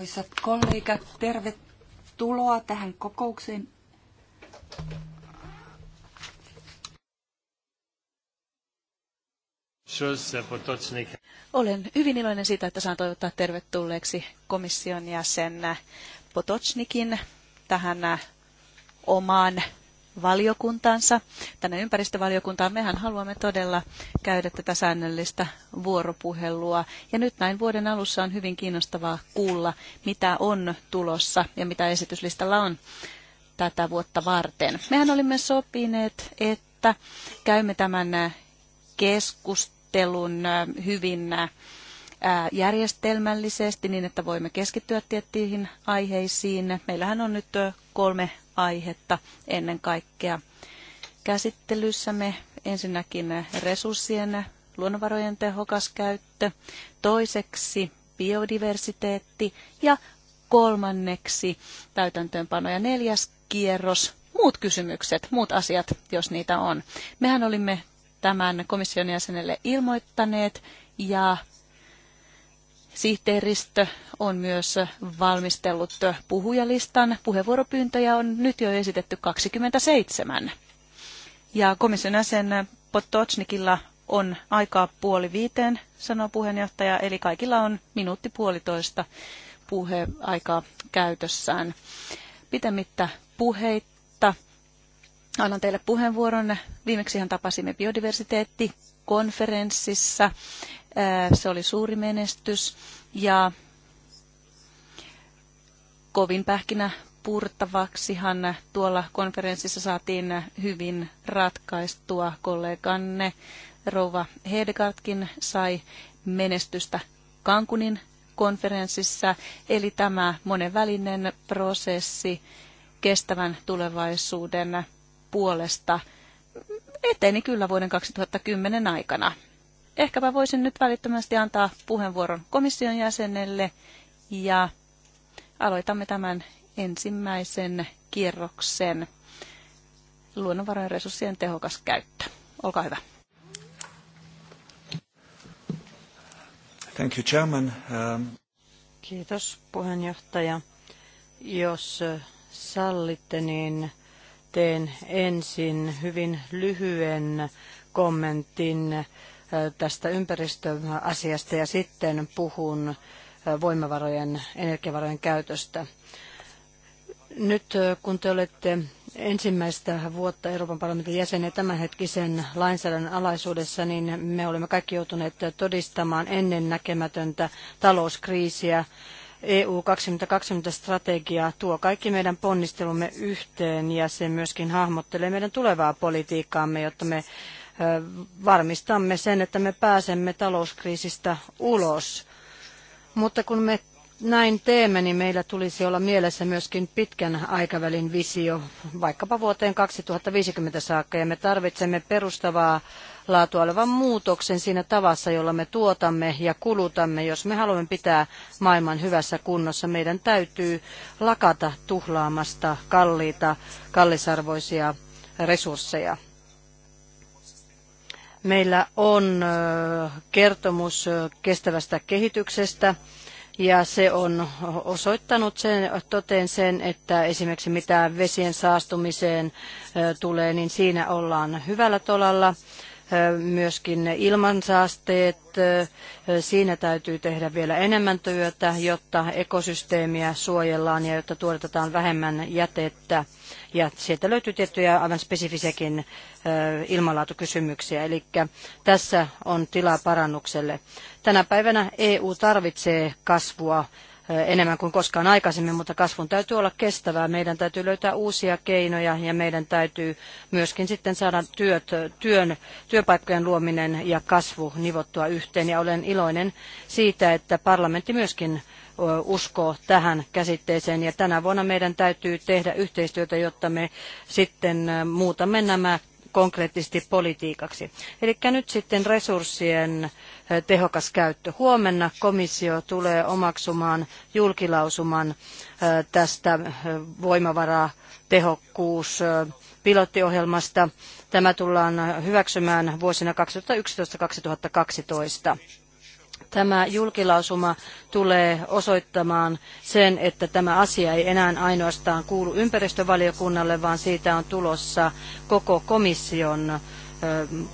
Hyvät kollegat, tervetuloa tähän kokoukseen. Olen hyvin iloinen siitä, että saan toivottaa tervetulleeksi komission jäsen Potocnikin tähän omaan Valiokuntaansa tänne ympäristövaliokuntaan. Mehän haluamme todella käydä tätä säännöllistä vuoropuhelua. Ja nyt näin vuoden alussa on hyvin kiinnostavaa kuulla, mitä on tulossa ja mitä esityslistalla on tätä vuotta varten. Mehän olimme sopineet, että käymme tämän keskustelun hyvin järjestelmällisesti niin, että voimme keskittyä tiettyihin aiheisiin. Meillähän on nyt kolme aihetta ennen kaikkea. Käsittelyssämme ensinnäkin resurssien luonnonvarojen tehokas käyttö, toiseksi biodiversiteetti ja kolmanneksi täytäntöönpano ja neljäs kierros, muut kysymykset, muut asiat, jos niitä on. Mehän olimme tämän komission jäsenelle ilmoittaneet ja Sihteeristö on myös valmistellut puhujalistan. Puheenvuoropyyntöjä on nyt jo esitetty 27. Ja komission jäsen Potocnikilla on aikaa puoli viiteen, sanoo puheenjohtaja, eli kaikilla on minuutti puolitoista puheaikaa käytössään. Pitemmittä puheitta. Annan teille puheenvuoron. Viimeksihan tapasimme biodiversiteettikonferenssissa se oli suuri menestys ja kovin pähkinä purtavaksihan tuolla konferenssissa saatiin hyvin ratkaistua. Kolleganne Rouva Hedegaardkin sai menestystä Kankunin konferenssissa, eli tämä monenvälinen prosessi kestävän tulevaisuuden puolesta eteni kyllä vuoden 2010 aikana ehkäpä voisin nyt välittömästi antaa puheenvuoron komission jäsenelle ja aloitamme tämän ensimmäisen kierroksen luonnonvarojen resurssien tehokas käyttö. Olkaa hyvä. Thank you, Chairman. Um... Kiitos puheenjohtaja. Jos sallitte, niin teen ensin hyvin lyhyen kommentin tästä ympäristöasiasta ja sitten puhun voimavarojen, energiavarojen käytöstä. Nyt kun te olette ensimmäistä vuotta Euroopan parlamentin jäseniä tämänhetkisen lainsäädännön alaisuudessa, niin me olemme kaikki joutuneet todistamaan ennennäkemätöntä talouskriisiä. EU 2020-strategia tuo kaikki meidän ponnistelumme yhteen ja se myöskin hahmottelee meidän tulevaa politiikkaamme, jotta me varmistamme sen, että me pääsemme talouskriisistä ulos. Mutta kun me näin teemme, niin meillä tulisi olla mielessä myöskin pitkän aikavälin visio, vaikkapa vuoteen 2050 saakka, ja me tarvitsemme perustavaa laatua olevan muutoksen siinä tavassa, jolla me tuotamme ja kulutamme. Jos me haluamme pitää maailman hyvässä kunnossa, meidän täytyy lakata tuhlaamasta kalliita, kallisarvoisia resursseja. Meillä on kertomus kestävästä kehityksestä ja se on osoittanut sen, toteen sen, että esimerkiksi mitä vesien saastumiseen tulee, niin siinä ollaan hyvällä tolalla myöskin ilmansaasteet. Siinä täytyy tehdä vielä enemmän työtä, jotta ekosysteemiä suojellaan ja jotta tuotetaan vähemmän jätettä. Ja sieltä löytyy tiettyjä aivan spesifisiäkin ilmanlaatukysymyksiä. Eli tässä on tilaa parannukselle. Tänä päivänä EU tarvitsee kasvua enemmän kuin koskaan aikaisemmin, mutta kasvun täytyy olla kestävää. Meidän täytyy löytää uusia keinoja ja meidän täytyy myöskin sitten saada työt, työn, työpaikkojen luominen ja kasvu nivottua yhteen. Ja olen iloinen siitä, että parlamentti myöskin uskoo tähän käsitteeseen. Ja tänä vuonna meidän täytyy tehdä yhteistyötä, jotta me sitten muutamme nämä konkreettisesti politiikaksi. Eli nyt sitten resurssien tehokas käyttö. Huomenna komissio tulee omaksumaan julkilausuman tästä voimavaraa tehokkuus pilottiohjelmasta. Tämä tullaan hyväksymään vuosina 2011-2012. Tämä julkilausuma tulee osoittamaan sen, että tämä asia ei enää ainoastaan kuulu ympäristövaliokunnalle, vaan siitä on tulossa koko komission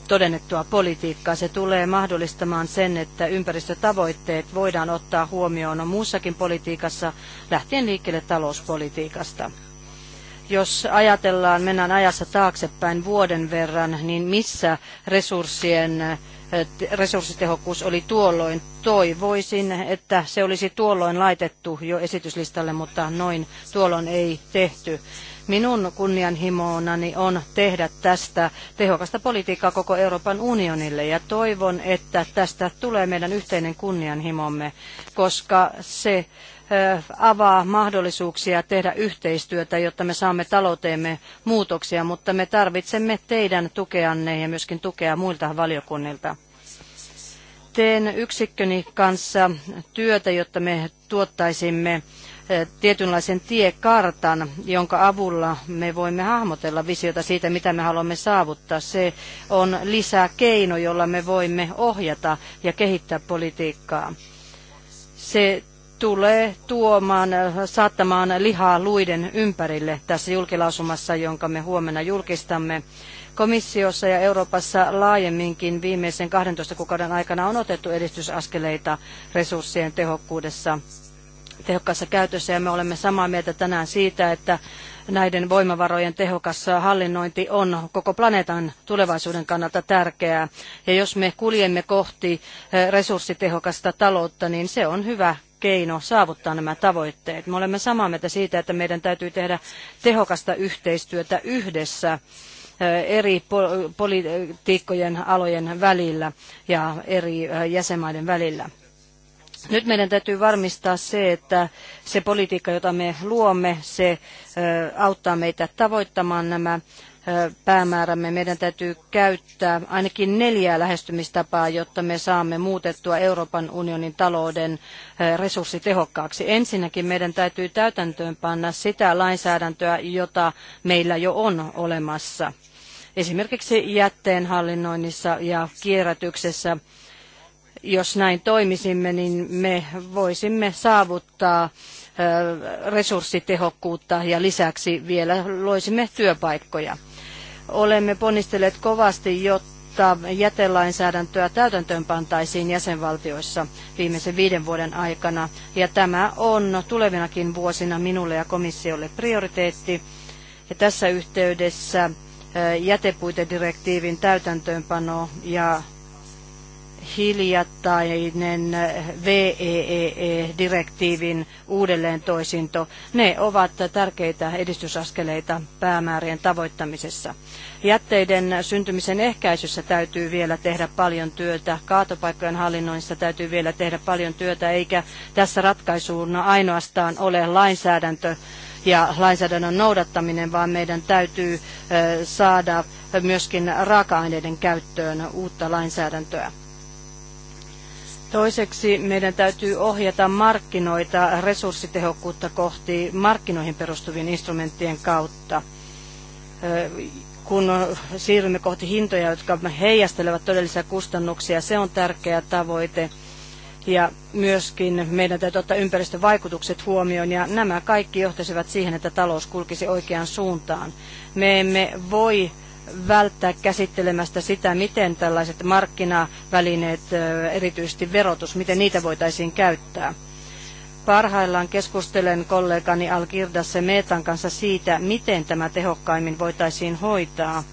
todennettua politiikkaa. Se tulee mahdollistamaan sen, että ympäristötavoitteet voidaan ottaa huomioon muussakin politiikassa, lähtien liikkeelle talouspolitiikasta. Jos ajatellaan, mennään ajassa taaksepäin vuoden verran, niin missä resurssien eh, resurssitehokkuus oli tuolloin. Toivoisin, että se olisi tuolloin laitettu jo esityslistalle, mutta noin tuolloin ei tehty. Minun kunnianhimonani on tehdä tästä tehokasta politiikkaa koko Euroopan unionille ja toivon, että tästä tulee meidän yhteinen kunnianhimomme, koska se avaa mahdollisuuksia tehdä yhteistyötä, jotta me saamme talouteemme muutoksia, mutta me tarvitsemme teidän tukeanne ja myöskin tukea muilta valiokunnilta teen yksikköni kanssa työtä, jotta me tuottaisimme tietynlaisen tiekartan, jonka avulla me voimme hahmotella visiota siitä, mitä me haluamme saavuttaa. Se on lisäkeino, jolla me voimme ohjata ja kehittää politiikkaa. Se tulee tuomaan, äh, saattamaan lihaa luiden ympärille tässä julkilausumassa, jonka me huomenna julkistamme. Komissiossa ja Euroopassa laajemminkin viimeisen 12 kuukauden aikana on otettu edistysaskeleita resurssien tehokkuudessa tehokkaassa käytössä ja me olemme samaa mieltä tänään siitä, että näiden voimavarojen tehokas hallinnointi on koko planeetan tulevaisuuden kannalta tärkeää. Ja jos me kuljemme kohti eh, resurssitehokasta taloutta, niin se on hyvä keino saavuttaa nämä tavoitteet. Me olemme samaa mieltä siitä, että meidän täytyy tehdä tehokasta yhteistyötä yhdessä eh, eri politiikkojen alojen välillä ja eri eh, jäsenmaiden välillä. Nyt meidän täytyy varmistaa se, että se politiikka, jota me luomme, se eh, auttaa meitä tavoittamaan nämä päämäärämme. Meidän täytyy käyttää ainakin neljää lähestymistapaa, jotta me saamme muutettua Euroopan unionin talouden resurssitehokkaaksi. Ensinnäkin meidän täytyy täytäntöönpanna sitä lainsäädäntöä, jota meillä jo on olemassa. Esimerkiksi jätteen hallinnoinnissa ja kierrätyksessä jos näin toimisimme, niin me voisimme saavuttaa resurssitehokkuutta ja lisäksi vielä loisimme työpaikkoja. Olemme ponnistelleet kovasti, jotta jätelainsäädäntöä täytäntöön pantaisiin jäsenvaltioissa viimeisen viiden vuoden aikana. Ja tämä on tulevinakin vuosina minulle ja komissiolle prioriteetti. Ja tässä yhteydessä jätepuitedirektiivin täytäntöönpano ja hiljattainen VEE-direktiivin e uudelleen toisinto, ne ovat tärkeitä edistysaskeleita päämäärien tavoittamisessa. Jätteiden syntymisen ehkäisyssä täytyy vielä tehdä paljon työtä, kaatopaikkojen hallinnoinnissa täytyy vielä tehdä paljon työtä, eikä tässä ratkaisuna ainoastaan ole lainsäädäntö, ja lainsäädännön noudattaminen, vaan meidän täytyy saada myöskin raaka-aineiden käyttöön uutta lainsäädäntöä. Toiseksi meidän täytyy ohjata markkinoita resurssitehokkuutta kohti markkinoihin perustuvien instrumenttien kautta. Kun siirrymme kohti hintoja, jotka heijastelevat todellisia kustannuksia, se on tärkeä tavoite. Ja myöskin meidän täytyy ottaa ympäristövaikutukset huomioon ja nämä kaikki johtaisivat siihen, että talous kulkisi oikeaan suuntaan. Me emme voi välttää käsittelemästä sitä, miten tällaiset markkinavälineet, erityisesti verotus, miten niitä voitaisiin käyttää. Parhaillaan keskustelen kollegani Algirda Semetan kanssa siitä, miten tämä tehokkaimmin voitaisiin hoitaa.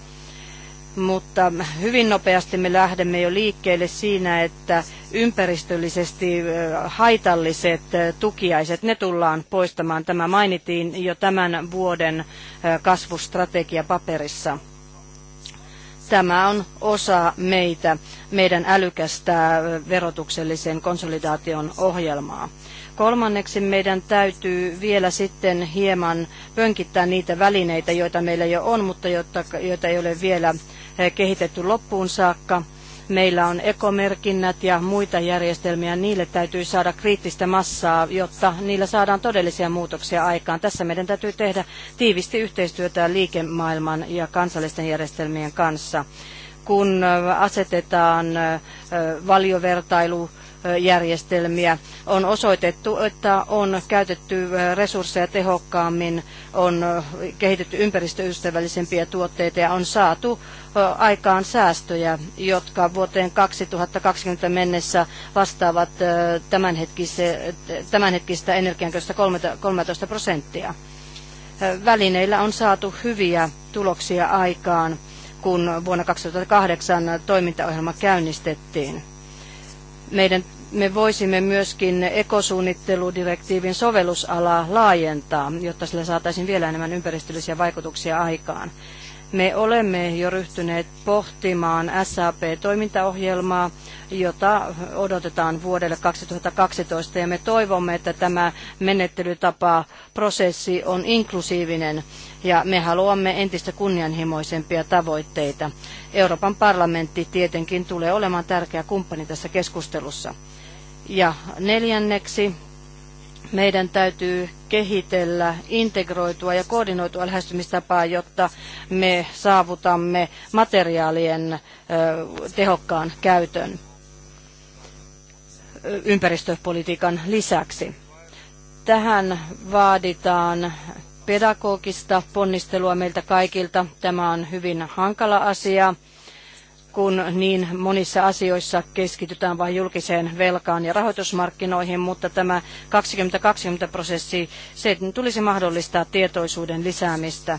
Mutta hyvin nopeasti me lähdemme jo liikkeelle siinä, että ympäristöllisesti haitalliset tukiaiset, ne tullaan poistamaan. Tämä mainittiin jo tämän vuoden kasvustrategiapaperissa. Tämä on osa meitä, meidän älykästä verotuksellisen konsolidaation ohjelmaa. Kolmanneksi meidän täytyy vielä sitten hieman pönkittää niitä välineitä, joita meillä jo on, mutta joita, ei ole vielä eh, kehitetty loppuun saakka Meillä on ekomerkinnät ja muita järjestelmiä. Niille täytyy saada kriittistä massaa, jotta niillä saadaan todellisia muutoksia aikaan. Tässä meidän täytyy tehdä tiivisti yhteistyötä liikemaailman ja kansallisten järjestelmien kanssa. Kun asetetaan valiovertailu järjestelmiä. On osoitettu, että on käytetty resursseja tehokkaammin, on kehitetty ympäristöystävällisempiä tuotteita ja on saatu aikaan säästöjä, jotka vuoteen 2020 mennessä vastaavat tämänhetkistä energiankäytöstä 13 prosenttia. Välineillä on saatu hyviä tuloksia aikaan, kun vuonna 2008 toimintaohjelma käynnistettiin meidän, me voisimme myöskin ekosuunnitteludirektiivin sovellusalaa laajentaa, jotta sillä saataisiin vielä enemmän ympäristöllisiä vaikutuksia aikaan. Me olemme jo ryhtyneet pohtimaan SAP-toimintaohjelmaa, jota odotetaan vuodelle 2012 ja me toivomme, että tämä menettelytapa prosessi on inklusiivinen ja me haluamme entistä kunnianhimoisempia tavoitteita. Euroopan parlamentti tietenkin tulee olemaan tärkeä kumppani tässä keskustelussa. Ja neljänneksi meidän täytyy kehitellä integroitua ja koordinoitua lähestymistapaa, jotta me saavutamme materiaalien tehokkaan käytön ympäristöpolitiikan lisäksi. Tähän vaaditaan pedagogista ponnistelua meiltä kaikilta. Tämä on hyvin hankala asia kun niin monissa asioissa keskitytään vain julkiseen velkaan ja rahoitusmarkkinoihin, mutta tämä 2020-prosessi, se tulisi mahdollistaa tietoisuuden lisäämistä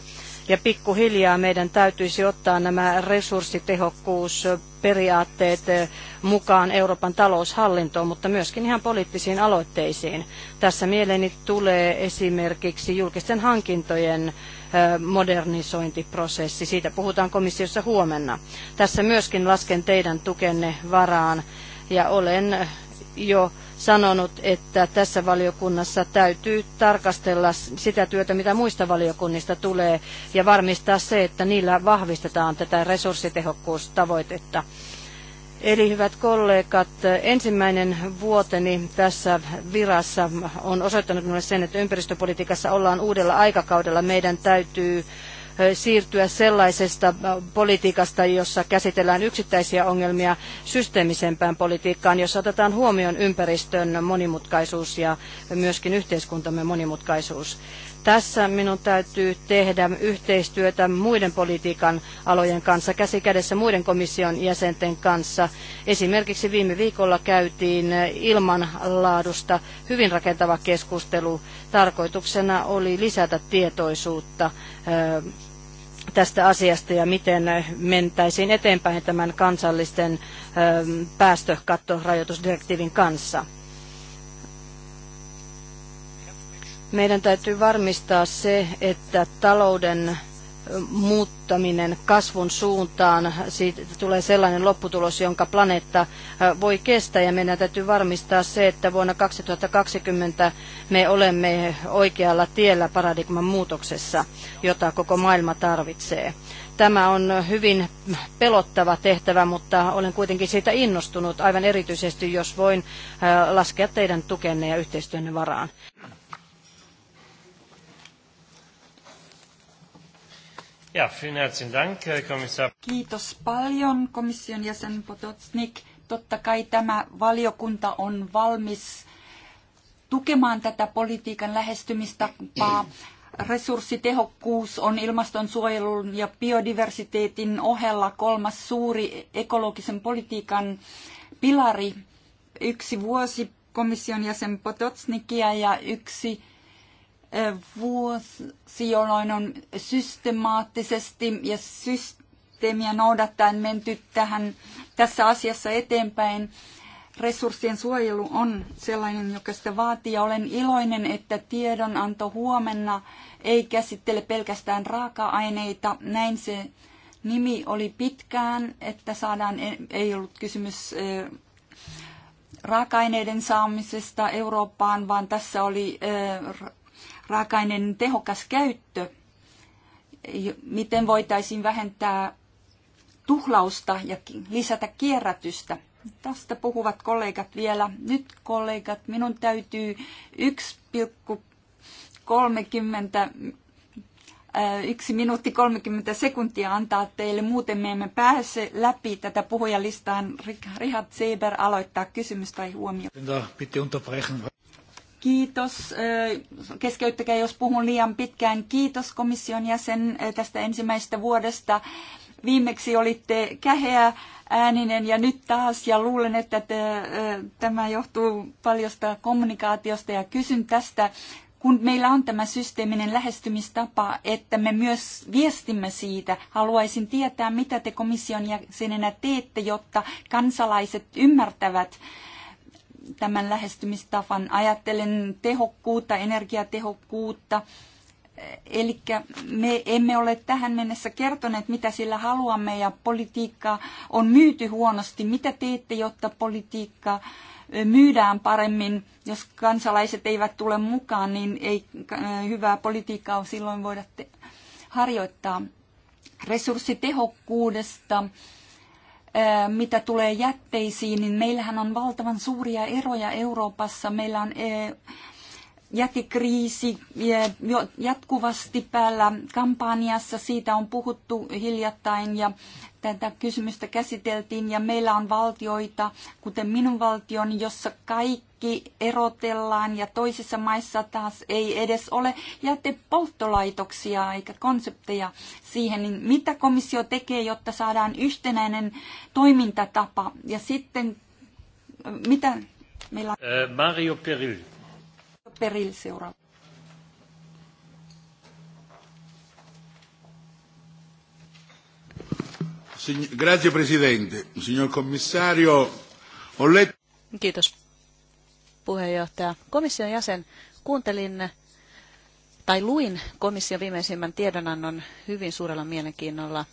ja pikkuhiljaa meidän täytyisi ottaa nämä resurssitehokkuusperiaatteet eh, mukaan Euroopan taloushallintoon, mutta myöskin ihan poliittisiin aloitteisiin. Tässä mieleeni tulee esimerkiksi julkisten hankintojen eh, modernisointiprosessi. Siitä puhutaan komissiossa huomenna. Tässä myöskin lasken teidän tukenne varaan ja olen jo sanonut, että tässä valiokunnassa täytyy tarkastella sitä työtä, mitä muista valiokunnista tulee, ja varmistaa se, että niillä vahvistetaan tätä resurssitehokkuustavoitetta. Eli hyvät kollegat, ensimmäinen vuoteni tässä virassa on osoittanut minulle sen, että ympäristöpolitiikassa ollaan uudella aikakaudella. Meidän täytyy siirtyä sellaisesta politiikasta, jossa käsitellään yksittäisiä ongelmia systeemisempään politiikkaan, jossa otetaan huomioon ympäristön monimutkaisuus ja myöskin yhteiskuntamme monimutkaisuus. Tässä minun täytyy tehdä yhteistyötä muiden politiikan alojen kanssa, käsi kädessä muiden komission jäsenten kanssa. Esimerkiksi viime viikolla käytiin ilmanlaadusta hyvin rakentava keskustelu. Tarkoituksena oli lisätä tietoisuutta tästä asiasta ja miten mentäisiin eteenpäin tämän kansallisten ähm, päästökattorajoitusdirektiivin kanssa. Meidän täytyy varmistaa se, että talouden muuttaminen kasvun suuntaan, siitä tulee sellainen lopputulos, jonka planeetta voi kestää ja meidän täytyy varmistaa se, että vuonna 2020 me olemme oikealla tiellä paradigman muutoksessa, jota koko maailma tarvitsee. Tämä on hyvin pelottava tehtävä, mutta olen kuitenkin siitä innostunut, aivan erityisesti jos voin laskea teidän tukenne ja yhteistyönne varaan. Ja, vielen Dank, Kommissar. Kiitos paljon, komission jäsen Potocnik. Totta kai tämä valiokunta on valmis tukemaan tätä politiikan lähestymistapaa. Resurssitehokkuus on ilmastonsuojelun ja biodiversiteetin ohella kolmas suuri ekologisen politiikan pilari. Yksi vuosi komission jäsen Potocnikia ja yksi vuosi, jolloin on systemaattisesti ja systeemiä noudattaen menty tähän, tässä asiassa eteenpäin. Resurssien suojelu on sellainen, joka sitä vaatii ja olen iloinen, että tiedonanto huomenna ei käsittele pelkästään raaka-aineita. Näin se nimi oli pitkään, että saadaan, ei ollut kysymys raaka-aineiden saamisesta Eurooppaan, vaan tässä oli raaka-aineen tehokas käyttö, miten voitaisiin vähentää tuhlausta ja lisätä kierrätystä. Tästä puhuvat kollegat vielä. Nyt kollegat, minun täytyy 1,30 äh, minuutti 30 sekuntia antaa teille, muuten me emme pääse läpi tätä puhujalistaan. Richard Seber aloittaa kysymys tai huomio. Kiitos. Keskeyttäkää, jos puhun liian pitkään. Kiitos komission jäsen tästä ensimmäisestä vuodesta. Viimeksi olitte käheä ääninen ja nyt taas, ja luulen, että te, tämä johtuu paljosta kommunikaatiosta ja kysyn tästä, kun meillä on tämä systeeminen lähestymistapa, että me myös viestimme siitä, haluaisin tietää, mitä te komission jäsenenä teette, jotta kansalaiset ymmärtävät, tämän lähestymistavan. Ajattelen tehokkuutta, energiatehokkuutta. Eli me emme ole tähän mennessä kertoneet, mitä sillä haluamme ja politiikka on myyty huonosti. Mitä teette, jotta politiikka myydään paremmin? Jos kansalaiset eivät tule mukaan, niin ei hyvää politiikkaa silloin voida harjoittaa. Resurssitehokkuudesta mitä tulee jätteisiin, niin meillähän on valtavan suuria eroja Euroopassa. Meillä on jätekriisi jatkuvasti päällä kampanjassa, siitä on puhuttu hiljattain ja tätä kysymystä käsiteltiin ja meillä on valtioita, kuten minun valtioni, jossa kaikki kaikki erotellaan ja toisissa maissa taas ei edes ole jätepolttolaitoksia eikä konsepteja siihen, niin mitä komissio tekee, jotta saadaan yhtenäinen toimintatapa ja sitten mitä meillä on? Äh, Mario Peril. Peril seuraava. Grazie Presidente, signor Commissario. Kiitos puheenjohtaja. Komission jäsen, kuuntelin tai luin komission viimeisimmän tiedonannon hyvin suurella mielenkiinnolla,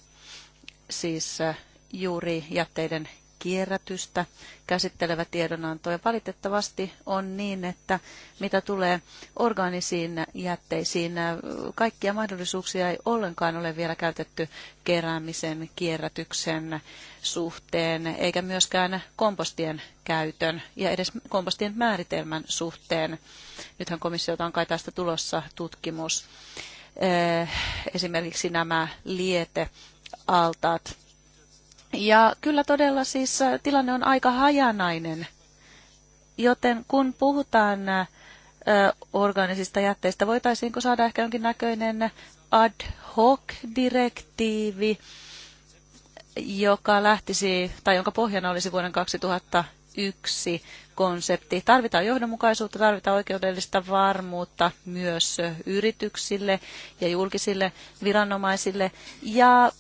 siis eh, juuri jätteiden kierrätystä käsittelevä tiedonanto. Ja valitettavasti on niin, että mitä tulee orgaanisiin jätteisiin, kaikkia mahdollisuuksia ei ollenkaan ole vielä käytetty keräämisen, kierrätyksen suhteen, eikä myöskään kompostien käytön ja edes kompostien määritelmän suhteen. Nythän komissiota on kai tästä tulossa tutkimus. Eh, esimerkiksi nämä lietealtaat ja kyllä todella siis äh, tilanne on aika hajanainen, joten kun puhutaan äh, organisista jätteistä, voitaisiinko saada ehkä näköinen ad hoc-direktiivi, joka lähtisi, tai jonka pohjana olisi vuoden 2001 konsepti. Tarvitaan johdonmukaisuutta, tarvitaan oikeudellista varmuutta myös yrityksille ja julkisille viranomaisille. Ja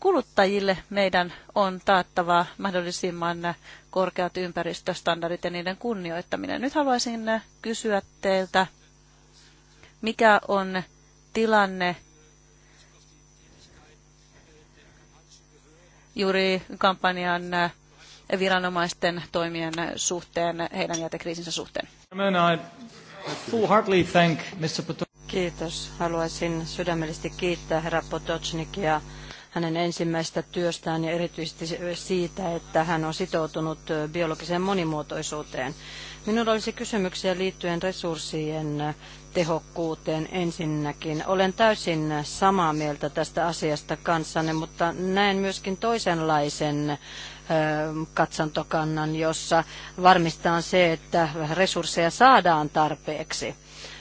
Kuluttajille meidän on taattava mahdollisimman korkeat ympäristöstandardit ja niiden kunnioittaminen. Nyt haluaisin kysyä teiltä, mikä on tilanne juuri kampanjan viranomaisten toimien suhteen, heidän jätekriisinsä suhteen. Kiitos. Haluaisin sydämellisesti kiittää herra Potocnikia hänen ensimmäistä työstään ja erityisesti siitä, että hän on sitoutunut biologiseen monimuotoisuuteen. Minulla olisi kysymyksiä liittyen resurssien tehokkuuteen ensinnäkin. Olen täysin samaa mieltä tästä asiasta kanssanne, mutta näen myöskin toisenlaisen katsantokannan, jossa varmistetaan se, että resursseja saadaan tarpeeksi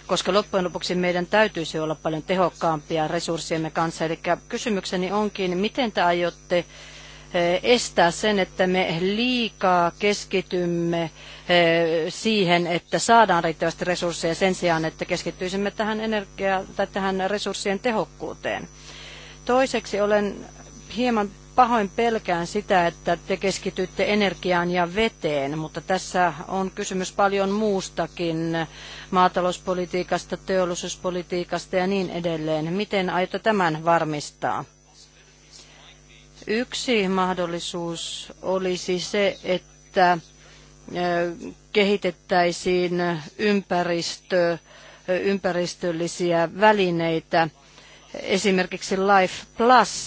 koska loppujen lopuksi meidän täytyisi olla paljon tehokkaampia resurssiemme kanssa. Eli kysymykseni onkin, miten te aiotte eh, estää sen, että me liikaa keskitymme eh, siihen, että saadaan riittävästi resursseja sen sijaan, että keskittyisimme tähän, energia- tai tähän resurssien tehokkuuteen. Toiseksi olen hieman pahoin pelkään sitä, että te keskitytte energiaan ja veteen, mutta tässä on kysymys paljon muustakin, maatalouspolitiikasta, teollisuuspolitiikasta ja niin edelleen. Miten aiotte tämän varmistaa? Yksi mahdollisuus olisi se, että kehitettäisiin ympäristö, ympäristöllisiä välineitä, esimerkiksi Life Plus –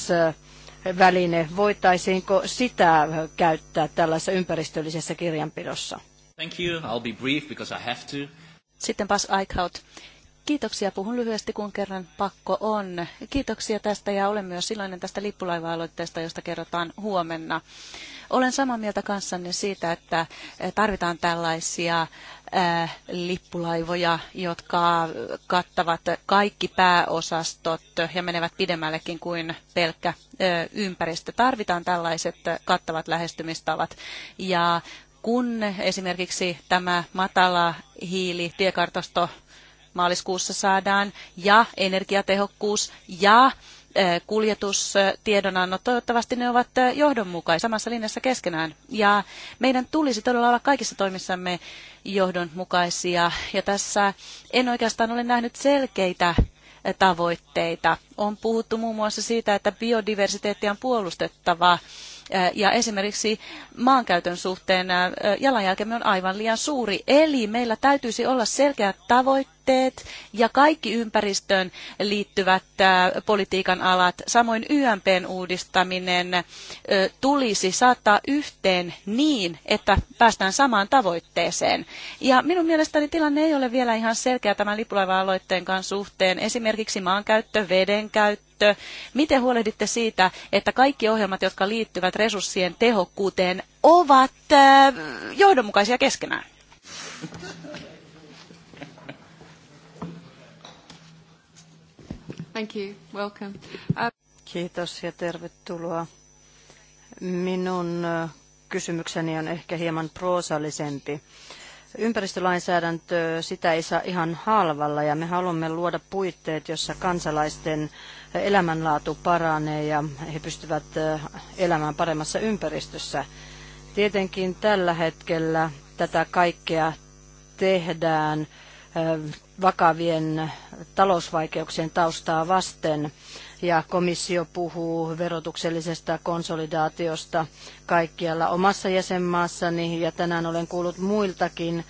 väline, voitaisiinko sitä käyttää tällaisessa ympäristöllisessä kirjanpidossa? Thank you. I'll be brief because I have to. Sitten Bas Eichhout. Kiitoksia. Puhun lyhyesti, kun kerran pakko on. Kiitoksia tästä ja olen myös iloinen tästä lippulaiva-aloitteesta, josta kerrotaan huomenna. Olen samaa mieltä kanssanne siitä, että tarvitaan tällaisia lippulaivoja, jotka kattavat kaikki pääosastot ja menevät pidemmällekin kuin pelkkä ympäristö. Tarvitaan tällaiset kattavat lähestymistavat ja kun esimerkiksi tämä matala hiili tiekartasto maaliskuussa saadaan ja energiatehokkuus ja eh, kuljetustiedonannot, toivottavasti ne ovat eh, johdonmukaisia samassa linjassa keskenään. Ja meidän tulisi todella olla kaikissa toimissamme johdonmukaisia. Ja tässä en oikeastaan ole nähnyt selkeitä eh, tavoitteita. On puhuttu muun muassa siitä, että biodiversiteettiä on puolustettava ja esimerkiksi maankäytön suhteen jalanjälkemme on aivan liian suuri. Eli meillä täytyisi olla selkeät tavoitteet jätteet ja kaikki ympäristöön liittyvät äh, politiikan alat, samoin YMPn uudistaminen äh, tulisi saattaa yhteen niin, että päästään samaan tavoitteeseen. Ja minun mielestäni tilanne ei ole vielä ihan selkeä tämän lipulaiva-aloitteen kanssa suhteen. Esimerkiksi maankäyttö, vedenkäyttö, käyttö? Miten huolehditte siitä, että kaikki ohjelmat, jotka liittyvät resurssien tehokkuuteen, ovat äh, johdonmukaisia keskenään? Thank you. Welcome. Kiitos ja tervetuloa. Minun kysymykseni on ehkä hieman proosallisempi. Ympäristölainsäädäntö, sitä ei saa ihan halvalla ja me haluamme luoda puitteet, jossa kansalaisten elämänlaatu paranee ja he pystyvät elämään paremmassa ympäristössä. Tietenkin tällä hetkellä tätä kaikkea tehdään vakavien talousvaikeuksien taustaa vasten. Ja komissio puhuu verotuksellisesta konsolidaatiosta kaikkialla omassa jäsenmaassani ja tänään olen kuullut muiltakin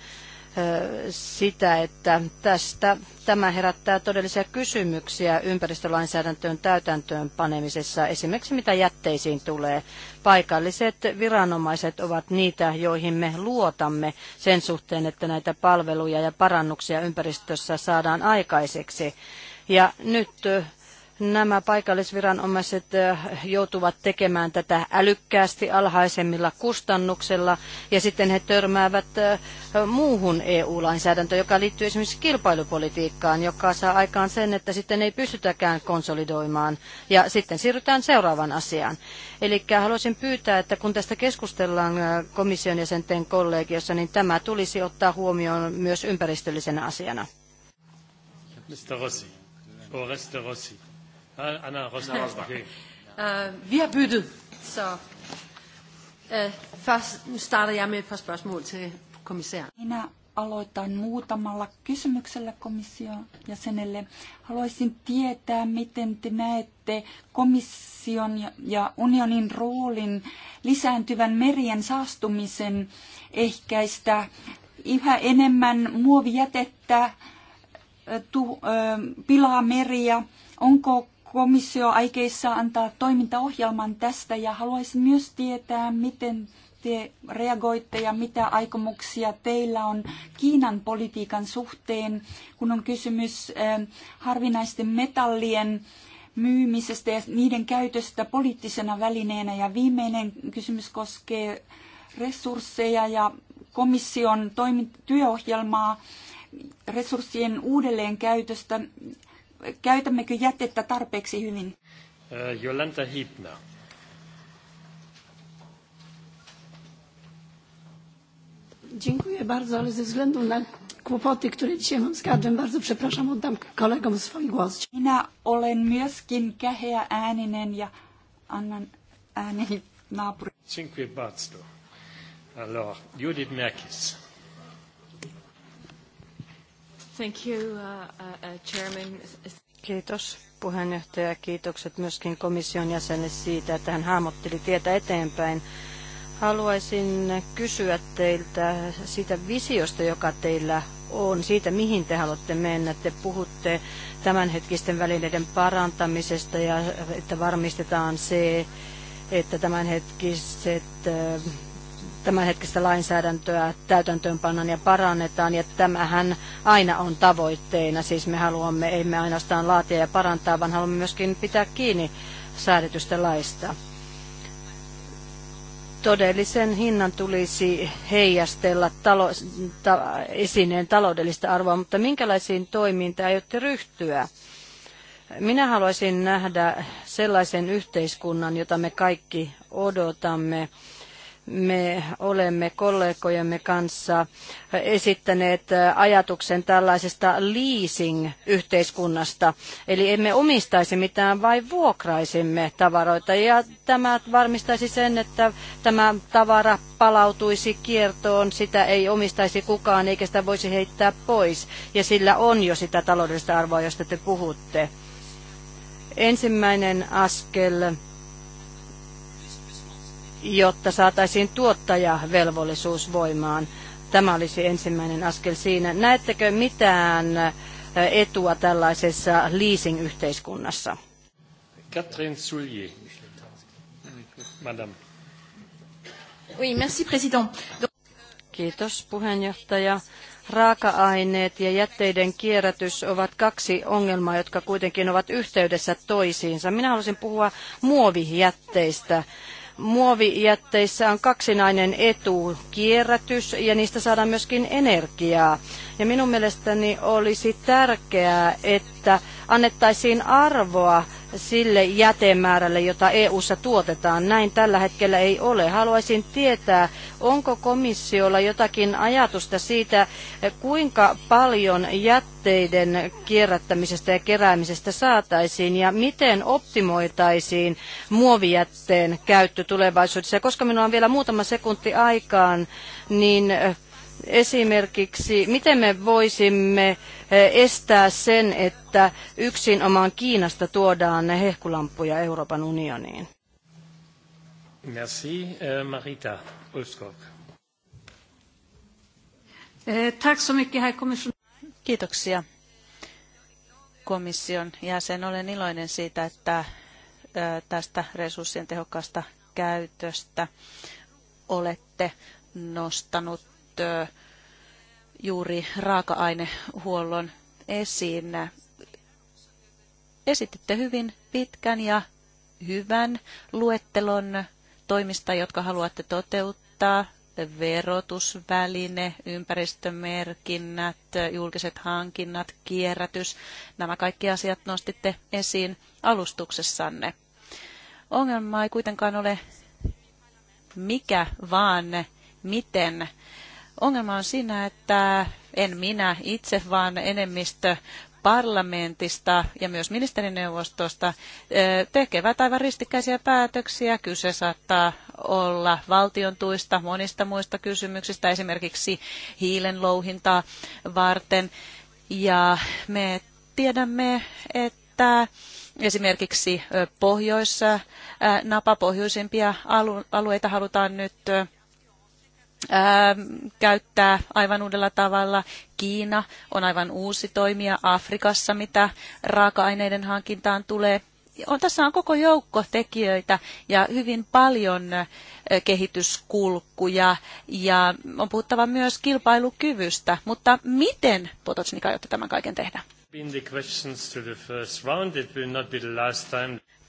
sitä, että tästä, tämä herättää todellisia kysymyksiä ympäristölainsäädäntöön täytäntöön panemisessa, esimerkiksi mitä jätteisiin tulee. Paikalliset viranomaiset ovat niitä, joihin me luotamme sen suhteen, että näitä palveluja ja parannuksia ympäristössä saadaan aikaiseksi. Ja nyt nämä paikallisviranomaiset eh, joutuvat tekemään tätä älykkäästi alhaisemmilla kustannuksella ja sitten he törmäävät eh, muuhun EU-lainsäädäntöön, joka liittyy esimerkiksi kilpailupolitiikkaan, joka saa aikaan sen, että sitten ei pystytäkään konsolidoimaan ja sitten siirrytään seuraavaan asiaan. Eli haluaisin pyytää, että kun tästä keskustellaan eh, komission jäsenten kollegiossa, niin tämä tulisi ottaa huomioon myös ympäristöllisenä asiana. Mr. Rossi. Oreste Rossi. Äh, Anna Rosbach. Okay. Uh, vi har byttet, så uh, først starter jeg med et par spørgsmål til kommissæren. Minä aloitan muutamalla kysymyksellä komission jäsenelle. Haluaisin tietää, miten te näette komission ja unionin roolin lisääntyvän merien saastumisen ehkäistä yhä enemmän muovijätettä äh, tu, ö, pilaa meriä. Onko komissio aikeissa antaa toimintaohjelman tästä ja haluaisin myös tietää, miten te reagoitte ja mitä aikomuksia teillä on Kiinan politiikan suhteen, kun on kysymys ähm, harvinaisten metallien myymisestä ja niiden käytöstä poliittisena välineenä. Ja viimeinen kysymys koskee resursseja ja komission toimint- työohjelmaa resurssien uudelleenkäytöstä. käytöstä käytämmekö jätettä tarpeeksi hyvin? Eh, Jolanta Hipna. Dziękuję bardzo, ale ze względu na kłopoty, które dzisiaj mam z gardłem, bardzo przepraszam, oddam kolegom swój głos. Minä olen myöskin käheä ääninen ja annan ääni naapurille. Dziękuję bardzo. Alors, Judith Merkis. Uh, uh, uh, Kiitos puheenjohtaja kiitokset myöskin komission jäsenelle siitä, että hän hahmotteli tietä eteenpäin. Haluaisin kysyä teiltä siitä visiosta, joka teillä on, siitä mihin te haluatte mennä. Te puhutte tämänhetkisten välineiden parantamisesta ja että varmistetaan se, että tämänhetkiset äh, tämänhetkistä lainsäädäntöä täytäntöönpannan ja parannetaan, ja tämähän aina on tavoitteena. Siis me haluamme, emme ainoastaan laatia ja parantaa, vaan haluamme myöskin pitää kiinni säädetystä laista. Todellisen hinnan tulisi heijastella talo, ta, esineen taloudellista arvoa, mutta minkälaisiin toimiin te aiotte ryhtyä? Minä haluaisin nähdä sellaisen yhteiskunnan, jota me kaikki odotamme me olemme kollegojemme kanssa esittäneet ajatuksen tällaisesta leasing-yhteiskunnasta. Eli emme omistaisi mitään, vaan vuokraisimme tavaroita. Ja tämä varmistaisi sen, että tämä tavara palautuisi kiertoon, sitä ei omistaisi kukaan eikä sitä voisi heittää pois. Ja sillä on jo sitä taloudellista arvoa, josta te puhutte. Ensimmäinen askel jotta saataisiin tuottajavelvollisuus voimaan. Tämä olisi ensimmäinen askel siinä. Näettekö mitään eh, etua tällaisessa leasing-yhteiskunnassa? Catherine Soulier. Madame. Oui, merci, président. Kiitos, puheenjohtaja. Raaka-aineet ja jätteiden kierrätys ovat kaksi ongelmaa, jotka kuitenkin ovat yhteydessä toisiinsa. Minä haluaisin puhua muovijätteistä muovijätteissä on kaksinainen etu, kierrätys ja niistä saadaan myöskin energiaa. Ja minun mielestäni olisi tärkeää, että annettaisiin arvoa sille jätemäärälle, jota EU:ssa tuotetaan. Näin tällä hetkellä ei ole. Haluaisin tietää, onko komissiolla jotakin ajatusta siitä, kuinka paljon jätteiden kierrättämisestä ja keräämisestä saataisiin ja miten optimoitaisiin muovijätteen käyttö tulevaisuudessa. Ja koska minulla on vielä muutama sekunti aikaan, niin Esimerkiksi, miten me voisimme eh, estää sen, että yksin omaan Kiinasta tuodaan hehkulampuja Euroopan unioniin? Merci, eh, Marita Ulskog. Eh, Kiitoksia komission jäsen. Olen iloinen siitä, että tästä resurssien tehokkaasta käytöstä olette nostanut juuri raaka-ainehuollon esiin. Esititte hyvin pitkän ja hyvän luettelon toimista, jotka haluatte toteuttaa. Verotusväline, ympäristömerkinnät, julkiset hankinnat, kierrätys. Nämä kaikki asiat nostitte esiin alustuksessanne. Ongelma ei kuitenkaan ole mikä vaan, miten Ongelma on siinä, että en minä itse, vaan enemmistö parlamentista ja myös ministerineuvostosta tekevät aivan ristikkäisiä päätöksiä. Kyse saattaa olla valtion tuista, monista muista kysymyksistä, esimerkiksi hiilen louhintaa varten. Ja me tiedämme, että esimerkiksi pohjoissa napa pohjoisimpia alueita halutaan nyt Ähm, käyttää aivan uudella tavalla. Kiina on aivan uusi toimija Afrikassa, mitä raaka-aineiden hankintaan tulee. On, tässä on koko joukko tekijöitä ja hyvin paljon kehityskulkuja ja on puhuttava myös kilpailukyvystä. Mutta miten, Potocnik, aiotte tämän kaiken tehdä?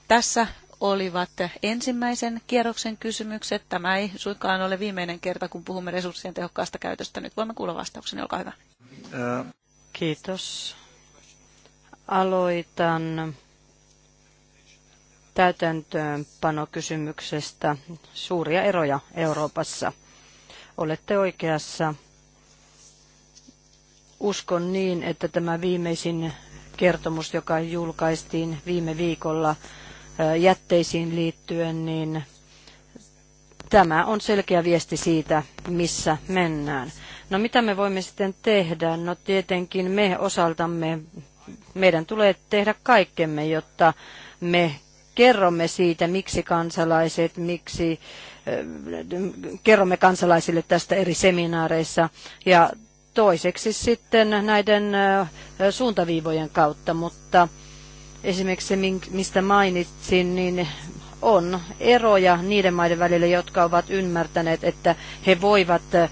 Tässä olivat ensimmäisen kierroksen kysymykset. Tämä ei suinkaan ole viimeinen kerta, kun puhumme resurssien tehokkaasta käytöstä. Nyt voimme kuulla vastauksen. Olkaa hyvä. Kiitos. Aloitan täytäntöönpanokysymyksestä. Suuria eroja Euroopassa. Olette oikeassa. Uskon niin, että tämä viimeisin kertomus, joka julkaistiin viime viikolla, jätteisiin liittyen, niin tämä on selkeä viesti siitä, missä mennään. No mitä me voimme sitten tehdä? No tietenkin me osaltamme, meidän tulee tehdä kaikkemme, jotta me kerromme siitä, miksi kansalaiset, miksi kerromme kansalaisille tästä eri seminaareissa ja toiseksi sitten näiden suuntaviivojen kautta, mutta Esimerkiksi se, mistä mainitsin, niin on eroja niiden maiden välillä, jotka ovat ymmärtäneet, että he voivat eh,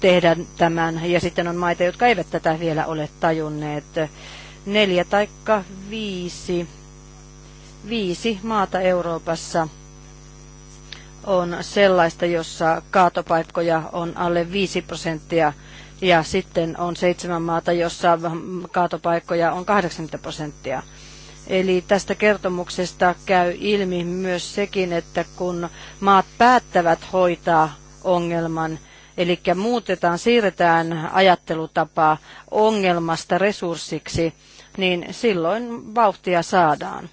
tehdä tämän, ja sitten on maita, jotka eivät tätä vielä ole tajunneet. Neljä tai viisi, viisi maata Euroopassa on sellaista, jossa kaatopaikkoja on alle 5 prosenttia, ja sitten on seitsemän maata, jossa kaatopaikkoja on 80 prosenttia. Eli tästä kertomuksesta käy ilmi myös sekin, että kun maat päättävät hoitaa ongelman, eli muutetaan, siirretään ajattelutapaa ongelmasta resurssiksi, niin silloin vauhtia saadaan.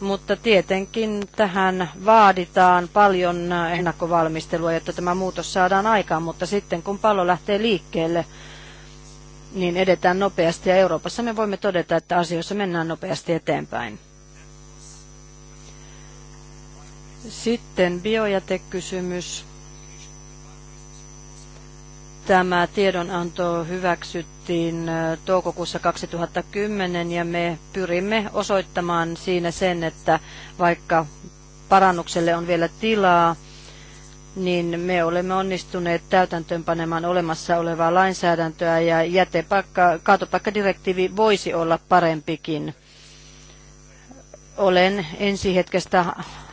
Mutta tietenkin tähän vaaditaan paljon ennakkovalmistelua, jotta tämä muutos saadaan aikaan, mutta sitten kun pallo lähtee liikkeelle, niin edetään nopeasti ja Euroopassa me voimme todeta, että asioissa mennään nopeasti eteenpäin. Sitten biojätekysymys. Tämä tiedonanto hyväksyttiin toukokuussa 2010 ja me pyrimme osoittamaan siinä sen, että vaikka parannukselle on vielä tilaa, niin me olemme onnistuneet täytäntöönpanemaan olemassa olevaa lainsäädäntöä ja jätepakka, kaatopaikkadirektiivi voisi olla parempikin. Olen ensi hetkestä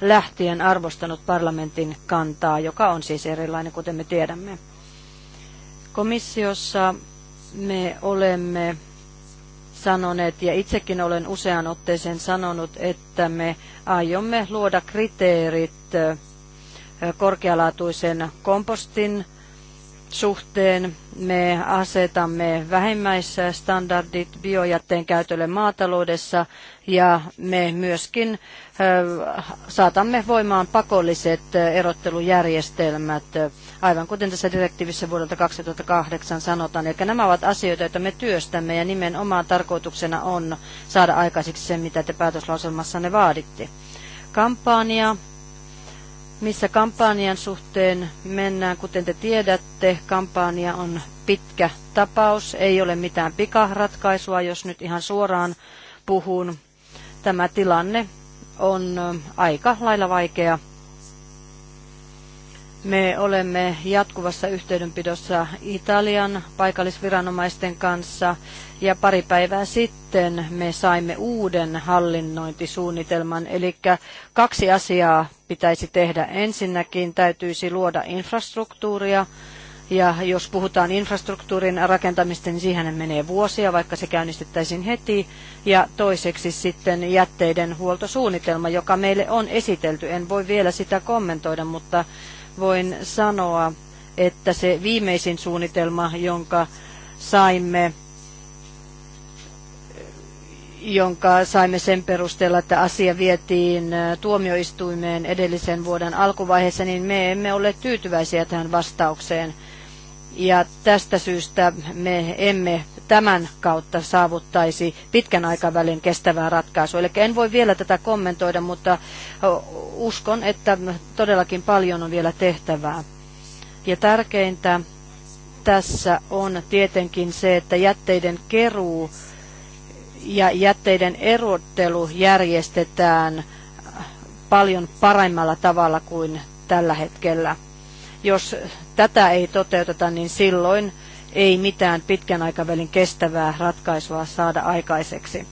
lähtien arvostanut parlamentin kantaa, joka on siis erilainen, kuten me tiedämme. Komissiossa me olemme sanoneet, ja itsekin olen usean otteeseen sanonut, että me aiomme luoda kriteerit korkealaatuisen kompostin suhteen me asetamme vähimmäisstandardit biojätteen käytölle maataloudessa ja me myöskin saatamme voimaan pakolliset erottelujärjestelmät, aivan kuten tässä direktiivissä vuodelta 2008 sanotaan. Eli nämä ovat asioita, joita me työstämme ja nimenomaan tarkoituksena on saada aikaiseksi se, mitä te päätöslauselmassanne vaaditte. Kampanja missä kampanjan suhteen mennään. Kuten te tiedätte, kampanja on pitkä tapaus, ei ole mitään pikaratkaisua, jos nyt ihan suoraan puhun. Tämä tilanne on aika lailla vaikea me olemme jatkuvassa yhteydenpidossa Italian paikallisviranomaisten kanssa ja pari päivää sitten me saimme uuden hallinnointisuunnitelman, eli kaksi asiaa pitäisi tehdä. Ensinnäkin täytyisi luoda infrastruktuuria, ja jos puhutaan infrastruktuurin rakentamista, niin siihen menee vuosia, vaikka se käynnistettäisiin heti. Ja toiseksi sitten jätteiden huoltosuunnitelma, joka meille on esitelty. En voi vielä sitä kommentoida, mutta voin sanoa, että se viimeisin suunnitelma, jonka saimme, jonka saimme sen perusteella, että asia vietiin tuomioistuimeen edellisen vuoden alkuvaiheessa, niin me emme ole tyytyväisiä tähän vastaukseen. Ja tästä syystä me emme tämän kautta saavuttaisi pitkän aikavälin kestävää ratkaisua. Eli en voi vielä tätä kommentoida, mutta uskon, että todellakin paljon on vielä tehtävää. Ja tärkeintä tässä on tietenkin se, että jätteiden keruu ja jätteiden erottelu järjestetään paljon paremmalla tavalla kuin tällä hetkellä. Jos tätä ei toteuteta, niin silloin ei mitään pitkän aikavälin kestävää ratkaisua saada aikaiseksi.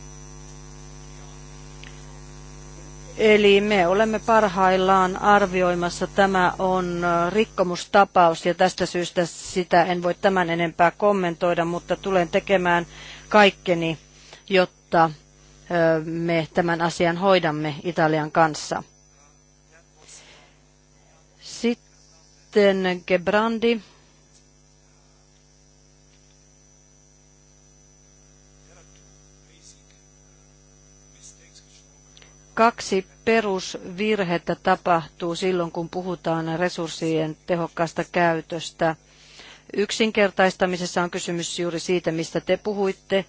Eli me olemme parhaillaan arvioimassa, tämä on rikkomustapaus ja tästä syystä sitä en voi tämän enempää kommentoida, mutta tulen tekemään kaikkeni, jotta me tämän asian hoidamme Italian kanssa. Sitten Gebrandi Kaksi perusvirhettä tapahtuu silloin, kun puhutaan resurssien tehokkaasta käytöstä. Yksinkertaistamisessa on kysymys juuri siitä, mistä te puhuitte,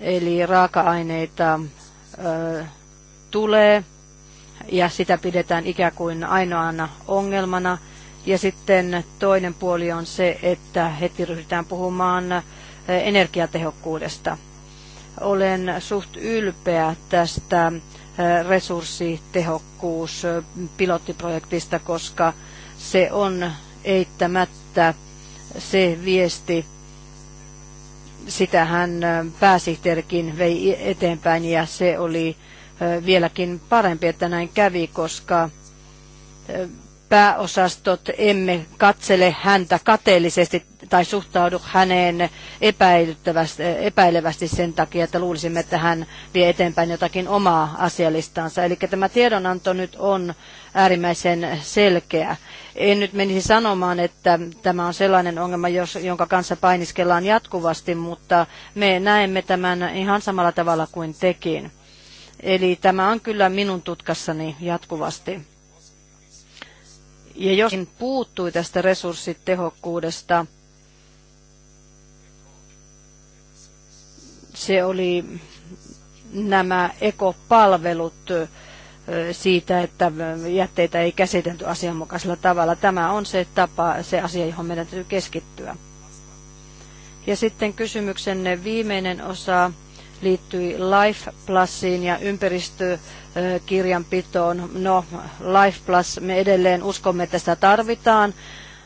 eli raaka-aineita ö, tulee ja sitä pidetään ikään kuin ainoana ongelmana. Ja sitten toinen puoli on se, että heti ryhdytään puhumaan energiatehokkuudesta. Olen suht ylpeä tästä resurssitehokkuus pilottiprojektista, koska se on eittämättä se viesti, sitähän pääsihteerikin vei eteenpäin ja se oli vieläkin parempi, että näin kävi, koska pääosastot emme katsele häntä kateellisesti tai suhtaudu häneen epäilevästi sen takia, että luulisimme, että hän vie eteenpäin jotakin omaa asialistansa. Eli tämä tiedonanto nyt on äärimmäisen selkeä. En nyt menisi sanomaan, että tämä on sellainen ongelma, jos, jonka kanssa painiskellaan jatkuvasti, mutta me näemme tämän ihan samalla tavalla kuin tekin. Eli tämä on kyllä minun tutkassani jatkuvasti. Ja jos puuttui tästä resurssitehokkuudesta, Se oli nämä ekopalvelut siitä, että jätteitä ei käsitelty asianmukaisella tavalla. Tämä on se tapa, se asia, johon meidän täytyy keskittyä. Ja sitten kysymyksenne viimeinen osa liittyi Life Plusiin ja ympäristökirjanpitoon. No, Life Plus, me edelleen uskomme, että sitä tarvitaan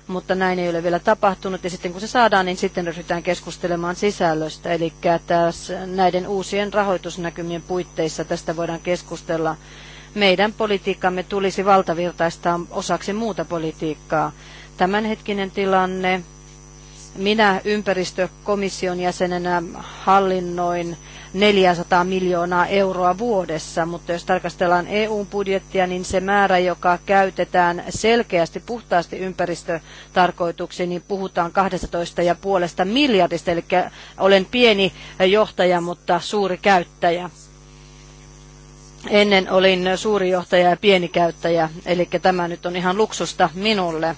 mutta näin ei ole vielä tapahtunut. Ja sitten kun se saadaan, niin sitten ryhdytään keskustelemaan sisällöstä. Eli tässä, näiden uusien rahoitusnäkymien puitteissa tästä voidaan keskustella. Meidän politiikkamme tulisi valtavirtaistaa osaksi muuta politiikkaa. Tämänhetkinen tilanne minä ympäristökomission jäsenenä hallinnoin 400 miljoonaa euroa vuodessa, mutta jos tarkastellaan EU-budjettia, niin se määrä, joka käytetään selkeästi puhtaasti ympäristötarkoituksiin, niin puhutaan 12,5 miljardista, eli olen pieni johtaja, mutta suuri käyttäjä. Ennen olin suuri johtaja ja pieni käyttäjä, eli tämä nyt on ihan luksusta minulle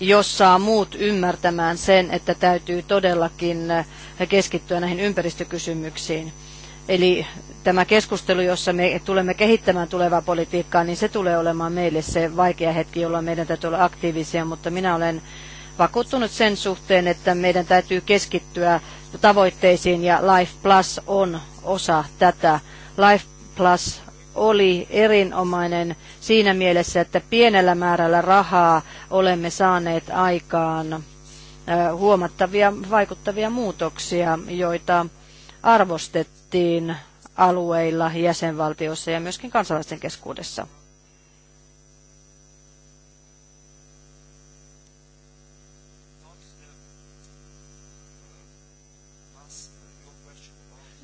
jos saa muut ymmärtämään sen, että täytyy todellakin äh, keskittyä näihin ympäristökysymyksiin. Eli tämä keskustelu, jossa me tulemme kehittämään tulevaa politiikkaa, niin se tulee olemaan meille se vaikea hetki, jolloin meidän täytyy olla aktiivisia, mutta minä olen vakuuttunut sen suhteen, että meidän täytyy keskittyä tavoitteisiin ja Life Plus on osa tätä. Life Plus oli erinomainen siinä mielessä, että pienellä määrällä rahaa olemme saaneet aikaan huomattavia vaikuttavia muutoksia, joita arvostettiin alueilla, jäsenvaltioissa ja myöskin kansalaisten keskuudessa.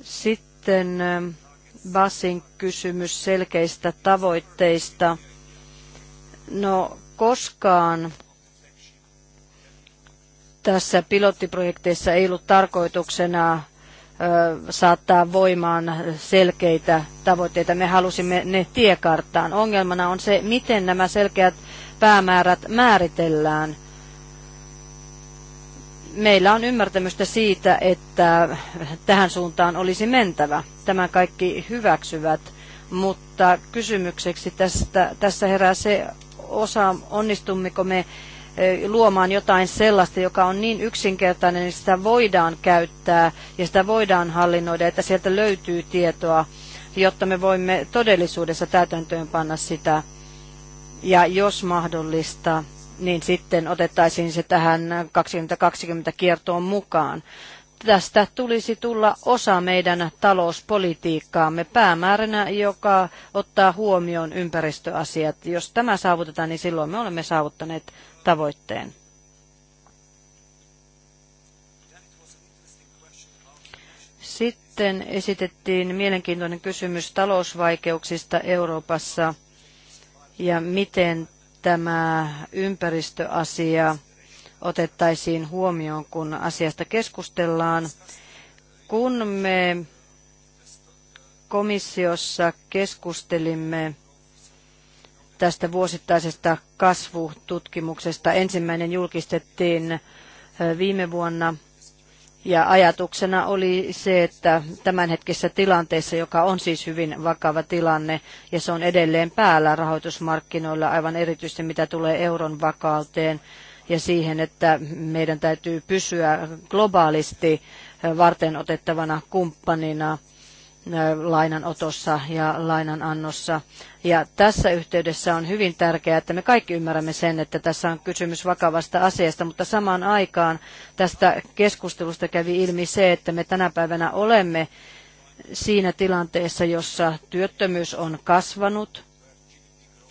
Sitten Basin kysymys selkeistä tavoitteista. No koskaan tässä pilottiprojekteissa ei ollut tarkoituksena saattaa voimaan selkeitä tavoitteita. Me halusimme ne tiekarttaan. Ongelmana on se, miten nämä selkeät päämäärät määritellään meillä on ymmärtämystä siitä, että tähän suuntaan olisi mentävä. Tämän kaikki hyväksyvät, mutta kysymykseksi tästä, tässä herää se osa, onnistummeko me e, luomaan jotain sellaista, joka on niin yksinkertainen, että sitä voidaan käyttää ja sitä voidaan hallinnoida, että sieltä löytyy tietoa, jotta me voimme todellisuudessa täytäntöön panna sitä. Ja jos mahdollista, niin sitten otettaisiin se tähän 2020 kiertoon mukaan. Tästä tulisi tulla osa meidän talouspolitiikkaamme päämääränä, joka ottaa huomioon ympäristöasiat. Jos tämä saavutetaan, niin silloin me olemme saavuttaneet tavoitteen. Sitten esitettiin mielenkiintoinen kysymys talousvaikeuksista Euroopassa ja miten tämä ympäristöasia otettaisiin huomioon, kun asiasta keskustellaan. Kun me komissiossa keskustelimme tästä vuosittaisesta kasvututkimuksesta, ensimmäinen julkistettiin viime vuonna – ja ajatuksena oli se, että tämänhetkisessä tilanteessa, joka on siis hyvin vakava tilanne, ja se on edelleen päällä rahoitusmarkkinoilla, aivan erityisesti mitä tulee euron vakauteen, ja siihen, että meidän täytyy pysyä globaalisti varten otettavana kumppanina – lainanotossa ja lainanannossa. Ja tässä yhteydessä on hyvin tärkeää, että me kaikki ymmärrämme sen, että tässä on kysymys vakavasta asiasta, mutta samaan aikaan tästä keskustelusta kävi ilmi se, että me tänä päivänä olemme siinä tilanteessa, jossa työttömyys on kasvanut.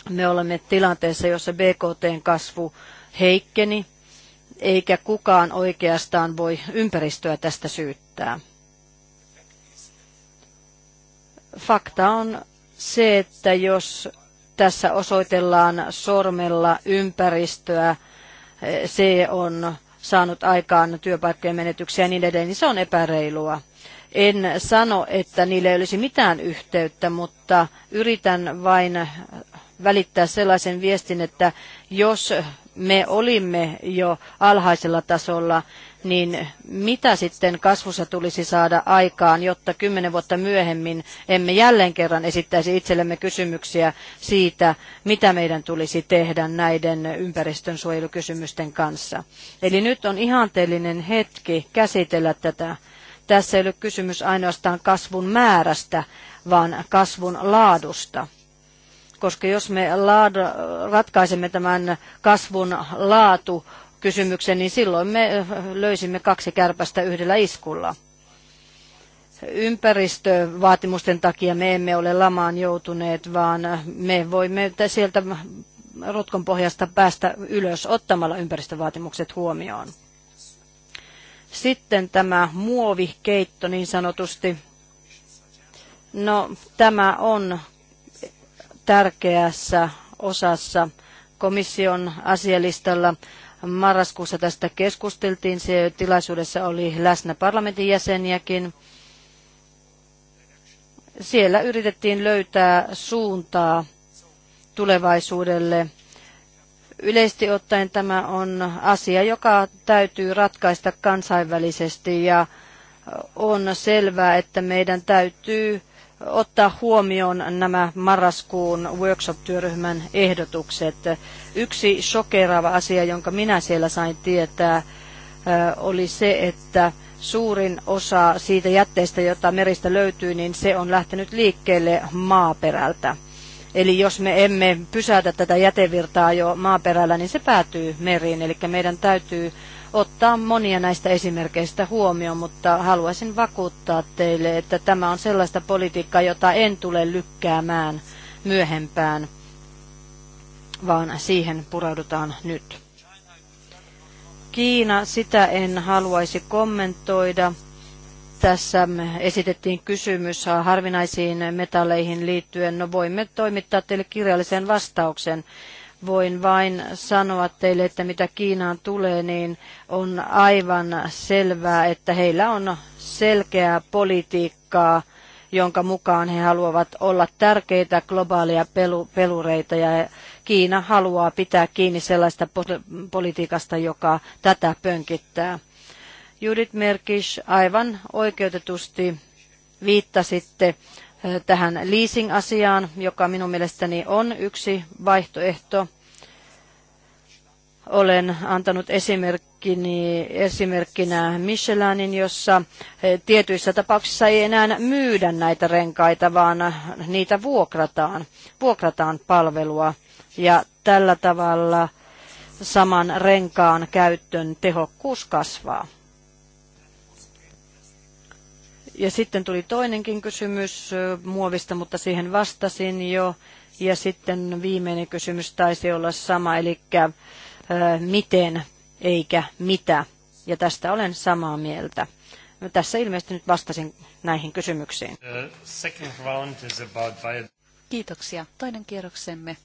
Me olemme tilanteessa, jossa BKTn kasvu heikkeni, eikä kukaan oikeastaan voi ympäristöä tästä syyttää fakta on se, että jos tässä osoitellaan sormella ympäristöä, se on saanut aikaan työpaikkojen menetyksiä ja niin edelleen, niin se on epäreilua. En sano, että niille ei olisi mitään yhteyttä, mutta yritän vain välittää sellaisen viestin, että jos me olimme jo alhaisella tasolla, niin mitä sitten kasvussa tulisi saada aikaan, jotta kymmenen vuotta myöhemmin emme jälleen kerran esittäisi itsellemme kysymyksiä siitä, mitä meidän tulisi tehdä näiden ympäristönsuojelukysymysten kanssa. Eli nyt on ihanteellinen hetki käsitellä tätä. Tässä ei ole kysymys ainoastaan kasvun määrästä, vaan kasvun laadusta koska jos me laad, ratkaisemme tämän kasvun laatu kysymyksen, niin silloin me eh, löysimme kaksi kärpästä yhdellä iskulla. Ympäristövaatimusten takia me emme ole lamaan joutuneet, vaan me voimme sieltä rotkon pohjasta päästä ylös ottamalla ympäristövaatimukset huomioon. Sitten tämä muovikeitto niin sanotusti. No, tämä on tärkeässä osassa komission asialistalla Marraskuussa tästä keskusteltiin. Se tilaisuudessa oli läsnä parlamentin jäseniäkin. Siellä yritettiin löytää suuntaa tulevaisuudelle. Yleisesti ottaen tämä on asia, joka täytyy ratkaista kansainvälisesti ja on selvää, että meidän täytyy ottaa huomioon nämä marraskuun workshop-työryhmän ehdotukset. Yksi shokeraava asia, jonka minä siellä sain tietää, oli se, että suurin osa siitä jätteestä, jota meristä löytyy, niin se on lähtenyt liikkeelle maaperältä. Eli jos me emme pysäytä tätä jätevirtaa jo maaperällä, niin se päätyy meriin. Eli meidän täytyy ottaa monia näistä esimerkkeistä huomioon, mutta haluaisin vakuuttaa teille, että tämä on sellaista politiikkaa, jota en tule lykkäämään myöhempään, vaan siihen pureudutaan nyt. Kiina, sitä en haluaisi kommentoida. Tässä esitettiin kysymys harvinaisiin metalleihin liittyen. No voimme toimittaa teille kirjallisen vastauksen voin vain sanoa teille, että mitä Kiinaan tulee, niin on aivan selvää, että heillä on selkeää politiikkaa, jonka mukaan he haluavat olla tärkeitä globaaleja pelureita ja Kiina haluaa pitää kiinni sellaista politiikasta, joka tätä pönkittää. Judith Merkish aivan oikeutetusti viittasitte tähän leasing-asiaan, joka minun mielestäni on yksi vaihtoehto. Olen antanut esimerkkini, esimerkkinä Michelinin, jossa eh, tietyissä tapauksissa ei enää myydä näitä renkaita, vaan niitä vuokrataan, vuokrataan palvelua. Ja tällä tavalla saman renkaan käytön tehokkuus kasvaa. Ja sitten tuli toinenkin kysymys muovista, mutta siihen vastasin jo. Ja sitten viimeinen kysymys taisi olla sama, eli miten eikä mitä. Ja tästä olen samaa mieltä. No, tässä ilmeisesti nyt vastasin näihin kysymyksiin. Kiitoksia. Toinen kierroksemme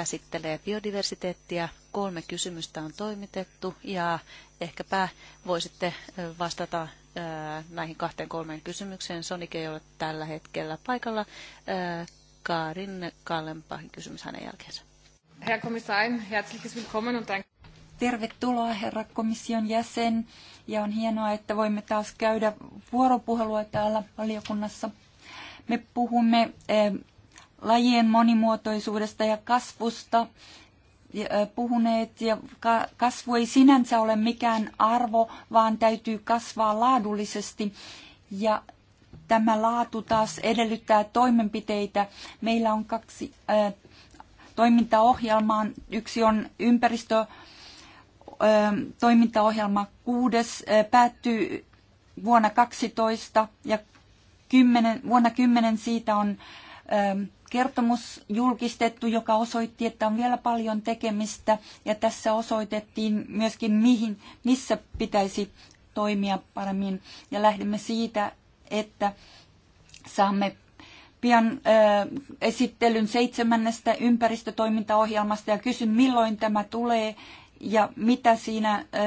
käsittelee biodiversiteettiä. Kolme kysymystä on toimitettu ja ehkäpä voisitte vastata näihin kahteen kolmeen kysymykseen. Sonic ei ole tällä hetkellä paikalla. Kaarin Kallenpahin kysymys hänen jälkeensä. Herra komissain, herzliches Willkommen und danke. Tervetuloa herra komission jäsen ja on hienoa, että voimme taas käydä vuoropuhelua täällä valiokunnassa. Me puhumme lajien monimuotoisuudesta ja kasvusta puhuneet ja kasvu ei sinänsä ole mikään arvo, vaan täytyy kasvaa laadullisesti ja tämä laatu taas edellyttää toimenpiteitä. Meillä on kaksi toimintaohjelmaa. Yksi on ympäristö toimintaohjelma kuudes päättyy vuonna 12 ja 10, vuonna 10 siitä on kertomus julkistettu, joka osoitti, että on vielä paljon tekemistä ja tässä osoitettiin myöskin, mihin, missä pitäisi toimia paremmin ja lähdemme siitä, että saamme pian ö, esittelyn seitsemännestä ympäristötoimintaohjelmasta ja kysyn, milloin tämä tulee ja mitä siinä ö,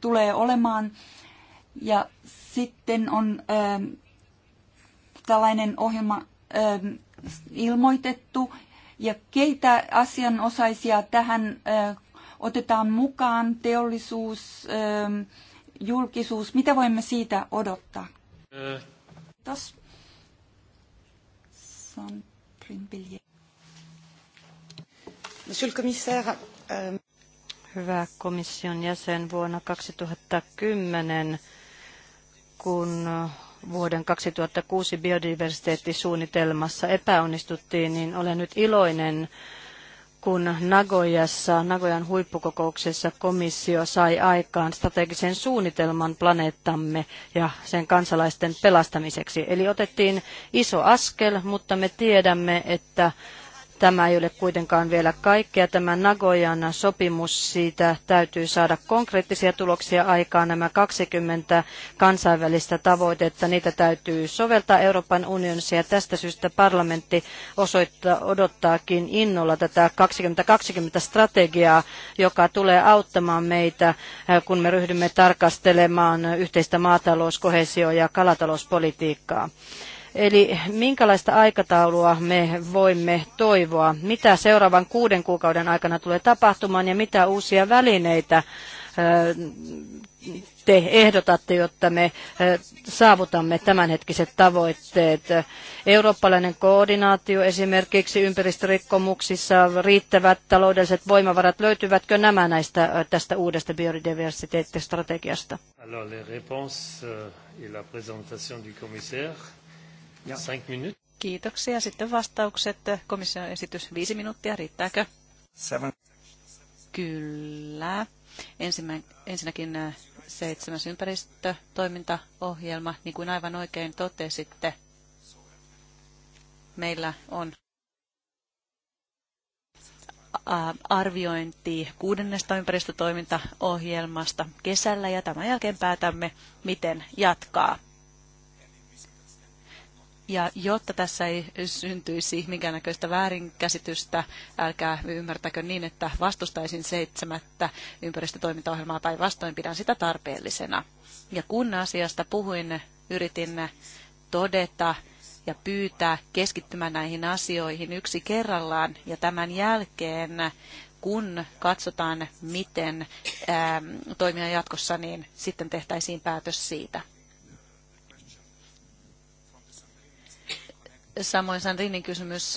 tulee olemaan. Ja sitten on ö, tällainen ohjelma ö, ilmoitettu ja keitä asianosaisia tähän otetaan mukaan, teollisuus, julkisuus, mitä voimme siitä odottaa? Kiitos. Monsieur le commissaire, euh, Hyvä komission jäsen, vuonna 2010, kun vuoden 2006 biodiversiteettisuunnitelmassa epäonnistuttiin, niin olen nyt iloinen, kun Nagojassa, Nagojan huippukokouksessa komissio sai aikaan strategisen suunnitelman planeettamme ja sen kansalaisten pelastamiseksi. Eli otettiin iso askel, mutta me tiedämme, että Tämä ei ole kuitenkaan vielä kaikkea. Tämä Nagojan sopimus, siitä täytyy saada konkreettisia tuloksia aikaan. Nämä 20 kansainvälistä tavoitetta, niitä täytyy soveltaa Euroopan unionissa ja tästä syystä parlamentti osoittaa, odottaakin innolla tätä 2020-strategiaa, joka tulee auttamaan meitä, eh, kun me ryhdymme tarkastelemaan yhteistä maatalous-, kohesio- ja kalatalouspolitiikkaa. Eli minkälaista aikataulua me voimme toivoa? Mitä seuraavan kuuden kuukauden aikana tulee tapahtumaan ja mitä uusia välineitä te ehdotatte, jotta me saavutamme tämänhetkiset tavoitteet. Eurooppalainen koordinaatio esimerkiksi ympäristörikkomuksissa, riittävät taloudelliset voimavarat, löytyvätkö nämä näistä tästä uudesta biodiversiteettistrategiasta? Alors, les réponses euh, et la présentation du commissaire. Ja. Kiitoksia. Sitten vastaukset. Komission esitys viisi minuuttia. Riittääkö? Seven. Kyllä. Ensimmä, ensinnäkin äh, seitsemäs ympäristötoimintaohjelma, niin kuin aivan oikein totesitte, meillä on äh, arviointi kuudennesta ympäristötoimintaohjelmasta kesällä ja tämän jälkeen päätämme, miten jatkaa. Ja jotta tässä ei syntyisi minkäännäköistä väärinkäsitystä, älkää ymmärtäkö niin, että vastustaisin seitsemättä ympäristötoimintaohjelmaa päinvastoin, pidän sitä tarpeellisena. Ja kun asiasta puhuin, yritin todeta ja pyytää keskittymään näihin asioihin yksi kerrallaan ja tämän jälkeen kun katsotaan, miten ää, toimia jatkossa, niin sitten tehtäisiin päätös siitä. Samoin Sandrinin kysymys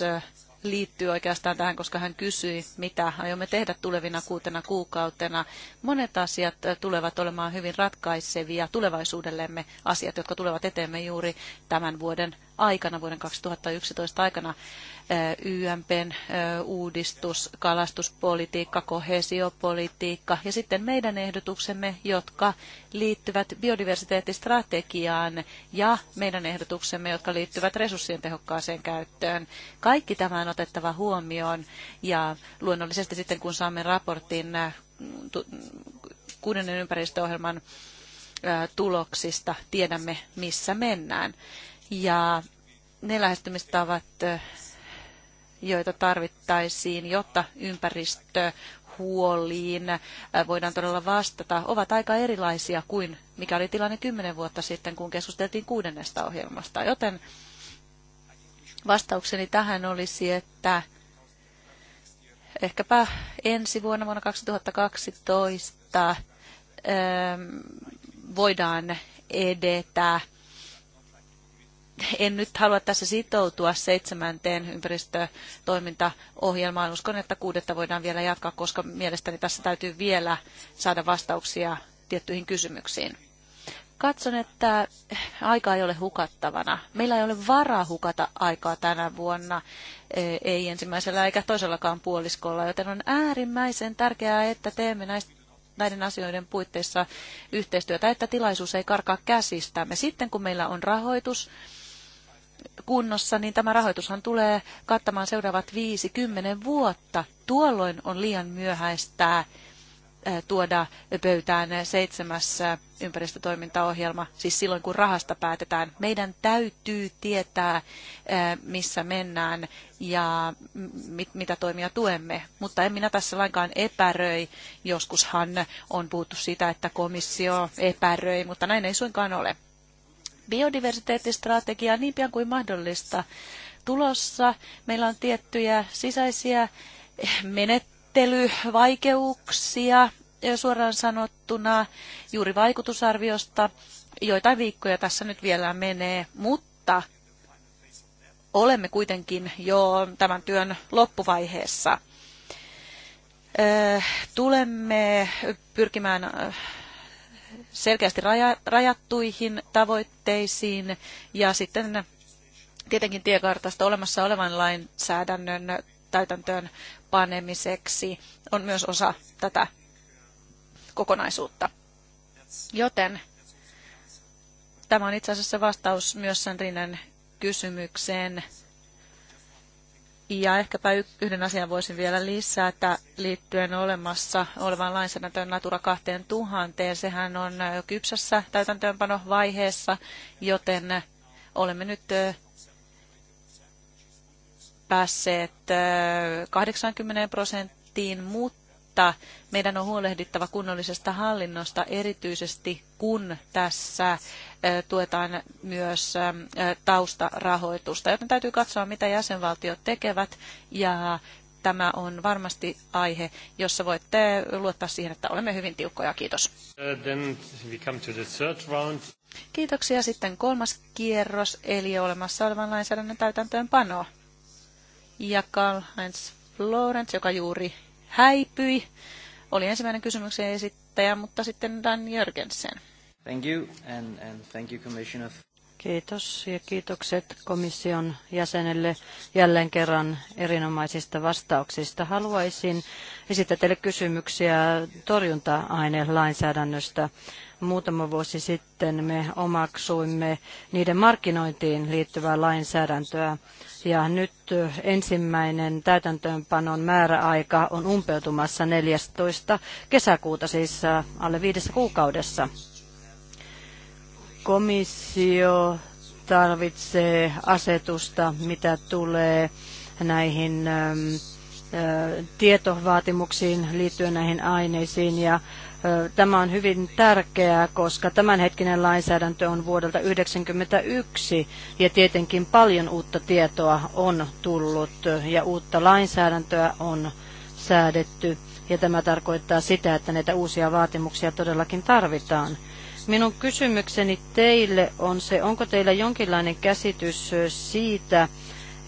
liittyy oikeastaan tähän, koska hän kysyi, mitä aiomme tehdä tulevina kuutena kuukautena. Monet asiat tulevat olemaan hyvin ratkaisevia tulevaisuudellemme, asiat, jotka tulevat eteemme juuri tämän vuoden aikana, vuoden 2011 aikana, eh, YMPn eh, uudistus, kalastuspolitiikka, kohesiopolitiikka ja sitten meidän ehdotuksemme, jotka liittyvät biodiversiteettistrategiaan ja meidän ehdotuksemme, jotka liittyvät resurssien tehokkaaseen käyttöön. Kaikki tämä on otettava huomioon ja luonnollisesti sitten kun saamme raportin eh, kuudennen ympäristöohjelman tuloksista, tiedämme missä mennään ja ne lähestymistavat, joita tarvittaisiin, jotta ympäristö huoliin voidaan todella vastata, ovat aika erilaisia kuin mikä oli tilanne kymmenen vuotta sitten, kun keskusteltiin kuudennesta ohjelmasta. Joten vastaukseni tähän olisi, että ehkäpä ensi vuonna, vuonna 2012, voidaan edetä en nyt halua tässä sitoutua seitsemänteen ympäristötoimintaohjelmaan. Uskon, että kuudetta voidaan vielä jatkaa, koska mielestäni tässä täytyy vielä saada vastauksia tiettyihin kysymyksiin. Katson, että aika ei ole hukattavana. Meillä ei ole varaa hukata aikaa tänä vuonna, eh, ei ensimmäisellä eikä toisellakaan puoliskolla, joten on äärimmäisen tärkeää, että teemme näistä näiden asioiden puitteissa yhteistyötä, että tilaisuus ei karkaa käsistämme. Sitten kun meillä on rahoitus, kunnossa, niin tämä rahoitushan tulee kattamaan seuraavat 50 vuotta. Tuolloin on liian myöhäistä äh, tuoda pöytään seitsemäs äh, ympäristötoimintaohjelma, siis silloin kun rahasta päätetään. Meidän täytyy tietää, äh, missä mennään ja mit, mitä toimia tuemme. Mutta en minä tässä lainkaan epäröi. Joskushan on puhuttu sitä, että komissio epäröi, mutta näin ei suinkaan ole. Biodiversiteettistrategia niin pian kuin mahdollista tulossa. Meillä on tiettyjä sisäisiä menettelyvaikeuksia suoraan sanottuna juuri vaikutusarviosta. Joitain viikkoja tässä nyt vielä menee, mutta olemme kuitenkin jo tämän työn loppuvaiheessa. Tulemme pyrkimään selkeästi rajattuihin tavoitteisiin ja sitten tietenkin tiekartasta olemassa olevan lainsäädännön täytäntöön panemiseksi on myös osa tätä kokonaisuutta. Joten tämä on itse asiassa vastaus myös Sandrinen kysymykseen ja ehkäpä yhden asian voisin vielä lisätä liittyen olemassa olevaan lainsäädäntöön Natura 2000. Sehän on kypsässä täytäntöönpanovaiheessa, joten olemme nyt päässeet 80 prosenttiin, mutta mutta meidän on huolehdittava kunnollisesta hallinnosta, erityisesti kun tässä tuetaan myös taustarahoitusta. Joten täytyy katsoa, mitä jäsenvaltiot tekevät ja tämä on varmasti aihe, jossa voitte luottaa siihen, että olemme hyvin tiukkoja. Kiitos. Uh, Kiitoksia. Sitten kolmas kierros, eli olemassa olevan lainsäädännön täytäntöönpanoa. Ja Karl-Heinz Florence, joka juuri häipyi, oli ensimmäinen kysymyksen esittäjä, mutta sitten Dan Jörgensen. Thank you and, and thank you, Commissioner. Kiitos ja kiitokset komission jäsenelle jälleen kerran erinomaisista vastauksista. Haluaisin esittää teille kysymyksiä torjunta aine lainsäädännöstä Muutama vuosi sitten me omaksuimme niiden markkinointiin liittyvää lainsäädäntöä. Ja nyt ensimmäinen täytäntöönpanon määräaika on umpeutumassa 14. kesäkuuta, siis äh, alle viidessä kuukaudessa. Komissio tarvitsee asetusta, mitä tulee näihin ähm, äh, tietovaatimuksiin liittyen näihin aineisiin ja Tämä on hyvin tärkeää, koska tämänhetkinen lainsäädäntö on vuodelta 1991 ja tietenkin paljon uutta tietoa on tullut ja uutta lainsäädäntöä on säädetty. Ja tämä tarkoittaa sitä, että näitä uusia vaatimuksia todellakin tarvitaan. Minun kysymykseni teille on se, onko teillä jonkinlainen käsitys siitä,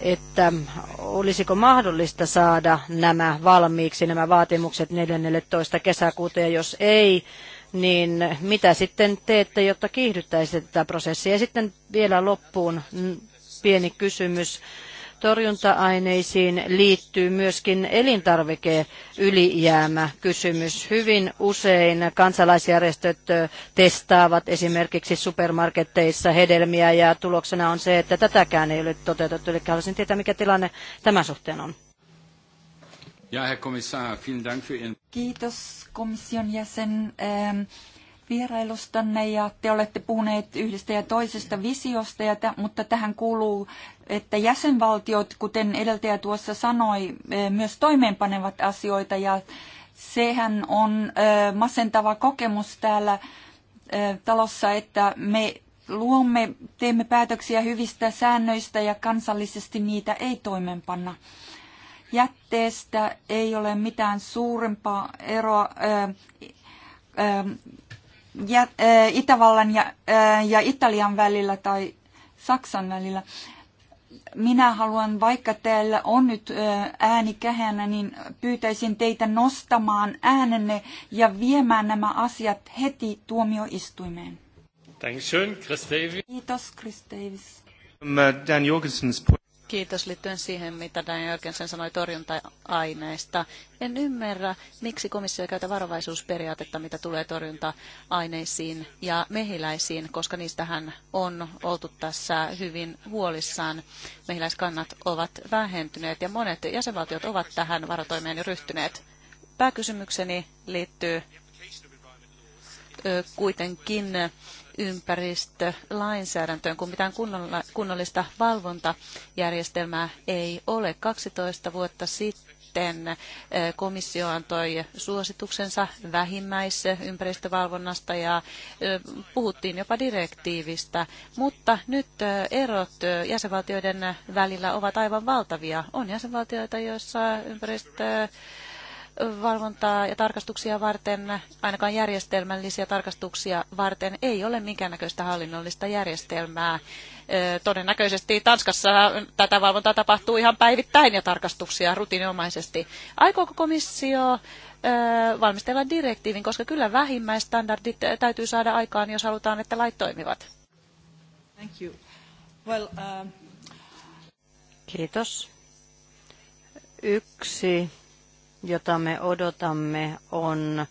että olisiko mahdollista saada nämä valmiiksi, nämä vaatimukset 14. kesäkuuta, ja jos ei, niin mitä sitten teette, jotta kiihdyttäisitte tätä prosessia? Ja sitten vielä loppuun pieni kysymys torjunta-aineisiin liittyy myöskin elintarvikeylijäämä kysymys. Hyvin usein kansalaisjärjestöt testaavat esimerkiksi supermarketeissa hedelmiä ja tuloksena on se, että tätäkään ei ole toteutettu. Eli haluaisin tietää, mikä tilanne tämän suhteen on. Kiitos komission jäsen ähm, vierailustanne ja te olette puhuneet yhdestä ja toisesta visiosta, ja t- mutta tähän kuuluu, että jäsenvaltiot, kuten edeltäjä tuossa sanoi, e, myös toimeenpanevat asioita ja sehän on e, masentava kokemus täällä e, talossa, että me luomme, teemme päätöksiä hyvistä säännöistä ja kansallisesti niitä ei toimeenpanna. Jätteestä ei ole mitään suurempaa eroa ja, äh, Itävallan ja, äh, ja Italian välillä tai Saksan välillä. Minä haluan, vaikka teillä on nyt äh, ääni kähänä, niin pyytäisin teitä nostamaan äänenne ja viemään nämä asiat heti tuomioistuimeen. Dankeschön, Chris Davis. Kiitos, Chris Davis. Um, uh, Dan Jorgensen's Kiitos liittyen siihen, mitä Dan Jörgensen sanoi torjunta-aineista. En ymmärrä, miksi komissio käytä varovaisuusperiaatetta, mitä tulee torjunta-aineisiin ja mehiläisiin, koska niistähän on oltu tässä hyvin huolissaan. Mehiläiskannat ovat vähentyneet ja monet jäsenvaltiot ovat tähän varotoimeen jo ryhtyneet. Pääkysymykseni liittyy kuitenkin ympäristölainsäädäntöön, kun mitään kunnollista valvontajärjestelmää ei ole. 12 vuotta sitten komissio antoi suosituksensa ympäristövalvonnasta ja puhuttiin jopa direktiivistä, mutta nyt erot jäsenvaltioiden välillä ovat aivan valtavia. On jäsenvaltioita, joissa ympäristö valvontaa ja tarkastuksia varten, ainakaan järjestelmällisiä tarkastuksia varten, ei ole minkäännäköistä hallinnollista järjestelmää. Todennäköisesti Tanskassa tätä valvontaa tapahtuu ihan päivittäin ja tarkastuksia rutiinomaisesti. Aikooko komissio valmistella direktiivin, koska kyllä vähimmäistandardit täytyy saada aikaan, jos halutaan, että lait toimivat. Thank you. Well, uh... Kiitos. Yksi jota me odotamme, on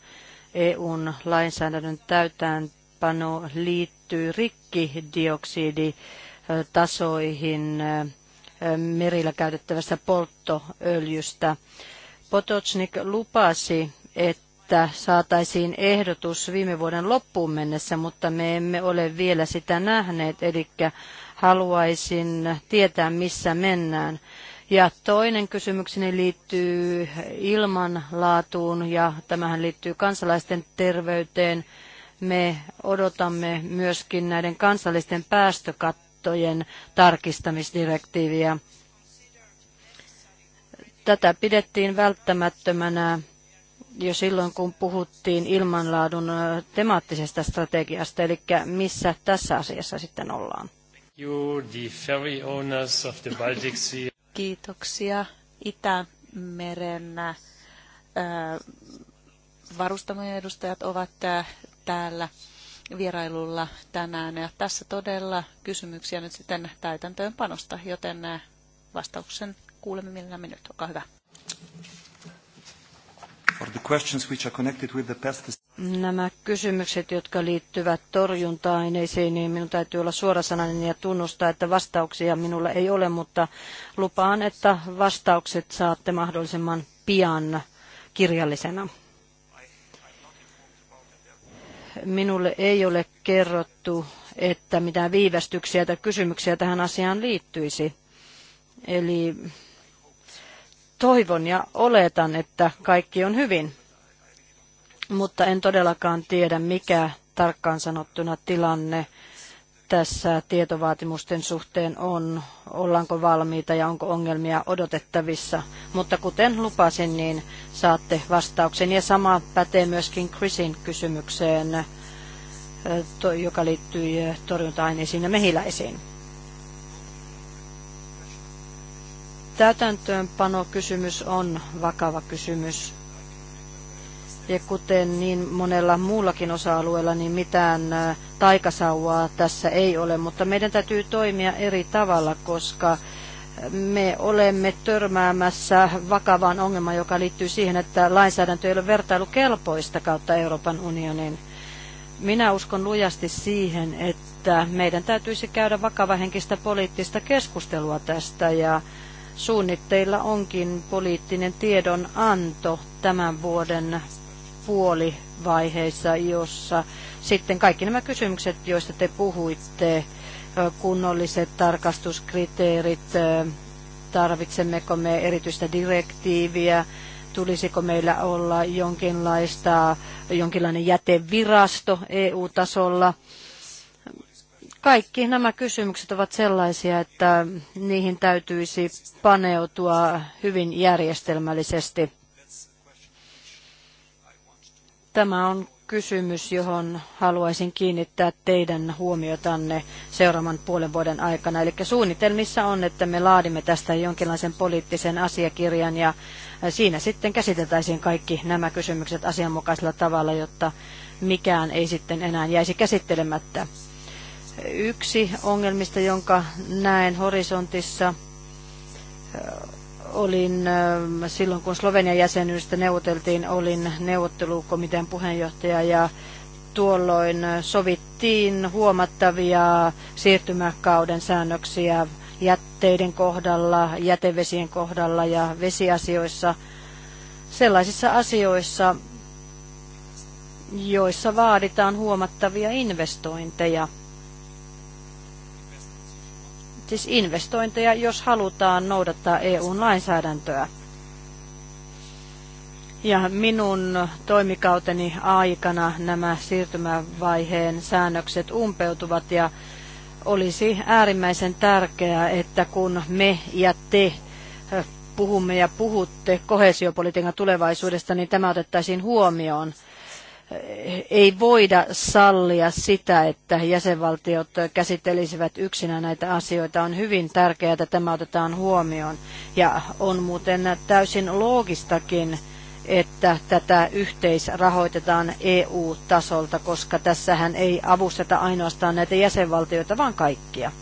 EUn lainsäädännön täytäänpano liittyy rikkidioksiditasoihin merillä käytettävästä polttoöljystä. Potocnik lupasi, että saataisiin ehdotus viime vuoden loppuun mennessä, mutta me emme ole vielä sitä nähneet, eli haluaisin tietää, missä mennään. Ja toinen kysymykseni liittyy ilmanlaatuun ja tämähän liittyy kansalaisten terveyteen. Me odotamme myöskin näiden kansallisten päästökattojen tarkistamisdirektiiviä. Tätä pidettiin välttämättömänä jo silloin, kun puhuttiin ilmanlaadun temaattisesta strategiasta, eli missä tässä asiassa sitten ollaan. You, the ferry owners of the Baltic Sea. Kiitoksia Itämeren varustamojen edustajat ovat täällä vierailulla tänään. Ja tässä todella kysymyksiä nyt sitten panosta, joten vastauksen kuulemme millään minuut. Olkaa hyvä. For the questions which are connected with the pesticides nämä kysymykset, jotka liittyvät torjunta-aineisiin, niin minun täytyy olla suorasanainen ja tunnustaa, että vastauksia minulla ei ole, mutta lupaan, että vastaukset saatte mahdollisimman pian kirjallisena. Minulle ei ole kerrottu, että mitään viivästyksiä tai kysymyksiä tähän asiaan liittyisi. Eli toivon ja oletan, että kaikki on hyvin mutta en todellakaan tiedä, mikä tarkkaan sanottuna tilanne tässä tietovaatimusten suhteen on, ollaanko valmiita ja onko ongelmia odotettavissa. Mutta kuten lupasin, niin saatte vastauksen. Ja sama pätee myöskin Chrisin kysymykseen, joka liittyy torjunta-aineisiin ja mehiläisiin. Täytäntöönpano kysymys on vakava kysymys ja kuten niin monella muullakin osa-alueella, niin mitään taikasauvaa tässä ei ole, mutta meidän täytyy toimia eri tavalla, koska me olemme törmäämässä vakavaan ongelmaan, joka liittyy siihen, että lainsäädäntö ei ole vertailukelpoista kautta Euroopan unionin. Minä uskon lujasti siihen, että meidän täytyisi käydä vakavahenkistä poliittista keskustelua tästä ja suunnitteilla onkin poliittinen tiedonanto tämän vuoden puolivaiheessa, jossa sitten kaikki nämä kysymykset, joista te puhuitte, kunnolliset tarkastuskriteerit, tarvitsemmeko me erityistä direktiiviä, tulisiko meillä olla jonkinlaista, jonkinlainen jätevirasto EU-tasolla. Kaikki nämä kysymykset ovat sellaisia, että niihin täytyisi paneutua hyvin järjestelmällisesti. Tämä on kysymys, johon haluaisin kiinnittää teidän huomiotanne seuraavan puolen vuoden aikana. Eli suunnitelmissa on, että me laadimme tästä jonkinlaisen poliittisen asiakirjan ja siinä sitten käsiteltäisiin kaikki nämä kysymykset asianmukaisella tavalla, jotta mikään ei sitten enää jäisi käsittelemättä. Yksi ongelmista, jonka näen horisontissa, olin silloin, kun Slovenian jäsenyydestä neuvoteltiin, olin neuvottelukomitean puheenjohtaja ja tuolloin sovittiin huomattavia siirtymäkauden säännöksiä jätteiden kohdalla, jätevesien kohdalla ja vesiasioissa, sellaisissa asioissa, joissa vaaditaan huomattavia investointeja – Siis investointeja, jos halutaan noudattaa EUn lainsäädäntöä. Ja minun toimikauteni aikana nämä siirtymävaiheen säännökset umpeutuvat ja olisi äärimmäisen tärkeää, että kun me ja te puhumme ja puhutte kohesiopolitiikan tulevaisuudesta, niin tämä otettaisiin huomioon – ei voida sallia sitä, että jäsenvaltiot käsittelisivät yksinä näitä asioita. On hyvin tärkeää, että tämä otetaan huomioon. Ja on muuten täysin loogistakin, että tätä yhteisrahoitetaan EU-tasolta, koska tässähän ei avusteta ainoastaan näitä jäsenvaltioita, vaan kaikkia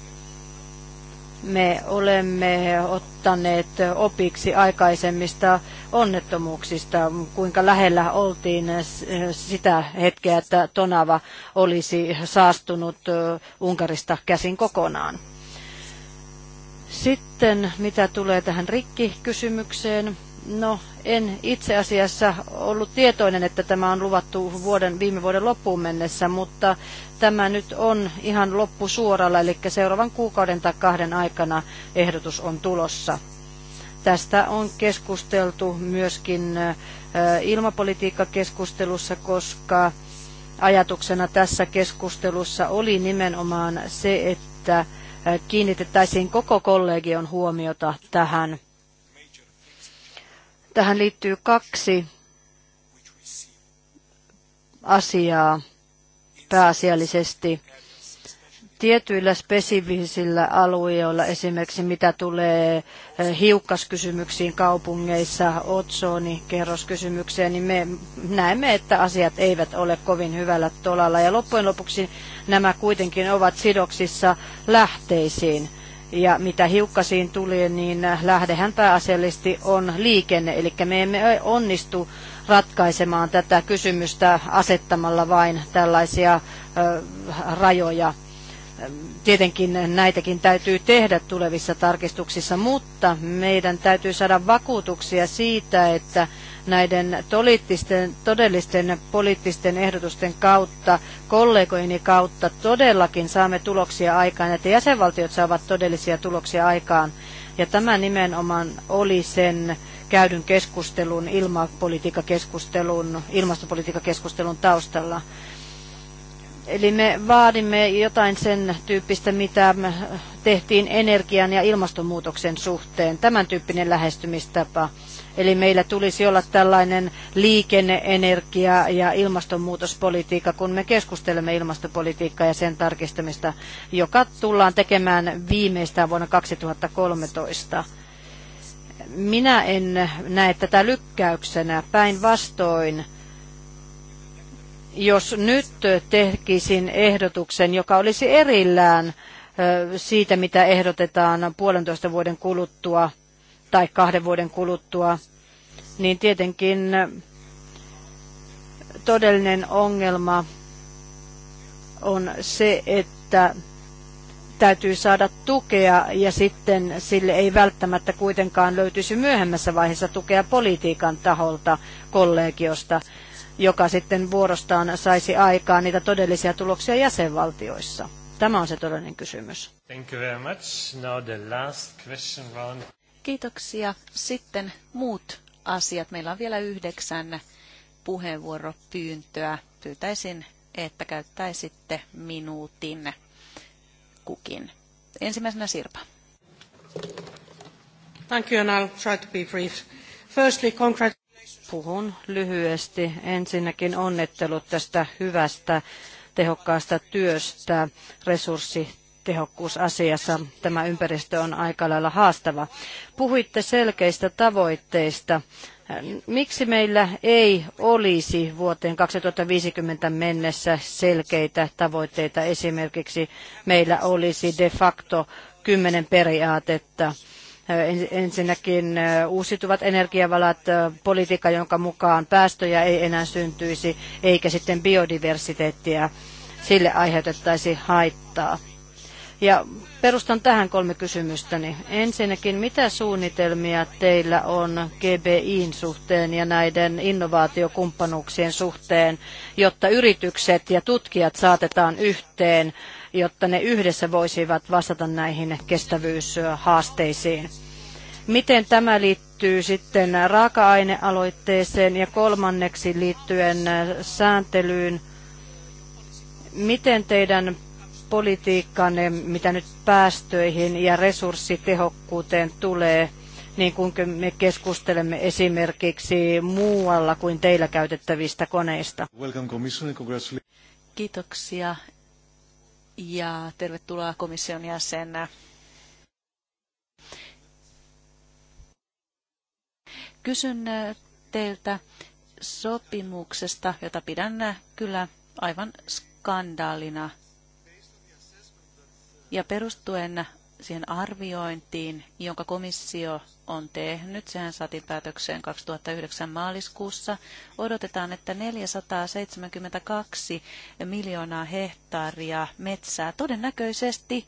me olemme ottaneet opiksi aikaisemmista onnettomuuksista, kuinka lähellä oltiin sitä hetkeä, että Tonava olisi saastunut Unkarista käsin kokonaan. Sitten mitä tulee tähän rikkikysymykseen, No, en itse asiassa ollut tietoinen, että tämä on luvattu vuoden, viime vuoden loppuun mennessä, mutta tämä nyt on ihan loppusuoralla, eli seuraavan kuukauden tai kahden aikana ehdotus on tulossa. Tästä on keskusteltu myöskin ilmapolitiikkakeskustelussa, koska ajatuksena tässä keskustelussa oli nimenomaan se, että kiinnitettäisiin koko kollegion huomiota tähän Tähän liittyy kaksi asiaa pääasiallisesti tietyillä spesifisillä alueilla, esimerkiksi mitä tulee eh, hiukkaskysymyksiin kaupungeissa, kerroskysymykseen, niin me näemme, että asiat eivät ole kovin hyvällä tolalla. Ja loppujen lopuksi nämä kuitenkin ovat sidoksissa lähteisiin. Ja mitä hiukkasiin tuli, niin lähdehän pääasiallisesti on liikenne, eli me emme onnistu ratkaisemaan tätä kysymystä asettamalla vain tällaisia rajoja. Tietenkin näitäkin täytyy tehdä tulevissa tarkistuksissa, mutta meidän täytyy saada vakuutuksia siitä, että näiden todellisten poliittisten ehdotusten kautta, kollegojeni kautta todellakin saamme tuloksia aikaan, että jäsenvaltiot saavat todellisia tuloksia aikaan. Ja tämä nimenomaan oli sen käydyn keskustelun, ilmapolitiikkakeskustelun, ilmastopolitiikkakeskustelun taustalla. Eli me vaadimme jotain sen tyyppistä, mitä tehtiin energian ja ilmastonmuutoksen suhteen, tämän tyyppinen lähestymistapa. Eli meillä tulisi olla tällainen liikenne, energia ja ilmastonmuutospolitiikka, kun me keskustelemme ilmastopolitiikkaa ja sen tarkistamista, joka tullaan tekemään viimeistään vuonna 2013 minä en näe tätä lykkäyksenä. Päinvastoin, jos nyt tekisin ehdotuksen, joka olisi erillään siitä, mitä ehdotetaan puolentoista vuoden kuluttua – tai kahden vuoden kuluttua, niin tietenkin todellinen ongelma on se, että täytyy saada tukea ja sitten sille ei välttämättä kuitenkaan löytyisi myöhemmässä vaiheessa tukea politiikan taholta kollegiosta, joka sitten vuorostaan saisi aikaan niitä todellisia tuloksia jäsenvaltioissa. Tämä on se todellinen kysymys. Thank you very much. Now the last question round. Kiitoksia. Sitten muut asiat. Meillä on vielä yhdeksän puheenvuoropyyntöä. Pyytäisin, että käyttäisitte minuutin kukin. Ensimmäisenä Sirpa. Thank you and I'll try to be brief. Firstly, Puhun lyhyesti. Ensinnäkin onnittelut tästä hyvästä tehokkaasta työstä resurssi energiatehokkuusasiassa tämä ympäristö on aika lailla haastava. Puhuitte selkeistä tavoitteista. Miksi meillä ei olisi vuoteen 2050 mennessä selkeitä tavoitteita? Esimerkiksi meillä olisi de facto kymmenen periaatetta ensinnäkin uusiutuvat energiavalat, politiikka, jonka mukaan päästöjä ei enää syntyisi, eikä sitten biodiversiteettiä sille aiheutettaisi haittaa. Ja perustan tähän kolme kysymystäni. Ensinnäkin, mitä suunnitelmia teillä on GBIin suhteen ja näiden innovaatiokumppanuuksien suhteen, jotta yritykset ja tutkijat saatetaan yhteen, jotta ne yhdessä voisivat vastata näihin kestävyyshaasteisiin? Miten tämä liittyy sitten raaka-ainealoitteeseen ja kolmanneksi liittyen sääntelyyn? Miten teidän politiikkanne, mitä nyt päästöihin ja resurssitehokkuuteen tulee, niin kuin me keskustelemme esimerkiksi muualla kuin teillä käytettävistä koneista? Kiitoksia ja tervetuloa komission jäsenä. Kysyn teiltä sopimuksesta, jota pidän kyllä aivan skandaalina ja perustuen siihen arviointiin, jonka komissio on tehnyt, sehän saatiin päätökseen 2009 maaliskuussa, odotetaan, että 472 miljoonaa hehtaaria metsää todennäköisesti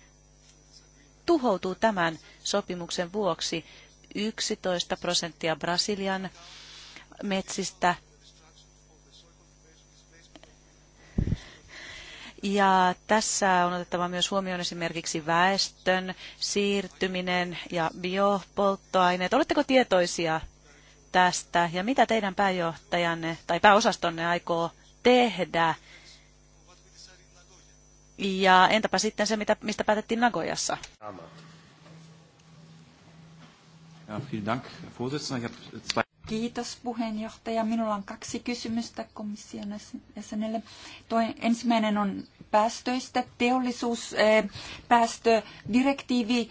tuhoutuu tämän sopimuksen vuoksi 11 prosenttia Brasilian metsistä Ja tässä on otettava myös huomioon esimerkiksi väestön siirtyminen ja biopolttoaineet. Oletteko tietoisia tästä ja mitä teidän pääjohtajanne tai pääosastonne aikoo tehdä? Ja entäpä sitten se, mitä, mistä päätettiin Nagojassa? Ja, vielen Dank, Herr Vorsitzender. Kiitos puheenjohtaja. Minulla on kaksi kysymystä komission jäsenelle. Toi, ensimmäinen on päästöistä. Teollisuuspäästödirektiivi eh,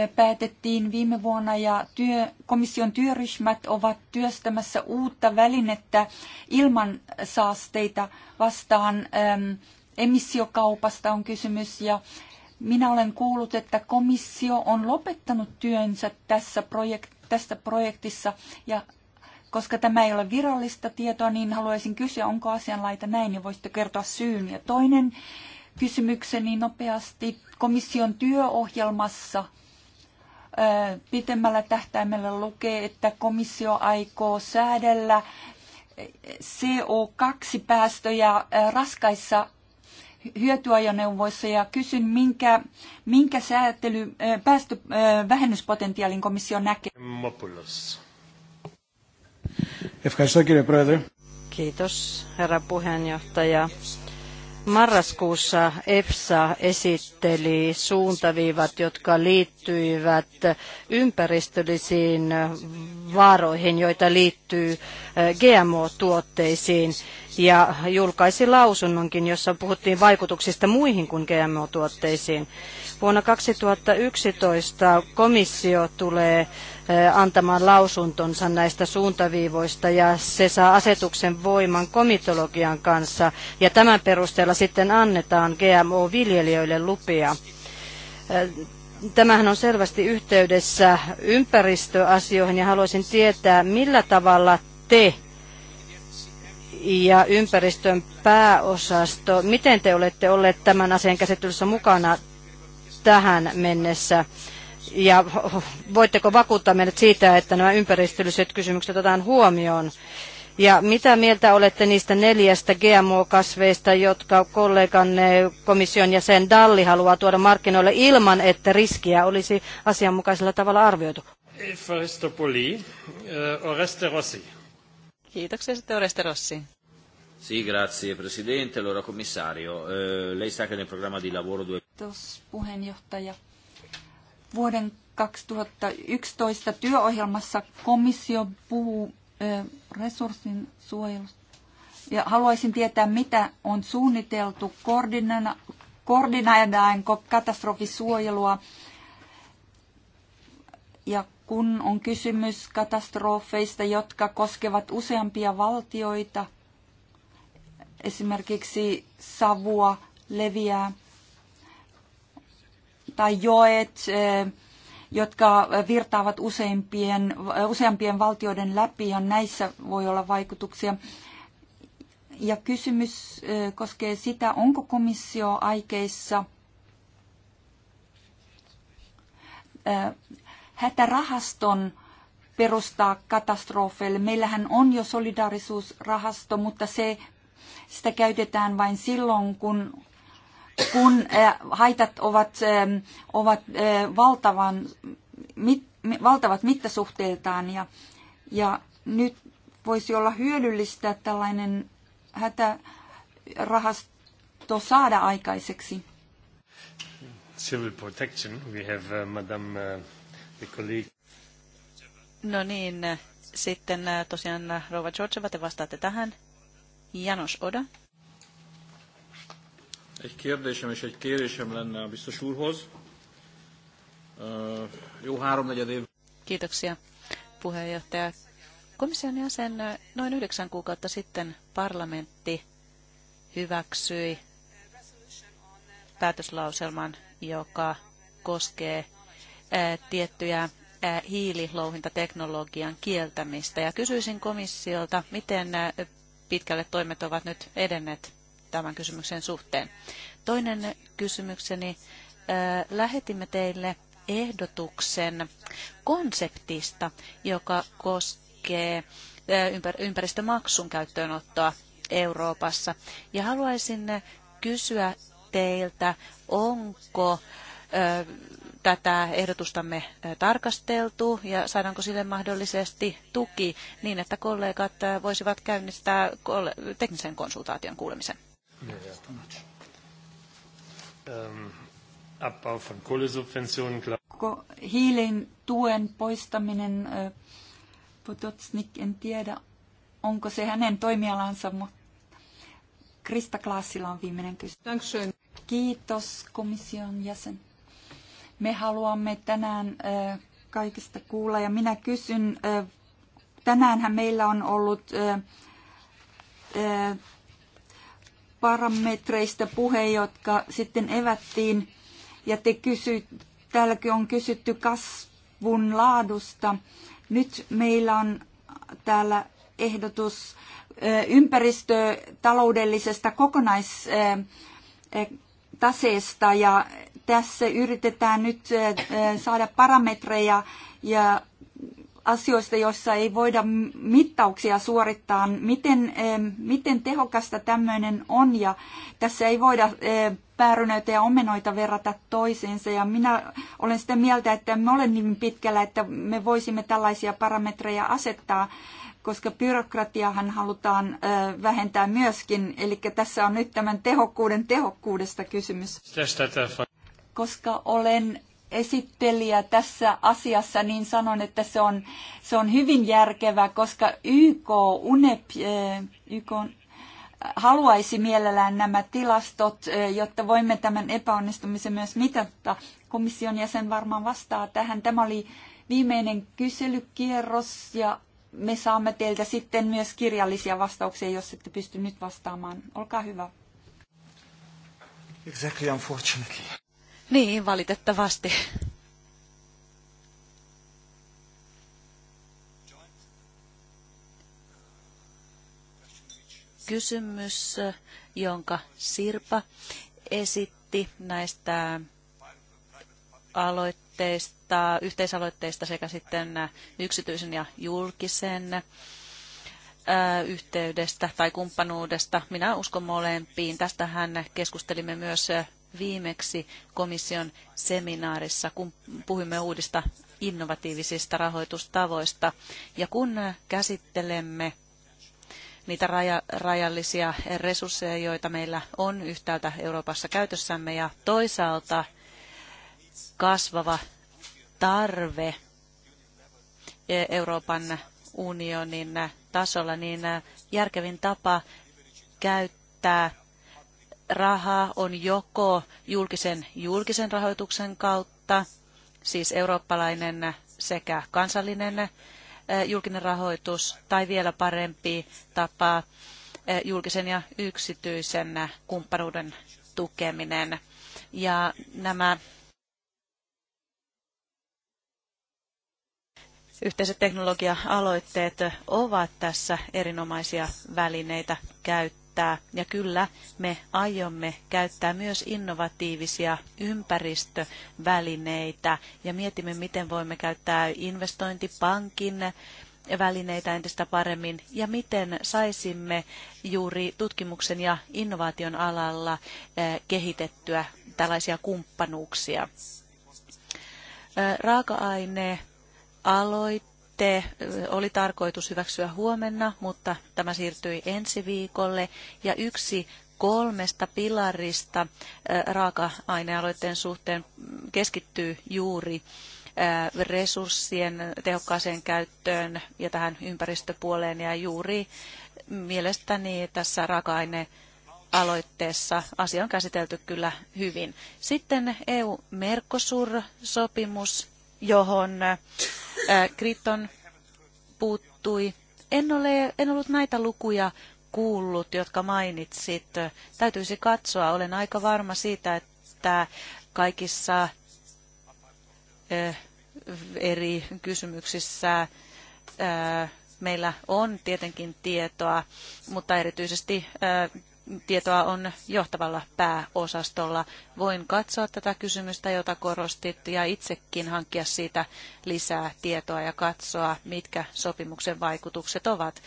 eh, päätettiin viime vuonna ja työ, komission työryhmät ovat työstämässä uutta välinettä ilman saasteita vastaan. Emissiokaupasta on kysymys ja minä olen kuullut, että komissio on lopettanut työnsä tässä projektissa tästä projektissa ja koska tämä ei ole virallista tietoa, niin haluaisin kysyä, onko asianlaita näin, ja voisitte kertoa syyn. Ja toinen kysymykseni nopeasti. Komission työohjelmassa pitemmällä tähtäimellä lukee, että komissio aikoo säädellä CO2-päästöjä raskaissa hyötyajoneuvoissa ja kysyn, minkä, minkä säätely, päästö, vähennyspotentiaalin komissio näkee. Ευχαριστώ κύριε Πρόεδρε. Kiitos herra puheenjohtaja. Marraskuussa EFSA esitteli suuntaviivat, jotka liittyivät ympäristöllisiin vaaroihin, joita liittyy eh, GMO-tuotteisiin ja julkaisi lausunnonkin, jossa puhuttiin vaikutuksista muihin kuin GMO-tuotteisiin. Vuonna 2011 komissio tulee eh, antamaan lausuntonsa näistä suuntaviivoista ja se saa asetuksen voiman komitologian kanssa ja tämän perusteella sitten annetaan GMO-viljelijöille lupia eh, tämähän on selvästi yhteydessä ympäristöasioihin ja haluaisin tietää, millä tavalla te ja ympäristön pääosasto, miten te olette olleet tämän asian käsittelyssä mukana tähän mennessä? Ja voitteko vakuuttaa meidät siitä, että nämä ympäristölliset kysymykset otetaan huomioon? Ja mitä mieltä olette niistä neljästä GMO-kasveista, jotka kolleganne komission jäsen Dalli haluaa tuoda markkinoille ilman, että riskiä olisi asianmukaisella tavalla arvioitu? Forestopoli, eh, Oreste Rossi. Kiitoksia sitten Oreste Rossi. Sì, grazie Presidente. Allora, Commissario, eh, lei sa che nel programma di lavoro... Kiitos puheenjohtaja. Vuoden 2011 työohjelmassa komissio puhuu eh, resurssin suojelusta. Ja haluaisin tietää, mitä on suunniteltu koordinaidaanko katastrofisuojelua ja kun on kysymys katastrofeista, jotka koskevat useampia valtioita, esimerkiksi savua leviää, tai joet, eh, jotka virtaavat useimpien, useampien valtioiden läpi, ja näissä voi olla vaikutuksia. Ja kysymys eh, koskee sitä, onko komissio aikeissa eh, hätärahaston perustaa katastrofeille. Meillähän on jo solidaarisuusrahasto, mutta se, sitä käytetään vain silloin, kun, kun haitat ovat, ovat valtavan, mit, valtavat mittasuhteiltaan. Ja, ja nyt voisi olla hyödyllistä tällainen hätärahasto saada aikaiseksi. Civil protection. We have uh, Madame uh... No niin, sitten äh, tosiaan äh, Rova Georgeva, te vastaatte tähän. Janos Oda. Egy kérdésem és egy kérésem lenne a biztos úrhoz. Jó háromnegyed év. Kiitoksia puheenjohtaja. Komission jäsen noin yhdeksän kuukautta sitten parlamentti hyväksyi päätöslauselman, joka koskee tiettyjä hiililouhintateknologian kieltämistä. Ja kysyisin komissiolta, miten pitkälle toimet ovat nyt edenneet tämän kysymyksen suhteen. Toinen kysymykseni. Lähetimme teille ehdotuksen konseptista, joka koskee ympäristömaksun käyttöönottoa Euroopassa. Ja haluaisin kysyä teiltä, onko tätä ehdotustamme tarkasteltu ja saadaanko sille mahdollisesti tuki niin, että kollegat voisivat käynnistää teknisen konsultaation kuulemisen? Ähm, hiilin tuen poistaminen, Pototsnik, en tiedä, onko se hänen toimialansa, mutta Krista Klaasilla on viimeinen kysymys. Kiitos komission jäsen. Me haluamme tänään kaikista kuulla ja minä kysyn, tänäänhän meillä on ollut parametreista puhe, jotka sitten evättiin ja te kysyt täälläkin on kysytty kasvun laadusta. Nyt meillä on täällä ehdotus ympäristötaloudellisesta kokonaistaseesta ja tässä yritetään nyt saada parametreja ja asioista, joissa ei voida mittauksia suorittaa, miten, miten tehokasta tämmöinen on ja tässä ei voida päärynöitä ja omenoita verrata toisiinsa ja minä olen sitä mieltä, että me olen niin pitkällä, että me voisimme tällaisia parametreja asettaa, koska byrokratiahan halutaan vähentää myöskin, eli tässä on nyt tämän tehokkuuden tehokkuudesta kysymys koska olen esittelijä tässä asiassa, niin sanon, että se on, se on hyvin järkevä, koska YK, UNEP, eh, YK haluaisi mielellään nämä tilastot, eh, jotta voimme tämän epäonnistumisen myös mitata. Komission jäsen varmaan vastaa tähän. Tämä oli viimeinen kyselykierros ja me saamme teiltä sitten myös kirjallisia vastauksia, jos ette pysty nyt vastaamaan. Olkaa hyvä. Exactly, unfortunately. Niin, valitettavasti. Kysymys, jonka Sirpa esitti näistä aloitteista, yhteisaloitteista sekä sitten yksityisen ja julkisen yhteydestä tai kumppanuudesta. Minä uskon molempiin. Tästähän keskustelimme myös viimeksi komission seminaarissa, kun puhuimme uudista innovatiivisista rahoitustavoista. Ja kun käsittelemme niitä raja, rajallisia resursseja, joita meillä on yhtäältä Euroopassa käytössämme ja toisaalta kasvava tarve e- Euroopan unionin tasolla, niin järkevin tapa käyttää Raha on joko julkisen julkisen rahoituksen kautta, siis eurooppalainen sekä kansallinen julkinen rahoitus, tai vielä parempi tapa julkisen ja yksityisen kumppanuuden tukeminen. Ja nämä yhteiset teknologia-aloitteet ovat tässä erinomaisia välineitä käyttöön käyttää. Ja kyllä me aiomme käyttää myös innovatiivisia ympäristövälineitä ja mietimme, miten voimme käyttää investointipankin välineitä entistä paremmin ja miten saisimme juuri tutkimuksen ja innovaation alalla eh, kehitettyä tällaisia kumppanuuksia. Eh, Raaka-aine te oli tarkoitus hyväksyä huomenna, mutta tämä siirtyi ensi viikolle. Ja yksi kolmesta pilarista raaka-ainealoitteen suhteen keskittyy juuri resurssien tehokkaaseen käyttöön ja tähän ympäristöpuoleen. Ja juuri mielestäni tässä raaka ainealoitteessa asia on käsitelty kyllä hyvin. Sitten EU-Mercosur-sopimus, johon Äh, Kriton puuttui. En, ole, en ollut näitä lukuja kuullut, jotka mainitsit. Täytyisi katsoa. Olen aika varma siitä, että kaikissa äh, eri kysymyksissä äh, meillä on tietenkin tietoa, mutta erityisesti tietoa on johtavalla pääosastolla. Voin katsoa tätä kysymystä, jota korostit, ja itsekin hankkia siitä lisää tietoa ja katsoa, mitkä sopimuksen vaikutukset ovat.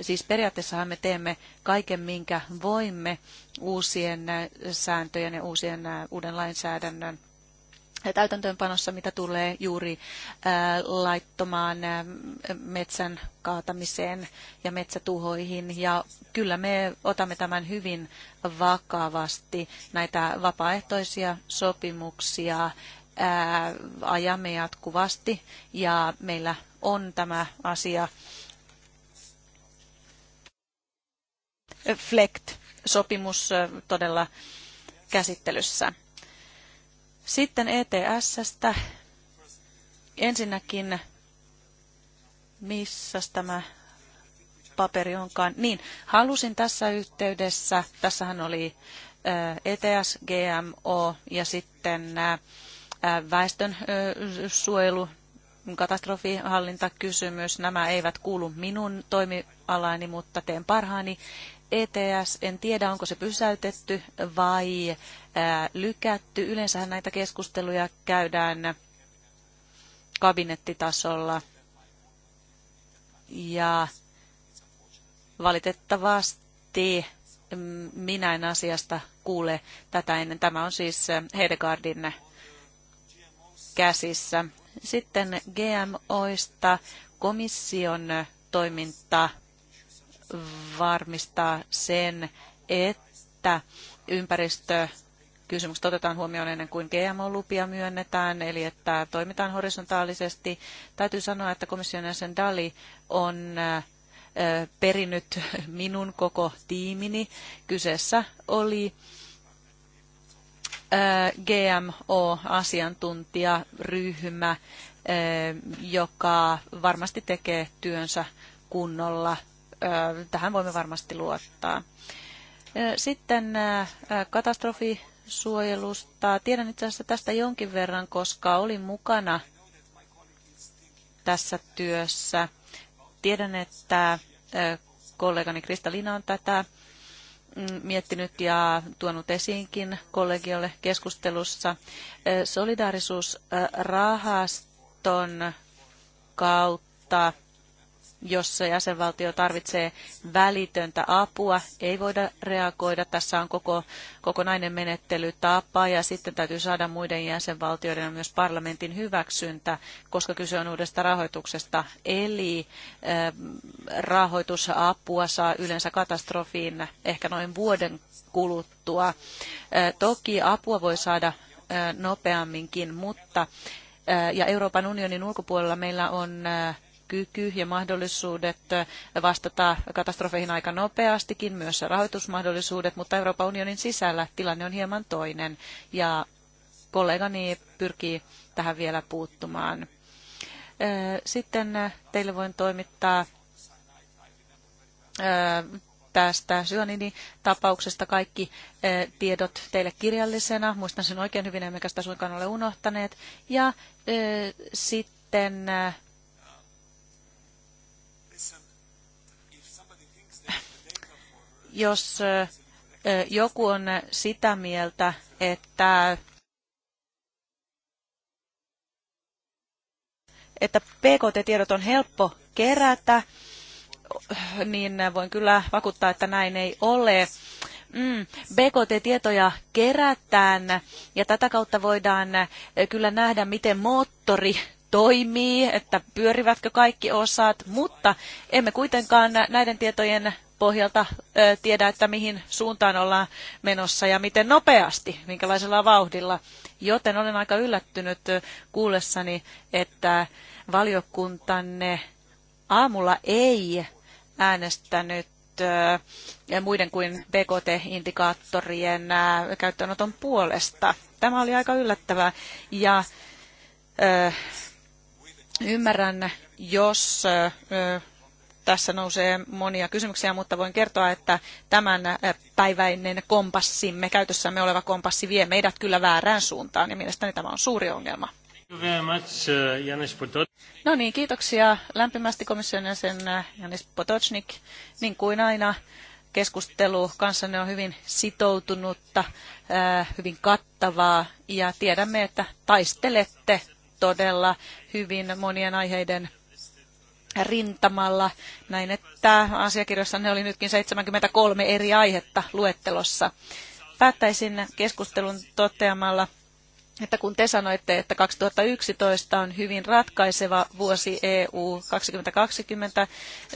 Siis periaatteessahan me teemme kaiken, minkä voimme uusien sääntöjen ja uusien uuden lainsäädännön täytäntöönpanossa, mitä tulee juuri laittomaan metsän kaatamiseen ja metsätuhoihin. Ja kyllä me otamme tämän hyvin vakavasti, näitä vapaaehtoisia sopimuksia ajamme jatkuvasti ja meillä on tämä asia FLECT-sopimus todella käsittelyssä. Sitten ETSstä. Ensinnäkin, missä tämä paperi onkaan. Niin, halusin tässä yhteydessä, tässähän oli ETS, GMO ja sitten väestön suojelu, katastrofihallintakysymys. Nämä eivät kuulu minun toimialaani, mutta teen parhaani, ETS, en tiedä onko se pysäytetty vai lykätty. Yleensähän näitä keskusteluja käydään kabinettitasolla. Ja valitettavasti mm, minä en asiasta kuule tätä ennen. Tämä on siis Hedegaardin käsissä. Sitten GMOista komission toiminta varmistaa sen, että ympäristö kysymykset otetaan huomioon ennen kuin GMO-lupia myönnetään, eli että toimitaan horisontaalisesti. Täytyy sanoa, että komission jäsen Dali on perinnyt minun koko tiimini. Kyseessä oli GMO-asiantuntijaryhmä, joka varmasti tekee työnsä kunnolla Tähän voimme varmasti luottaa. Sitten katastrofisuojelusta. Tiedän itse asiassa tästä jonkin verran, koska olin mukana tässä työssä. Tiedän, että kollegani Kristalina on tätä mm, miettinyt ja tuonut esiinkin kollegiolle keskustelussa. Solidaarisuusrahaston kautta jos jäsenvaltio tarvitsee välitöntä apua, ei voida reagoida. Tässä on koko, kokonainen menettelytapa ja sitten täytyy saada muiden jäsenvaltioiden ja myös parlamentin hyväksyntä, koska kyse on uudesta rahoituksesta. Eli eh, rahoitusapua saa yleensä katastrofiin ehkä noin vuoden kuluttua. Eh, toki apua voi saada eh, nopeamminkin, mutta ja Euroopan unionin ulkopuolella meillä on kyky ja mahdollisuudet vastata katastrofeihin aika nopeastikin, myös rahoitusmahdollisuudet, mutta Euroopan unionin sisällä tilanne on hieman toinen ja kollegani pyrkii tähän vielä puuttumaan. Sitten teille voin toimittaa tästä Syönini tapauksesta kaikki tiedot teille kirjallisena. Muistan sen oikein hyvin, emmekä sitä suinkaan ole unohtaneet. Ja sitten jos joku on sitä mieltä, että että PKT-tiedot on helppo kerätä, niin voin kyllä vakuuttaa, että näin ei ole. Mm, BKT-tietoja kerätään ja tätä kautta voidaan kyllä nähdä, miten moottori toimii, että pyörivätkö kaikki osat, mutta emme kuitenkaan näiden tietojen pohjalta tiedä, että mihin suuntaan ollaan menossa ja miten nopeasti, minkälaisella vauhdilla. Joten olen aika yllättynyt kuullessani, että valiokuntanne aamulla ei äänestänyt ja muiden kuin BKT-indikaattorien käyttöönoton puolesta. Tämä oli aika yllättävää ja ymmärrän, jos tässä nousee monia kysymyksiä, mutta voin kertoa, että tämän äh, päiväinen kompassimme, käytössämme oleva kompassi vie meidät kyllä väärään suuntaan ja mielestäni tämä on suuri ongelma. Uh, no niin, kiitoksia lämpimästi komission jäsen äh, Janis Potocnik. Niin kuin aina, keskustelu kanssanne on hyvin sitoutunutta, äh, hyvin kattavaa ja tiedämme, että taistelette todella hyvin monien aiheiden rintamalla. Näin, että asiakirjoissa ne oli nytkin 73 eri aihetta luettelossa. Päättäisin keskustelun toteamalla, että kun te sanoitte, että 2011 on hyvin ratkaiseva vuosi EU 2020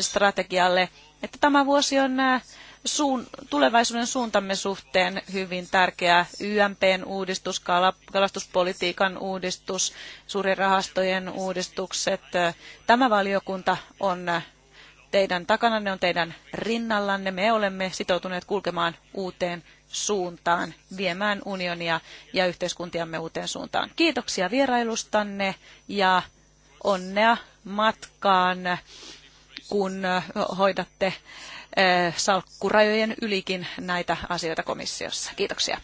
strategialle, että tämä vuosi on äh, suun, tulevaisuuden suuntamme suhteen hyvin tärkeä YMPn uudistus, kalastuspolitiikan uudistus, rahastojen uudistukset. Tämä valiokunta on teidän takananne, on teidän rinnallanne. Me olemme sitoutuneet kulkemaan uuteen suuntaan, viemään unionia ja yhteiskuntiamme uuteen suuntaan. Kiitoksia vierailustanne ja onnea matkaan, kun hoidatte Eh, salkkurajojen ylikin näitä asioita komissiossa. Kiitoksia.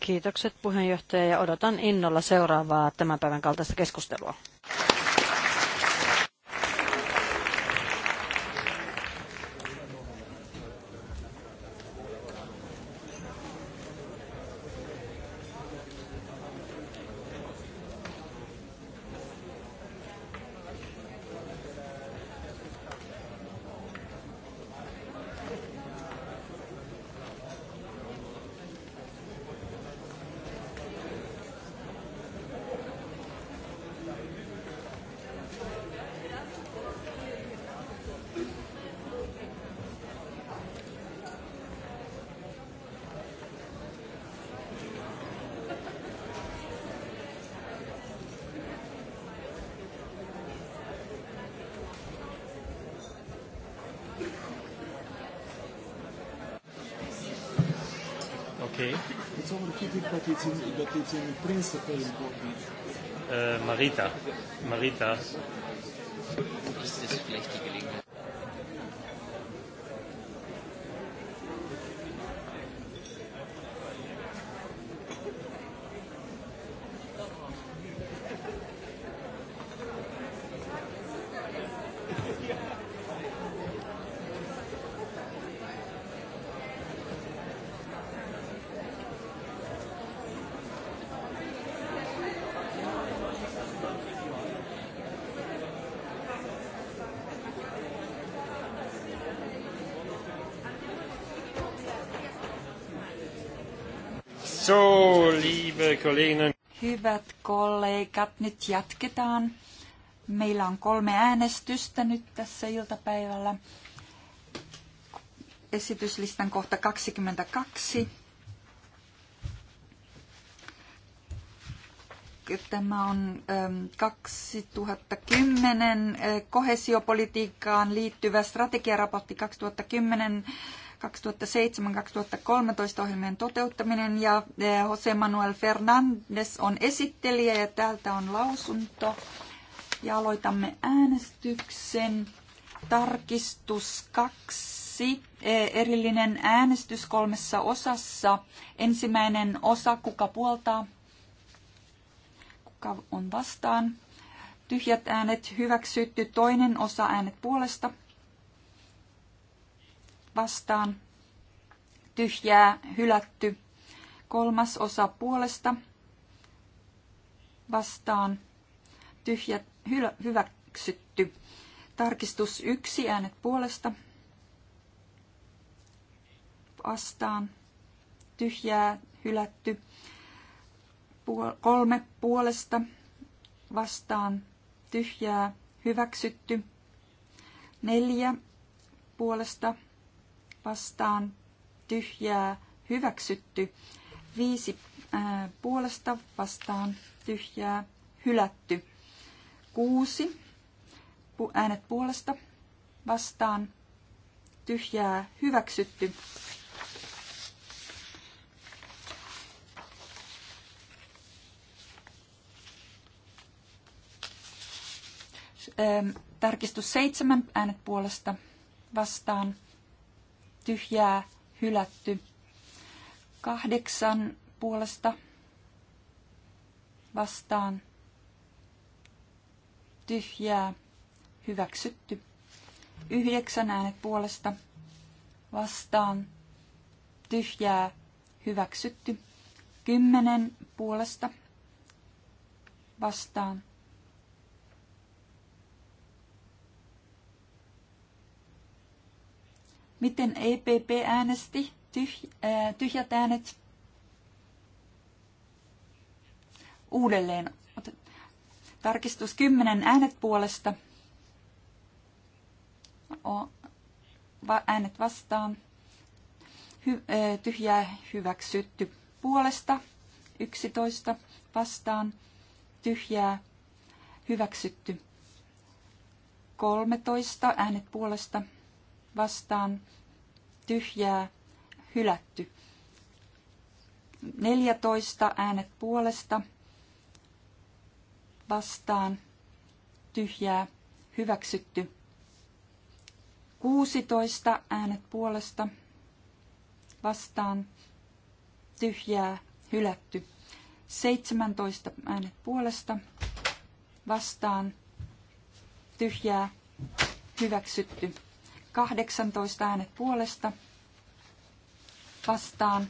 Kiitokset puheenjohtaja ja odotan innolla seuraavaa tämän päivän kaltaista keskustelua. Marita. Marita. Hyvät kollegat, nyt jatketaan. Meillä on kolme äänestystä nyt tässä iltapäivällä. Esityslistan kohta 22. Tämä on 2010 ähm, äh, kohesiopolitiikkaan liittyvä strategiaraportti 2010 2007-2013 ohjelmien toteuttaminen ja eh, Jose Manuel Fernandes on esittelijä ja täältä on lausunto. Ja aloitamme äänestyksen. Tarkistus kaksi. Eh, erillinen äänestys kolmessa osassa. Ensimmäinen osa, kuka puoltaa? Kuka on vastaan? Tyhjät äänet hyväksytty. Toinen osa äänet puolesta vastaan tyhjää hylätty. Kolmas osa puolesta vastaan tyhjä hylä, hyväksytty. Tarkistus yksi äänet puolesta vastaan tyhjää hylätty. Puol- kolme puolesta vastaan tyhjää hyväksytty. Neljä puolesta vastaan tyhjää hyväksytty. Viisi ää, äh, puolesta vastaan tyhjää hylätty. Kuusi pu- äänet puolesta vastaan tyhjää hyväksytty. Tarkistus seitsemän äänet puolesta vastaan tyhjää hylätty. Kahdeksan puolesta vastaan tyhjää hyväksytty. Yhdeksän äänet puolesta vastaan tyhjää hyväksytty. Kymmenen puolesta vastaan Miten EPP äänesti? Tyh, äh, tyhjät äänet. Uudelleen. Tarkistus 10 äänet puolesta. O, va, äänet vastaan. Hy, äh, tyhjää hyväksytty puolesta. 11 vastaan. Tyhjää hyväksytty. 13 äänet puolesta vastaan tyhjää hylätty. 14 äänet puolesta vastaan tyhjää hyväksytty. 16 äänet puolesta vastaan tyhjää hylätty. 17 äänet puolesta vastaan tyhjää hyväksytty. 18 äänet puolesta vastaan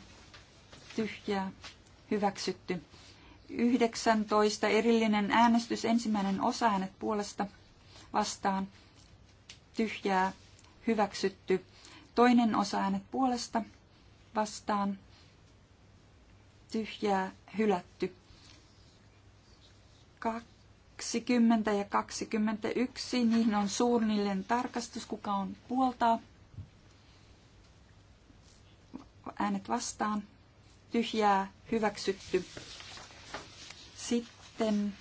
tyhjää hyväksytty. 19 erillinen äänestys ensimmäinen osa äänet puolesta vastaan tyhjää hyväksytty. Toinen osa äänet puolesta vastaan tyhjää hylätty. 2 20 ja 21, niihin on suunnilleen tarkastus, kuka on puolta. Äänet vastaan. Tyhjää, hyväksytty. Sitten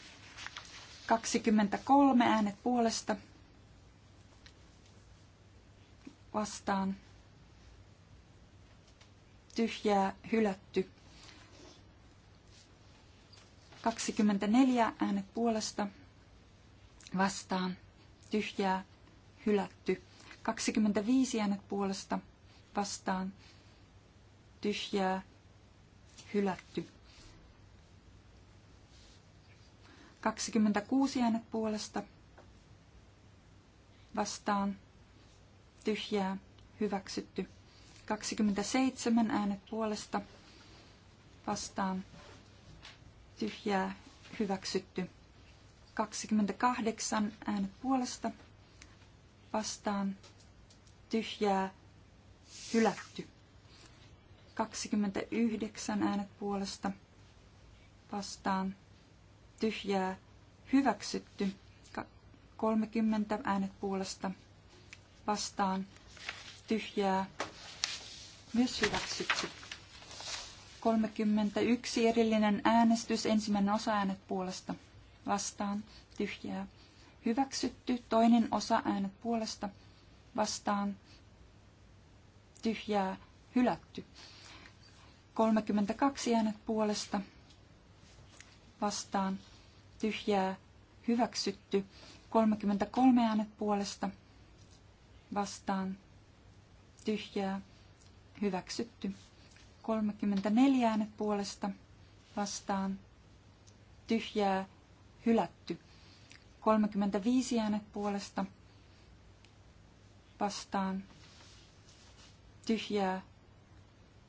23 äänet puolesta vastaan. Tyhjää, hylätty. 24 äänet puolesta vastaan tyhjää hylätty. 25 äänet puolesta vastaan tyhjää hylätty. 26 äänet puolesta vastaan tyhjää hyväksytty. 27 äänet puolesta vastaan tyhjää hyväksytty. 28 äänet puolesta vastaan tyhjää hylätty. 29 äänet puolesta vastaan tyhjää hyväksytty. 30 äänet puolesta vastaan tyhjää myös hyväksytty. 31 erillinen äänestys, ensimmäinen osa äänet puolesta vastaan, tyhjää. Hyväksytty, toinen osa äänet puolesta vastaan, tyhjää, hylätty. 32 äänet puolesta vastaan, tyhjää, hyväksytty. 33 äänet puolesta vastaan, tyhjää, hyväksytty. 34 äänet puolesta vastaan tyhjää hylätty. 35 äänet puolesta vastaan tyhjää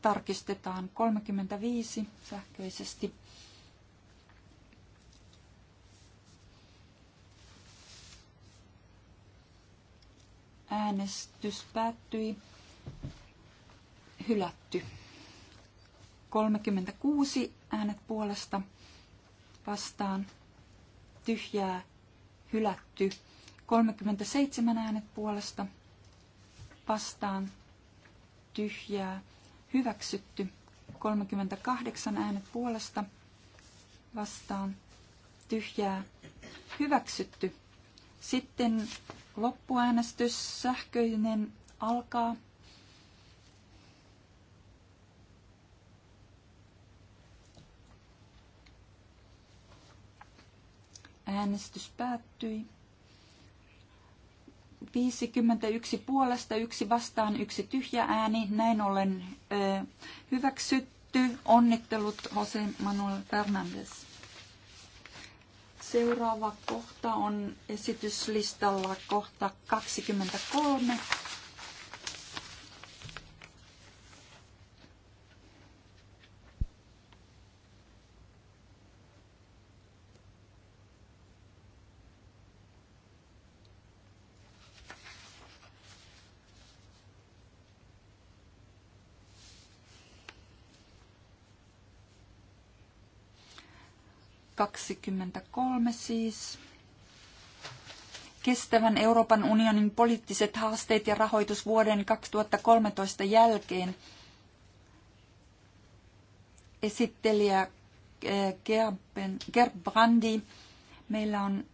tarkistetaan 35 sähköisesti. Äänestys päättyi. Hylätty. 36 äänet puolesta vastaan tyhjää hylätty. 37 äänet puolesta vastaan tyhjää hyväksytty. 38 äänet puolesta vastaan tyhjää hyväksytty. Sitten loppuäänestys sähköinen alkaa. Äänestys päättyi. 51 puolesta, yksi vastaan, yksi tyhjä ääni. Näin ollen hyväksytty. Onnittelut Jose Manuel Fernandes. Seuraava kohta on esityslistalla kohta 23. 23 siis. Kestävän Euroopan unionin poliittiset haasteet ja rahoitus vuoden 2013 jälkeen. Esittelijä eh, Gerbrandi. Meillä on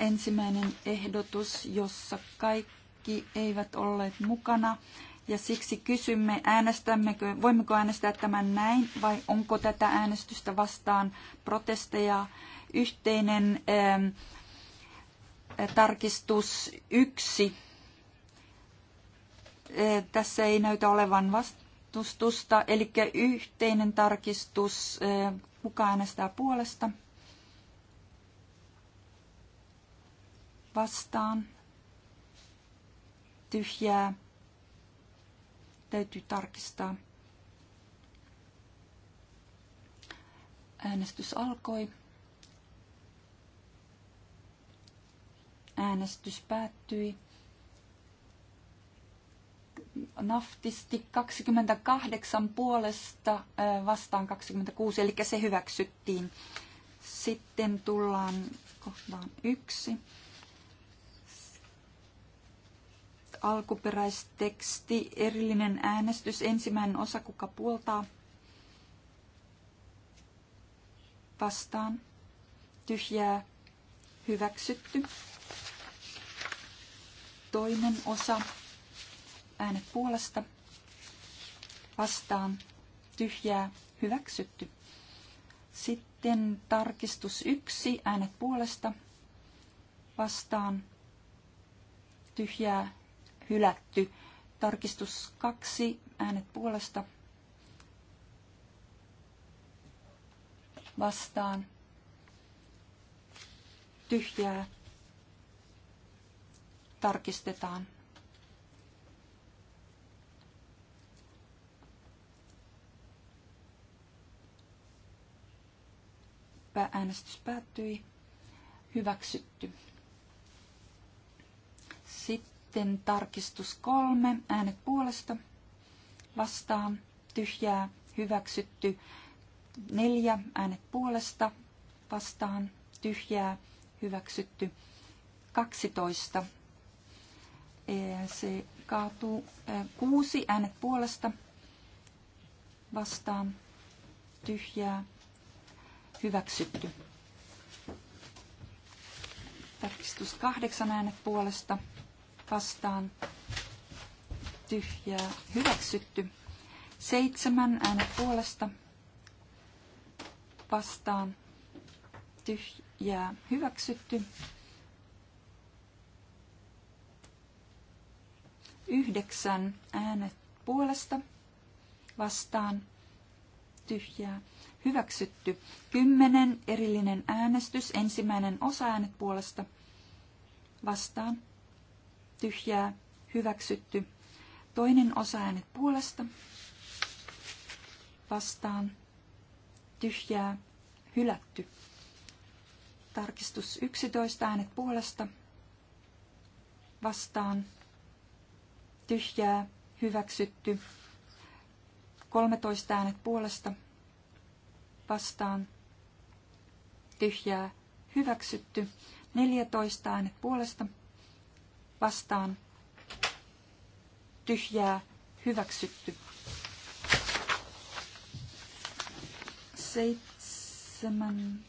ensimmäinen ehdotus, jossa kaikki eivät olleet mukana ja siksi kysymme, äänestämmekö, voimmeko äänestää tämän näin vai onko tätä äänestystä vastaan protesteja. Yhteinen ää, ähm, äh, tarkistus yksi. Ää, äh, tässä ei näytä olevan vastustusta, eli yhteinen tarkistus, ää, äh, kuka äänestää puolesta. Vastaan. Tyhjää Täytyy tarkistaa. Äänestys alkoi. Äänestys päättyi. Naftisti 28 puolesta vastaan 26, eli se hyväksyttiin. Sitten tullaan kohtaan yksi. alkuperäisteksti, erillinen äänestys, ensimmäinen osa, kuka puoltaa. Vastaan. Tyhjää. Hyväksytty. Toinen osa. Äänet puolesta. Vastaan. Tyhjää. Hyväksytty. Sitten tarkistus yksi. Äänet puolesta. Vastaan tyhjää hylätty. Tarkistus kaksi, äänet puolesta. Vastaan. Tyhjää. Tarkistetaan. Äänestys päättyi. Hyväksytty. Sitten tarkistus kolme, äänet puolesta, vastaan, tyhjää, hyväksytty. Neljä, äänet puolesta, vastaan, tyhjää, hyväksytty. 12. Se kaatuu kuusi äänet puolesta vastaan tyhjää hyväksytty. Tarkistus kahdeksan äänet puolesta vastaan tyhjää hyväksytty. Seitsemän äänet puolesta vastaan tyhjää hyväksytty. Yhdeksän äänet puolesta vastaan tyhjää hyväksytty. Kymmenen erillinen äänestys, ensimmäinen osa äänet puolesta vastaan tyhjää, hyväksytty. Toinen osa äänet puolesta, vastaan, tyhjää, hylätty. Tarkistus 11 äänet puolesta, vastaan, tyhjää, hyväksytty. 13 äänet puolesta, vastaan, tyhjää, hyväksytty. 14 äänet puolesta, vastaan tyhjää hyväksytty. seitsemän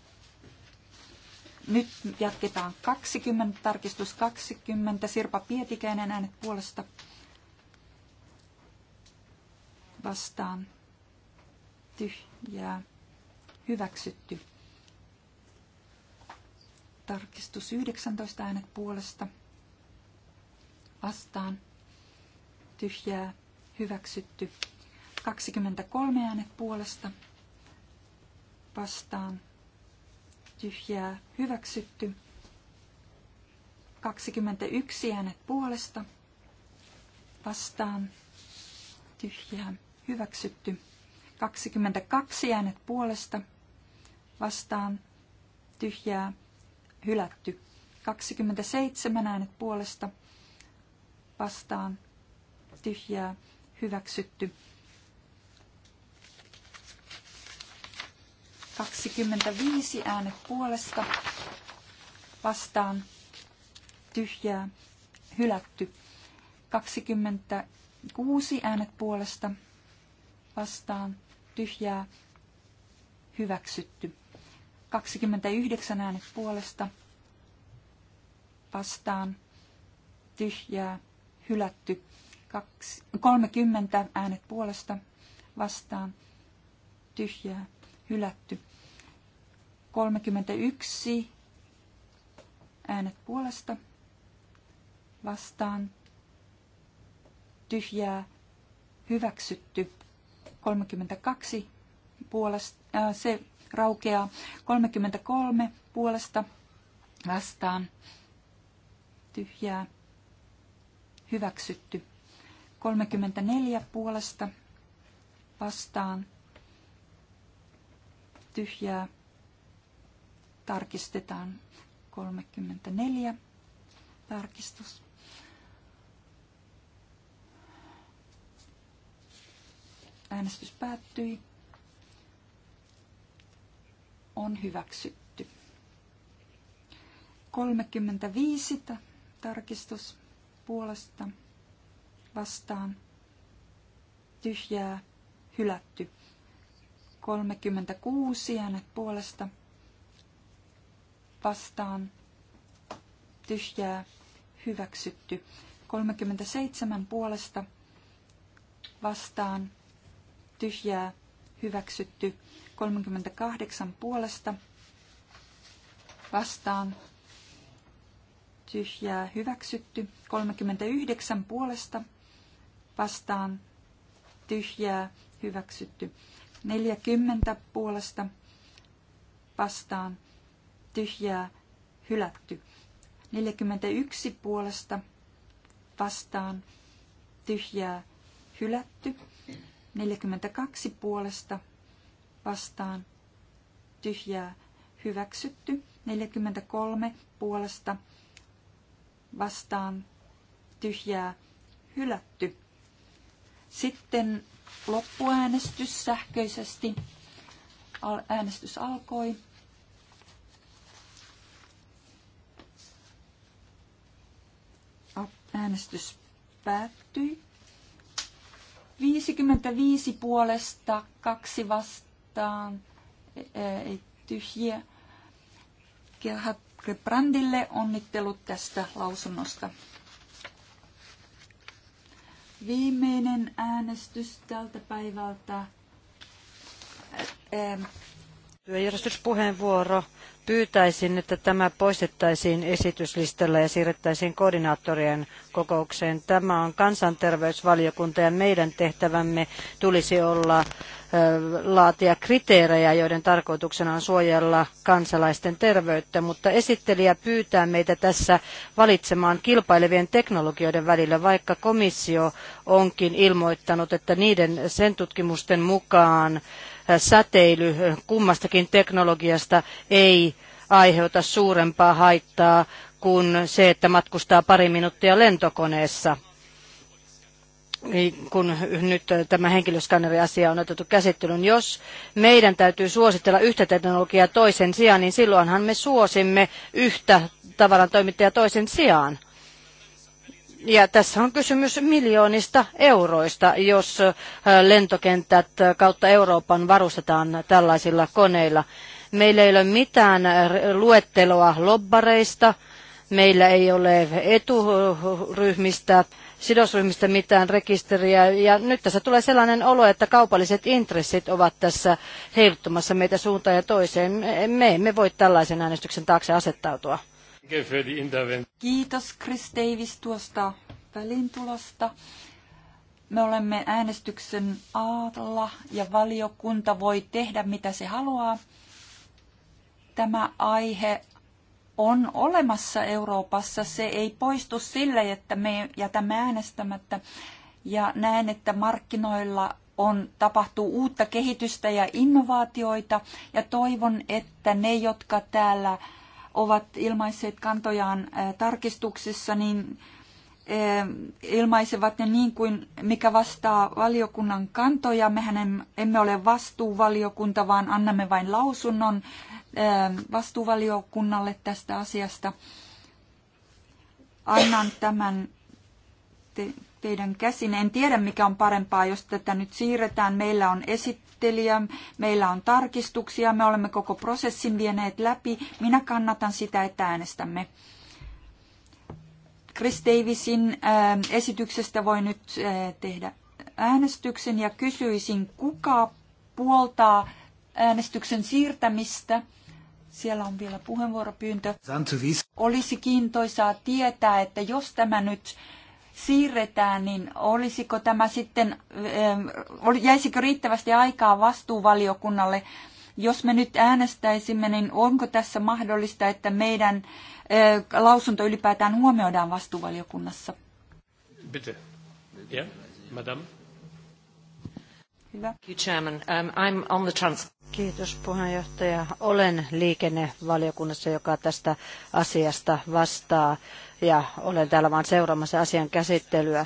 Nyt jatketaan 20, tarkistus 20, Sirpa Pietikäinen äänet puolesta vastaan tyhjää hyväksytty. Tarkistus 19 äänet puolesta vastaan tyhjää hyväksytty. 23 äänet puolesta vastaan tyhjää hyväksytty. 21 äänet puolesta vastaan tyhjää hyväksytty. 22 äänet puolesta vastaan tyhjää hylätty. 27 äänet puolesta vastaan tyhjää hyväksytty. 25 äänet puolesta vastaan tyhjää hylätty. 26 äänet puolesta vastaan tyhjää hyväksytty. 29 äänet puolesta vastaan tyhjää hylätty. 30 äänet puolesta vastaan tyhjää hylätty. 31 äänet puolesta vastaan tyhjää hyväksytty. 32 puolesta, äh, se raukeaa 33 puolesta vastaan tyhjää hyväksytty. 34 puolesta vastaan tyhjää tarkistetaan 34 tarkistus. Äänestys päättyi. On hyväksytty. 35 tarkistus puolesta vastaan tyhjää hylätty. 36 äänet puolesta vastaan tyhjää hyväksytty. 37 puolesta vastaan tyhjää hyväksytty. 38 puolesta vastaan tyhjää hyväksytty. 39 puolesta vastaan tyhjää hyväksytty. 40 puolesta vastaan tyhjää hylätty. 41 puolesta vastaan tyhjää hylätty. 42 puolesta vastaan tyhjää hyväksytty. 43 puolesta vastaan tyhjää hylätty. Sitten loppuäänestys sähköisesti. Äänestys alkoi. Äänestys päättyi. 55 puolesta, kaksi vastaan, e-, ei tyhjiä. Gerhard Rebrandille onnittelut tästä lausunnosta. Viimeinen äänestys tältä päivältä Työjärjestyspuheenvuoro. Pyytäisin, että tämä poistettaisiin esityslistalla ja siirrettäisiin koordinaattorien kokoukseen. Tämä on kansanterveysvaliokunta ja meidän tehtävämme tulisi olla laatia kriteerejä, joiden tarkoituksena on suojella kansalaisten terveyttä, mutta esittelijä pyytää meitä tässä valitsemaan kilpailevien teknologioiden välillä, vaikka komissio onkin ilmoittanut, että niiden sen tutkimusten mukaan säteily kummastakin teknologiasta ei aiheuta suurempaa haittaa kuin se, että matkustaa pari minuuttia lentokoneessa kun nyt tämä henkilöskanneriasia on otettu käsittelyyn. Jos meidän täytyy suositella yhtä teknologiaa toisen sijaan, niin silloinhan me suosimme yhtä tavaran toimittajaa toisen sijaan. Ja tässä on kysymys miljoonista euroista, jos lentokentät kautta Euroopan varustetaan tällaisilla koneilla. Meillä ei ole mitään luetteloa lobbareista, meillä ei ole eturyhmistä, sidosryhmistä mitään rekisteriä. Ja nyt tässä tulee sellainen olo, että kaupalliset intressit ovat tässä heiluttamassa meitä suuntaan ja toiseen. Me emme voi tällaisen äänestyksen taakse asettautua. Kiitos Chris Davis tuosta välintulosta. Me olemme äänestyksen alla ja valiokunta voi tehdä mitä se haluaa. Tämä aihe on olemassa Euroopassa. Se ei poistu sille, että me jätämme äänestämättä. Ja näen, että markkinoilla on, tapahtuu uutta kehitystä ja innovaatioita. Ja toivon, että ne, jotka täällä ovat ilmaisseet kantojaan tarkistuksissa, niin ilmaisevat ne niin kuin mikä vastaa valiokunnan kantoja. Mehän emme ole vastuuvaliokunta, vaan annamme vain lausunnon vastuuvaliokunnalle tästä asiasta. Annan tämän teidän käsin. En tiedä, mikä on parempaa, jos tätä nyt siirretään. Meillä on esittelijä, meillä on tarkistuksia, me olemme koko prosessin vieneet läpi. Minä kannatan sitä, että äänestämme. Chris Davisin äh, esityksestä voi nyt äh, tehdä äänestyksen ja kysyisin, kuka puoltaa äänestyksen siirtämistä. Siellä on vielä puheenvuoropyyntö. Olisi kiintoisaa tietää, että jos tämä nyt äh, siirretään, niin olisiko tämä sitten, ähm, jäisikö riittävästi aikaa vastuuvaliokunnalle jos me nyt äänestäisimme, niin onko tässä mahdollista, että meidän äh, lausunto ylipäätään huomioidaan vastuuvaliokunnassa? Bitte. Yeah, madame. Hyvä. Um, Kiitos puheenjohtaja. Olen liikennevaliokunnassa, joka tästä asiasta vastaa ja olen täällä vain seuraamassa asian käsittelyä.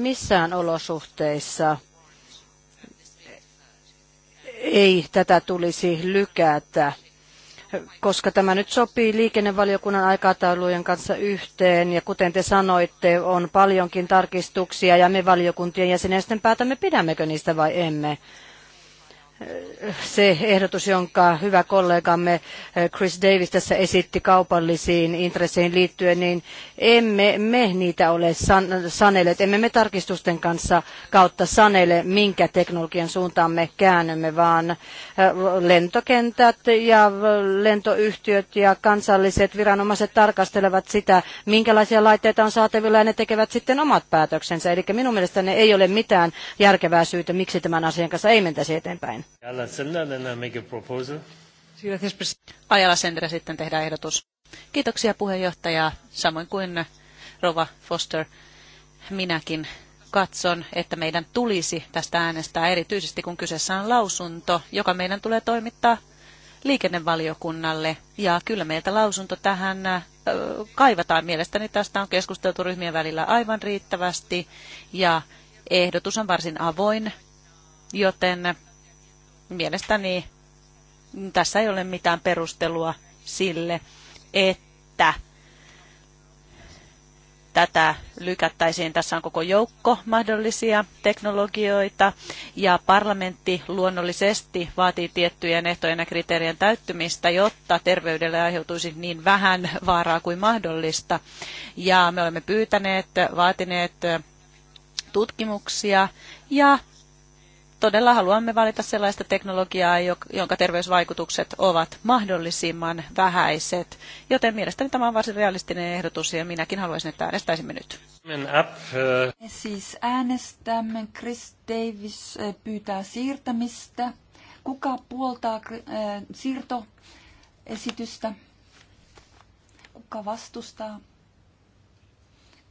Missään olosuhteissa ei tätä tulisi lykätä koska tämä nyt sopii liikennevaliokunnan aikataulujen kanssa yhteen. Ja kuten te sanoitte, on paljonkin tarkistuksia ja me valiokuntien jäsenen sitten päätämme, pidämmekö niistä vai emme se ehdotus, jonka hyvä kollegamme eh, Chris Davis tässä esitti kaupallisiin intresseihin liittyen, niin emme me niitä ole san- sanelleet. Emme me tarkistusten kanssa kautta sanele, minkä teknologian suuntaan me käännymme, vaan eh, lentokentät ja lentoyhtiöt ja kansalliset viranomaiset tarkastelevat sitä, minkälaisia laitteita on saatavilla ja ne tekevät sitten omat päätöksensä. Eli minun mielestäni ei ole mitään järkevää syytä, miksi tämän asian kanssa ei mentäisi eteenpäin. Ajala Sendra sitten tehdä ehdotus. Kiitoksia puheenjohtaja, samoin kuin Rova Foster. Minäkin katson, että meidän tulisi tästä äänestää erityisesti, kun kyseessä on lausunto, joka meidän tulee toimittaa liikennevaliokunnalle. Ja kyllä meiltä lausunto tähän kaivataan. Mielestäni tästä on keskusteltu ryhmien välillä aivan riittävästi ja ehdotus on varsin avoin, joten mielestäni tässä ei ole mitään perustelua sille, että tätä lykättäisiin. Tässä on koko joukko mahdollisia teknologioita ja parlamentti luonnollisesti vaatii tiettyjen ehtojen ja kriteerien täyttymistä, jotta terveydelle aiheutuisi niin vähän vaaraa kuin mahdollista. Ja me olemme pyytäneet, vaatineet tutkimuksia ja todella haluamme valita sellaista teknologiaa, jonka terveysvaikutukset ovat mahdollisimman vähäiset. Joten mielestäni tämä on varsin realistinen ehdotus ja minäkin haluaisin, että äänestäisimme nyt. Eh. Me siis äänestämme. Chris Davis eh, pyytää siirtämistä. Kuka puoltaa eh, siirtoesitystä? Kuka vastustaa?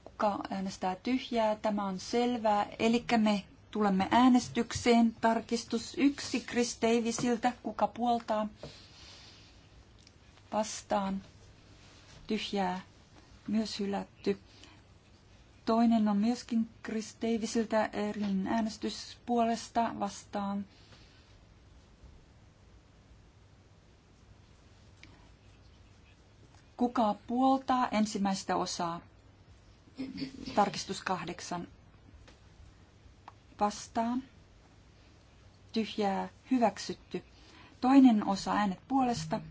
Kuka äänestää tyhjää? Tämä on selvää. Eli me Tulemme äänestykseen. Tarkistus yksi Chris Davisiltä. Kuka puoltaa? Vastaan. Tyhjää. Myös hylätty. Toinen on myöskin Chris Davisiltä erillinen äänestys puolesta vastaan. Kuka puoltaa ensimmäistä osaa? Tarkistus kahdeksan vastaan. Tyhjää hyväksytty. Toinen osa äänet puolesta.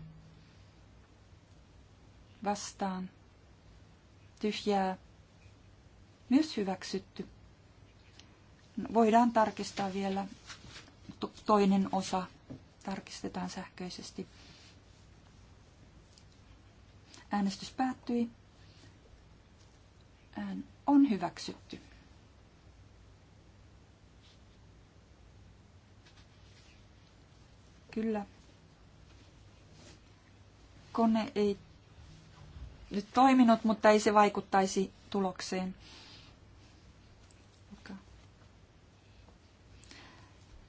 Vastaan. Tyhjää myös hyväksytty. Voidaan tarkistaa vielä toinen osa. Tarkistetaan sähköisesti. Äänestys päättyi. Ään on hyväksytty. Kyllä. Kone ei nyt toiminut, mutta ei se vaikuttaisi tulokseen.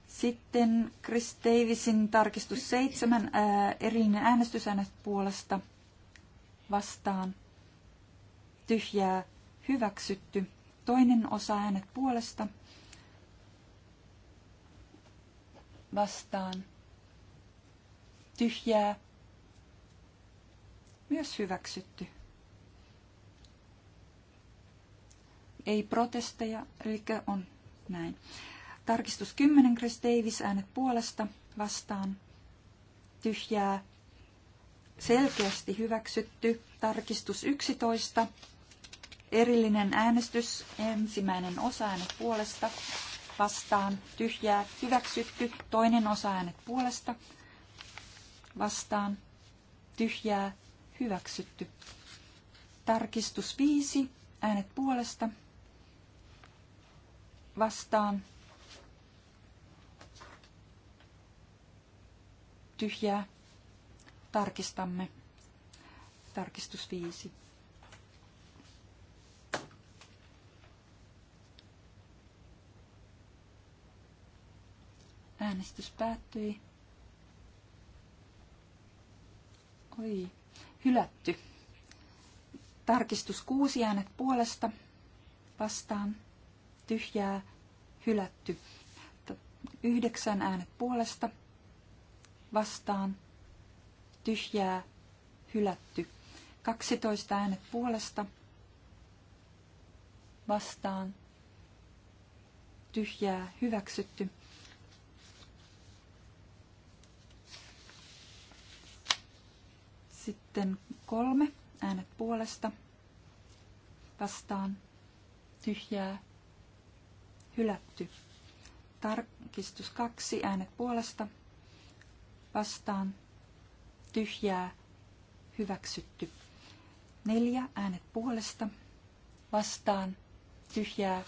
Sitten Chris Davisin tarkistus seitsemän ää, erillinen äänestysäänet puolesta vastaan. Tyhjää hyväksytty. Toinen osa äänet puolesta vastaan tyhjää, myös hyväksytty. Ei protesteja, eli on näin. Tarkistus 10, Chris Davis, äänet puolesta, vastaan, tyhjää, selkeästi hyväksytty. Tarkistus 11, erillinen äänestys, ensimmäinen osa äänet puolesta, vastaan, tyhjää, hyväksytty, toinen osa äänet puolesta, vastaan tyhjää hyväksytty. Tarkistus 5 äänet puolesta vastaan tyhjää tarkistamme. Tarkistus 5. Äänestys päättyi. Oi, hylätty. Tarkistus kuusi äänet puolesta vastaan. Tyhjää, hylätty. Yhdeksän äänet puolesta vastaan. Tyhjää, hylätty. Kaksitoista äänet puolesta vastaan. Tyhjää, hyväksytty. Sitten kolme. Äänet puolesta. Vastaan. Tyhjää. Hylätty. Tarkistus kaksi. Äänet puolesta. Vastaan. Tyhjää. Hyväksytty. Neljä. Äänet puolesta. Vastaan. Tyhjää.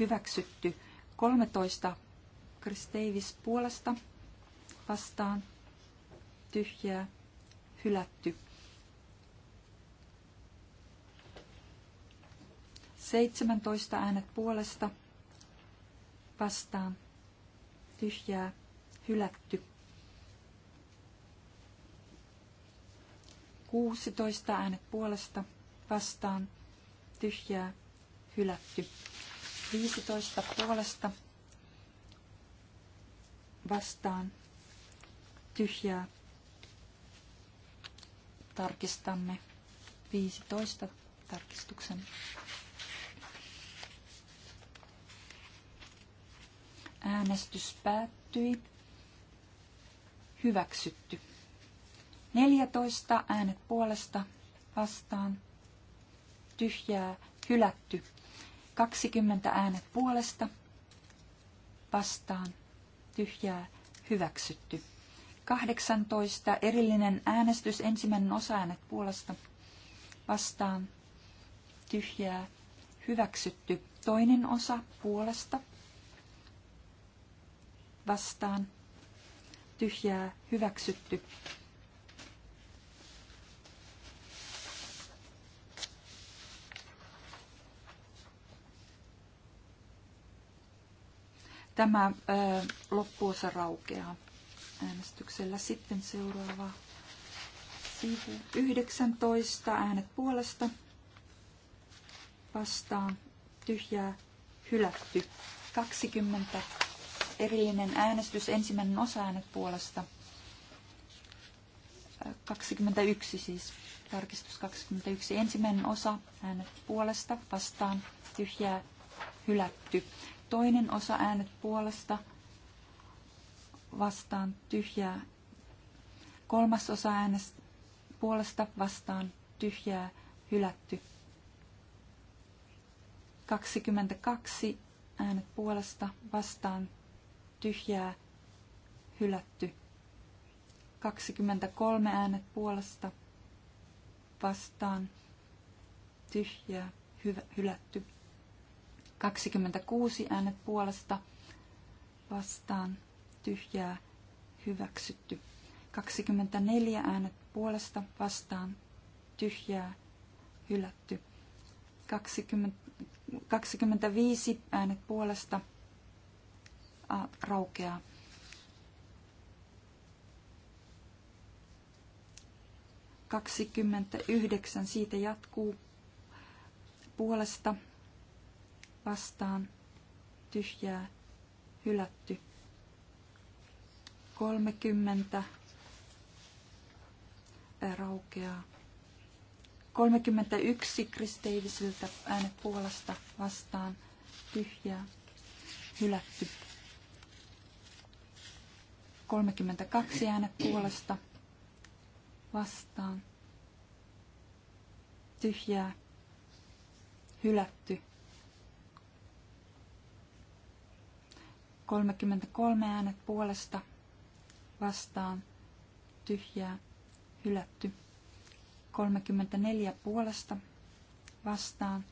Hyväksytty. 13. Chris Davis puolesta. Vastaan. Tyhjää hylätty. 17 äänet puolesta vastaan tyhjää hylätty. 16 äänet puolesta vastaan tyhjää hylätty. 15 puolesta vastaan tyhjää tarkistamme 15 tarkistuksen Äänestys päättyi. Hyväksytty. 14 äänet puolesta vastaan. Tyhjää hylätty. 20 äänet puolesta vastaan. Tyhjää hyväksytty. 18 erillinen äänestys ensimmäinen osa äänet puolesta vastaan. Tyhjää hyväksytty. Toinen osa puolesta vastaan tyhjää hyväksytty. Tämä ää, loppuosa raukeaa äänestyksellä. Sitten seuraava sivu 19 äänet puolesta vastaan tyhjää hylätty 20 erillinen äänestys, ensimmäinen osa äänet puolesta. 21 siis, tarkistus 21, ensimmäinen osa äänet puolesta, vastaan, tyhjää, hylätty. Toinen osa äänet puolesta, vastaan, tyhjää. Kolmas osa äänet puolesta, vastaan, tyhjää, hylätty. 22 äänet puolesta, vastaan, tyhjää, hylätty. 23 äänet puolesta vastaan, tyhjää, hyvä, hylätty. 26 äänet puolesta vastaan, tyhjää, hyväksytty. 24 äänet puolesta vastaan, tyhjää, hylätty. 20, 25 äänet puolesta vastaan raukeaa. Kaksikymmentäyhdeksän siitä jatkuu puolesta vastaan tyhjää hylätty. Kolmekymmentä raukeaa. 31 kristeivisiltä Davisiltä äänet puolesta vastaan tyhjää hylätty. 32 äänet puolesta vastaan. Tyhjää. Hylätty. 33 äänet puolesta vastaan. Tyhjää. Hylätty. 34 puolesta vastaan.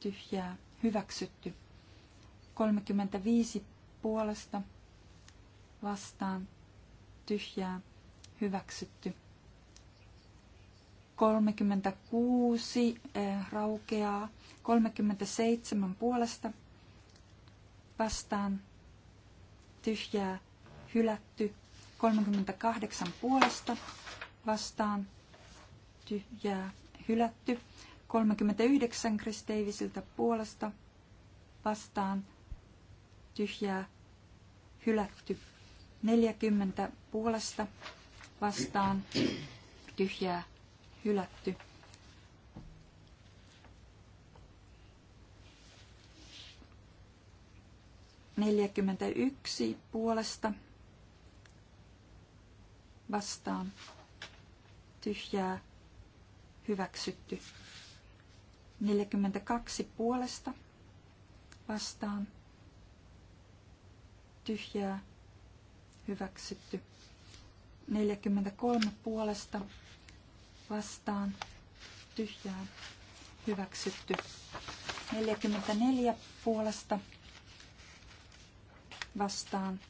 Tyhjää. Hyväksytty. 35 puolesta vastaan vastaan tyhjää hyväksytty. 36 eh, raukeaa, 37 puolesta vastaan tyhjää hylätty, 38 puolesta vastaan tyhjää hylätty, 39 kristeivisiltä puolesta vastaan tyhjää hylätty. 40 puolesta vastaan tyhjää hylätty. yksi puolesta vastaan tyhjää hyväksytty. Neljäkymmentä kaksi puolesta vastaan tyhjää hyväksytty. 43 puolesta vastaan tyhjää hyväksytty. 44 puolesta vastaan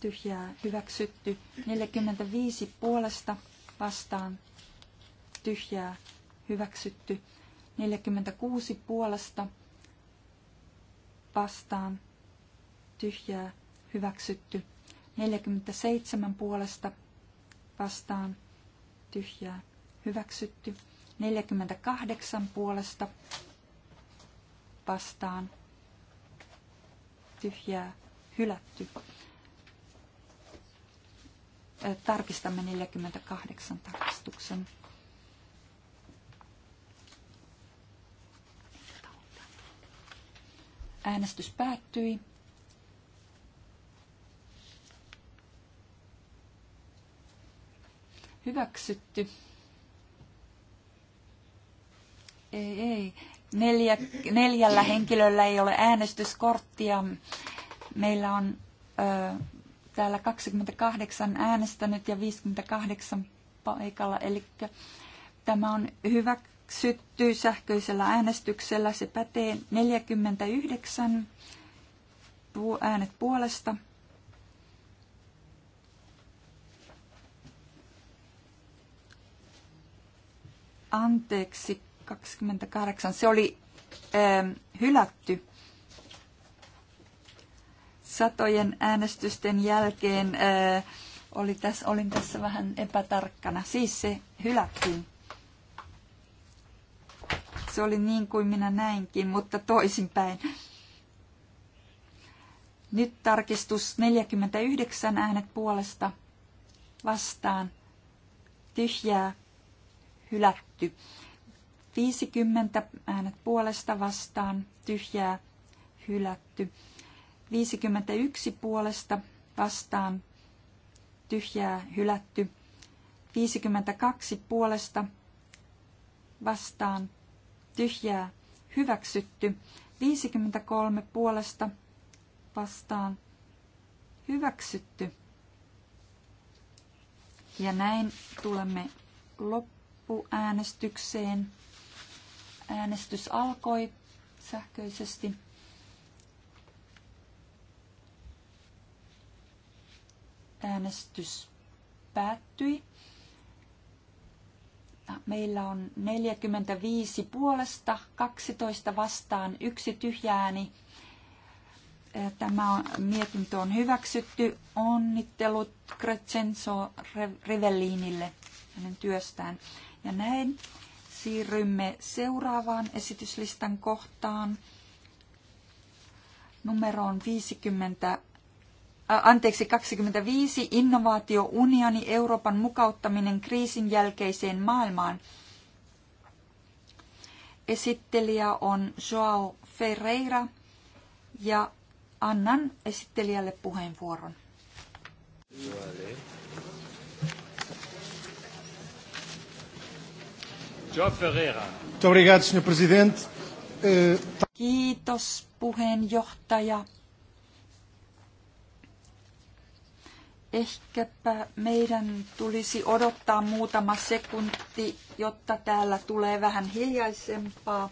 tyhjää hyväksytty. 45 puolesta vastaan tyhjää hyväksytty. 46 puolesta vastaan tyhjää hyväksytty. 47 puolesta vastaan tyhjää hyväksytty. 48 puolesta vastaan tyhjää hylätty. Tarkistamme 48 tarkistuksen. Äänestys päättyi. hyväksytty. Ei, ei. Neljä, neljällä henkilöllä ei ole äänestyskorttia. Meillä on ö, täällä 28 äänestänyt ja 58 paikalla. Eli tämä on hyväksytty sähköisellä äänestyksellä. Se pätee 49 äänet puolesta Anteeksi, 28. Se oli ähm, hylätty satojen äänestysten jälkeen. Äh, oli tässä, olin tässä vähän epätarkkana. Siis se hylättiin. Se oli niin kuin minä näinkin, mutta toisinpäin. Nyt tarkistus 49 äänet puolesta vastaan. Tyhjää, hylätty hylätty. 50 äänet puolesta vastaan, tyhjää, hylätty. 51 puolesta vastaan, tyhjää, hylätty. 52 puolesta vastaan, tyhjää, hyväksytty. 53 puolesta vastaan, hyväksytty. Ja näin tulemme loppuun loppuäänestykseen. Äänestys alkoi sähköisesti. Äänestys päättyi. Meillä on 45 puolesta, 12 vastaan, yksi tyhjääni. Tämä on, mietintö on hyväksytty. Onnittelut Crescenzo Rivellinille hänen työstään. Ja näin siirrymme seuraavaan esityslistan kohtaan numeroon 50 äh, anteeksi, 25, innovaatiounioni, Euroopan mukauttaminen kriisin jälkeiseen maailmaan. Esittelijä on Joao Ferreira ja annan esittelijälle puheenvuoron. Kiitos puheenjohtaja. Ehkäpä meidän tulisi odottaa muutama sekunti, jotta täällä tulee vähän hiljaisempaa.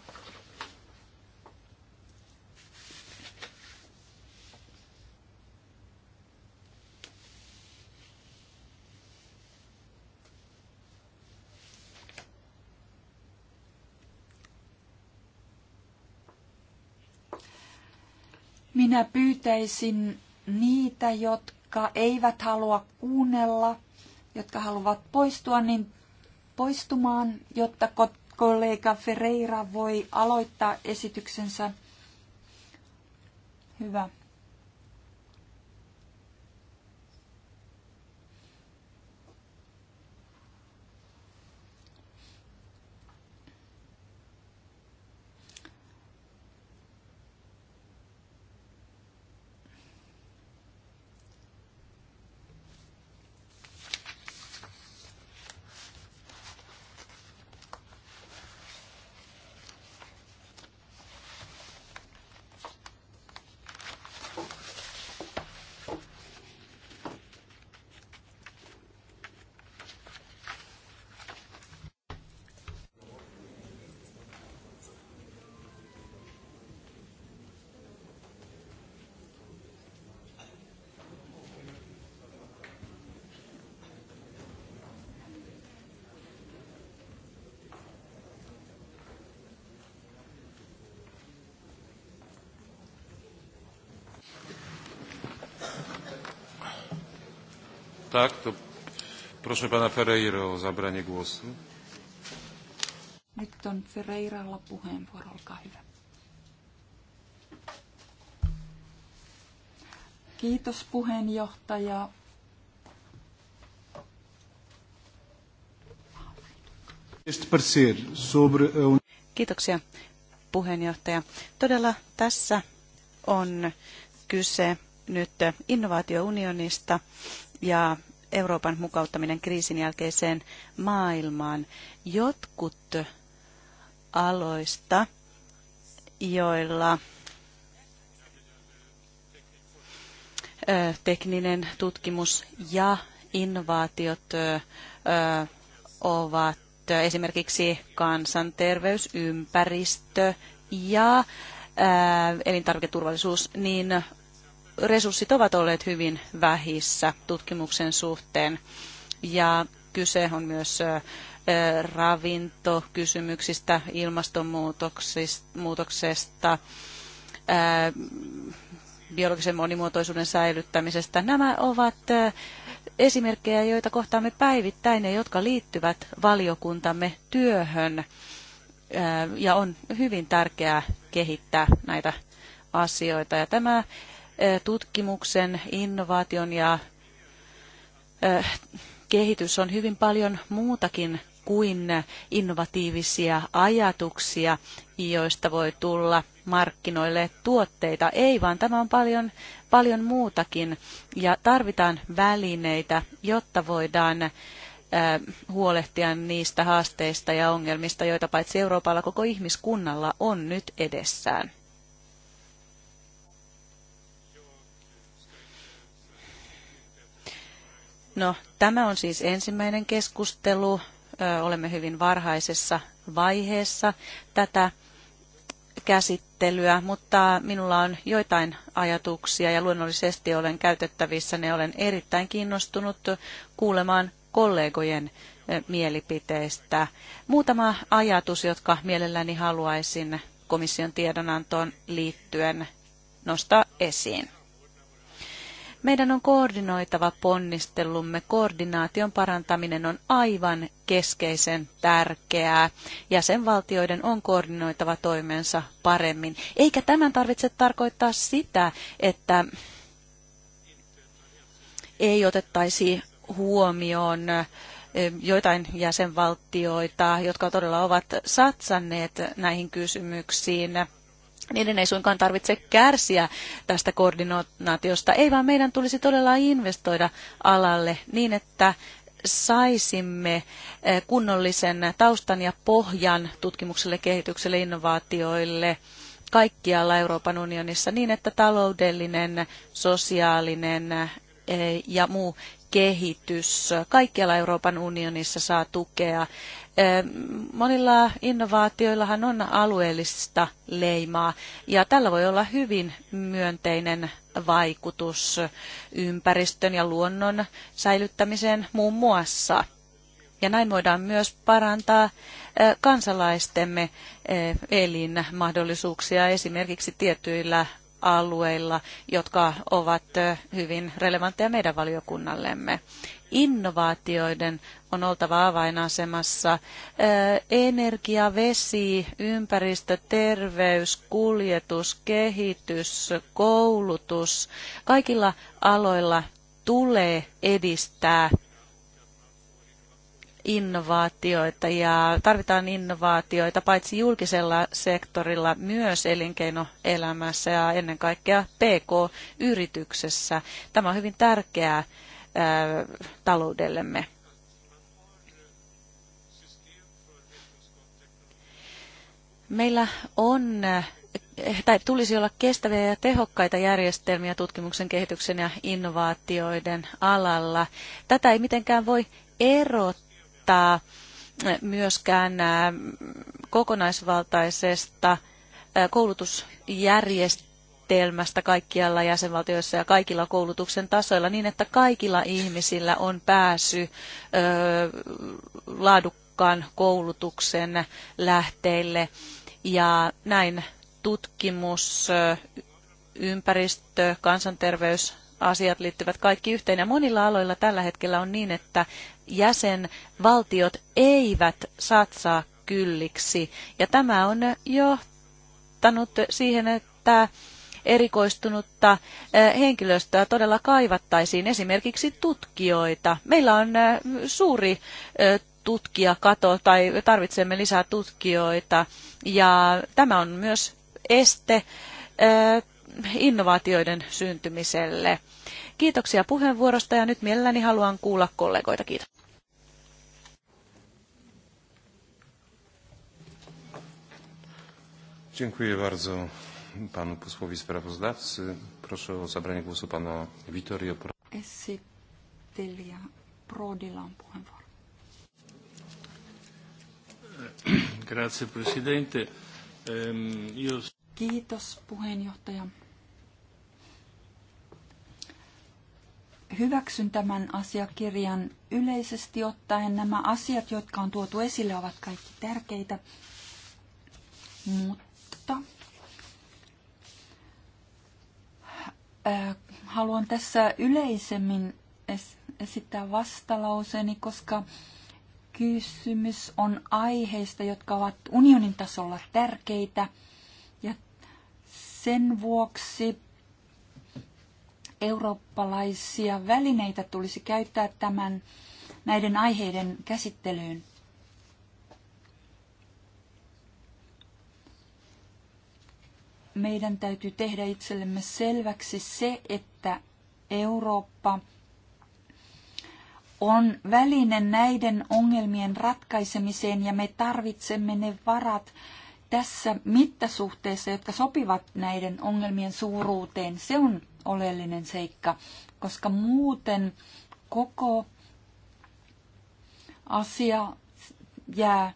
Minä pyytäisin niitä, jotka eivät halua kuunnella, jotka haluavat poistua, niin poistumaan, jotta kollega Ferreira voi aloittaa esityksensä. Hyvä. tak, to proszę pana Ferreira o zabranie głosu. Nyt on Ferreiralla puheenvuoro, olkaa hyvä. Kiitos puheenjohtaja. Kiitoksia puheenjohtaja. Todella tässä on kyse nyt innovaatiounionista, ja Euroopan mukauttaminen kriisin jälkeiseen maailmaan. Jotkut aloista, joilla tekninen tutkimus ja innovaatiot ovat esimerkiksi kansanterveys, ympäristö ja elintarviketurvallisuus, niin resurssit ovat olleet hyvin vähissä tutkimuksen suhteen ja kyse on myös ravintokysymyksistä, ilmastonmuutoksesta, biologisen monimuotoisuuden säilyttämisestä. Nämä ovat esimerkkejä, joita kohtaamme päivittäin ja jotka liittyvät valiokuntamme työhön. Ja on hyvin tärkeää kehittää näitä asioita. Ja tämä tutkimuksen, innovaation ja kehitys on hyvin paljon muutakin kuin innovatiivisia ajatuksia, joista voi tulla markkinoille tuotteita. Ei, vaan tämä on paljon, paljon muutakin ja tarvitaan välineitä, jotta voidaan huolehtia niistä haasteista ja ongelmista, joita paitsi Euroopalla koko ihmiskunnalla on nyt edessään. No, tämä on siis ensimmäinen keskustelu. Olemme hyvin varhaisessa vaiheessa tätä käsittelyä, mutta minulla on joitain ajatuksia ja luonnollisesti olen käytettävissä. Ne olen erittäin kiinnostunut kuulemaan kollegojen mielipiteistä. Muutama ajatus, jotka mielelläni haluaisin komission tiedonantoon liittyen nostaa esiin. Meidän on koordinoitava ponnistelumme. Koordinaation parantaminen on aivan keskeisen tärkeää. Jäsenvaltioiden on koordinoitava toimensa paremmin. Eikä tämän tarvitse tarkoittaa sitä, että ei otettaisi huomioon joitain jäsenvaltioita, jotka todella ovat satsanneet näihin kysymyksiin niiden ei suinkaan tarvitse kärsiä tästä koordinaatiosta, ei vaan meidän tulisi todella investoida alalle niin, että saisimme eh, kunnollisen taustan ja pohjan tutkimukselle, kehitykselle, innovaatioille kaikkialla Euroopan unionissa niin, että taloudellinen, sosiaalinen eh, ja muu kehitys kaikkialla Euroopan unionissa saa tukea Monilla innovaatioillahan on alueellista leimaa ja tällä voi olla hyvin myönteinen vaikutus ympäristön ja luonnon säilyttämiseen muun muassa. Ja näin voidaan myös parantaa kansalaistemme elinmahdollisuuksia esimerkiksi tietyillä alueilla, jotka ovat hyvin relevantteja meidän valiokunnallemme. Innovaatioiden on oltava avainasemassa. Energia, vesi, ympäristö, terveys, kuljetus, kehitys, koulutus, kaikilla aloilla tulee edistää innovaatioita ja tarvitaan innovaatioita paitsi julkisella sektorilla myös elinkeinoelämässä ja ennen kaikkea PK-yrityksessä. Tämä on hyvin tärkeää taloudellemme. Meillä on eh, tai tulisi olla kestäviä ja tehokkaita järjestelmiä tutkimuksen, kehityksen ja innovaatioiden alalla. Tätä ei mitenkään voi erottaa haittaa myöskään kokonaisvaltaisesta koulutusjärjestelmästä kaikkialla jäsenvaltioissa ja kaikilla koulutuksen tasoilla niin, että kaikilla ihmisillä on pääsy laadukkaan koulutuksen lähteille ja näin tutkimus, ympäristö, kansanterveys, asiat liittyvät kaikki yhteen. Ja monilla aloilla tällä hetkellä on niin, että jäsenvaltiot eivät satsaa kylliksi. Ja tämä on johtanut siihen, että erikoistunutta eh, henkilöstöä todella kaivattaisiin, esimerkiksi tutkijoita. Meillä on eh, suuri eh, tutkijakato tai tarvitsemme lisää tutkijoita ja tämä on myös este innovaatioiden syntymiselle. Kiitoksia puheenvuorosta ja nyt mielelläni haluan kuulla kollegoita. Kiitos. Dziękuję bardzo panu posłowi sprawozdawcy. Proszę o zabranie głosu pana Vittorio Prodila. Grazie presidente. Ehm, Kiitos puheenjohtaja. Hyväksyn tämän asiakirjan yleisesti ottaen. Nämä asiat, jotka on tuotu esille, ovat kaikki tärkeitä, mutta mutta äh, haluan tässä yleisemmin esittää vastalauseeni, koska kysymys on aiheista, jotka ovat unionin tasolla tärkeitä. Ja sen vuoksi eurooppalaisia välineitä tulisi käyttää tämän, näiden aiheiden käsittelyyn. meidän täytyy tehdä itsellemme selväksi se, että Eurooppa on väline näiden ongelmien ratkaisemiseen ja me tarvitsemme ne varat tässä mittasuhteessa, jotka sopivat näiden ongelmien suuruuteen. Se on oleellinen seikka, koska muuten koko asia jää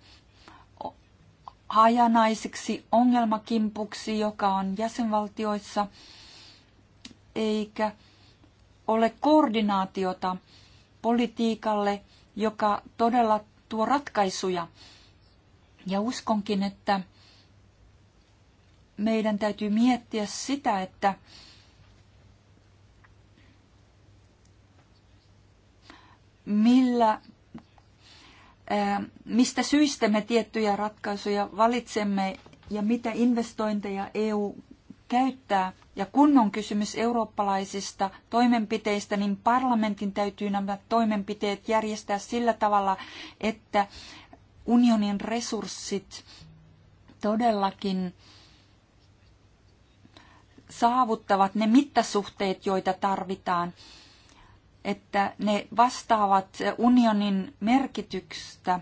hajanaiseksi ongelmakimpuksi, joka on jäsenvaltioissa, eikä ole koordinaatiota politiikalle, joka todella tuo ratkaisuja. Ja uskonkin, että meidän täytyy miettiä sitä, että millä mistä syistä me tiettyjä ratkaisuja valitsemme ja mitä investointeja EU käyttää. Ja kun on kysymys eurooppalaisista toimenpiteistä, niin parlamentin täytyy nämä toimenpiteet järjestää sillä tavalla, että unionin resurssit todellakin saavuttavat ne mittasuhteet, joita tarvitaan että ne vastaavat unionin merkityksestä,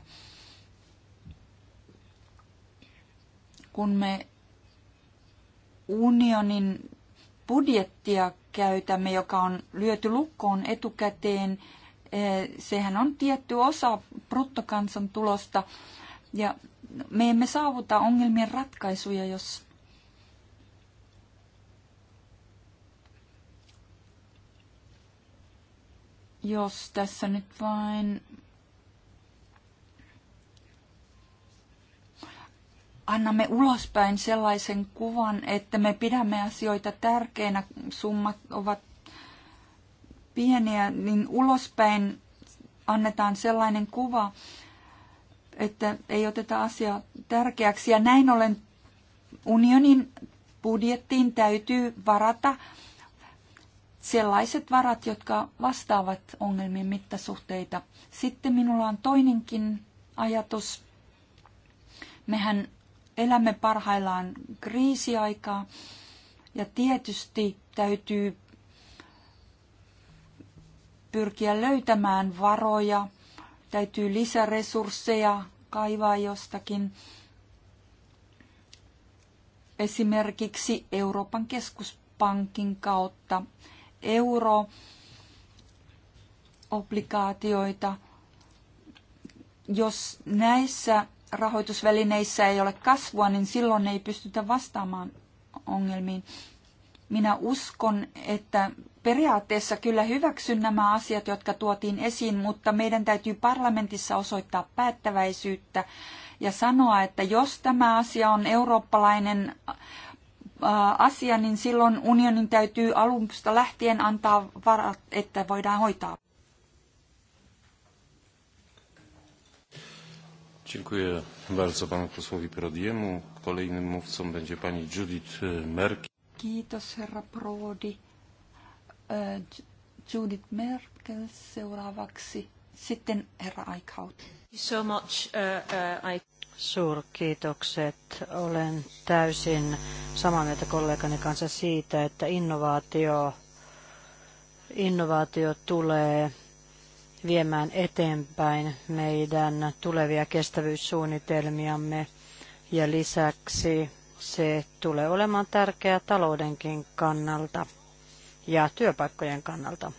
kun me unionin budjettia käytämme, joka on lyöty lukkoon etukäteen. Eh, sehän on tietty osa bruttokansantulosta ja me emme saavuta ongelmien ratkaisuja, jos jos tässä nyt vain annamme ulospäin sellaisen kuvan, että me pidämme asioita tärkeinä, summat ovat pieniä, niin ulospäin annetaan sellainen kuva, että ei oteta asiaa tärkeäksi. Ja näin ollen unionin budjettiin täytyy varata sellaiset varat, jotka vastaavat ongelmien mittasuhteita. Sitten minulla on toinenkin ajatus. Mehän elämme parhaillaan kriisiaikaa ja tietysti täytyy pyrkiä löytämään varoja, täytyy lisäresursseja kaivaa jostakin. Esimerkiksi Euroopan keskuspankin kautta euro obligaatioita. Jos näissä rahoitusvälineissä ei ole kasvua, niin silloin ei pystytä vastaamaan ongelmiin. Minä uskon, että periaatteessa kyllä hyväksyn nämä asiat, jotka tuotiin esiin, mutta meidän täytyy parlamentissa osoittaa päättäväisyyttä ja sanoa, että jos tämä asia on eurooppalainen asia, niin silloin unionin täytyy alusta lähtien antaa varat, että voidaan hoitaa. Dziękuję bardzo panu posłowi Prodiemu. Kolejnym mówcą będzie pani Judith e, Merkel. Kiitos herra Prodi. E, Judith Merkel seuraavaksi. Sitten herra Aikaut. So much, uh, uh, I... Suurkiitokset. Olen täysin samaa mieltä kollegani kanssa siitä, että innovaatio, innovaatio tulee viemään eteenpäin meidän tulevia kestävyyssuunnitelmiamme ja lisäksi se tulee olemaan tärkeä taloudenkin kannalta ja työpaikkojen kannalta.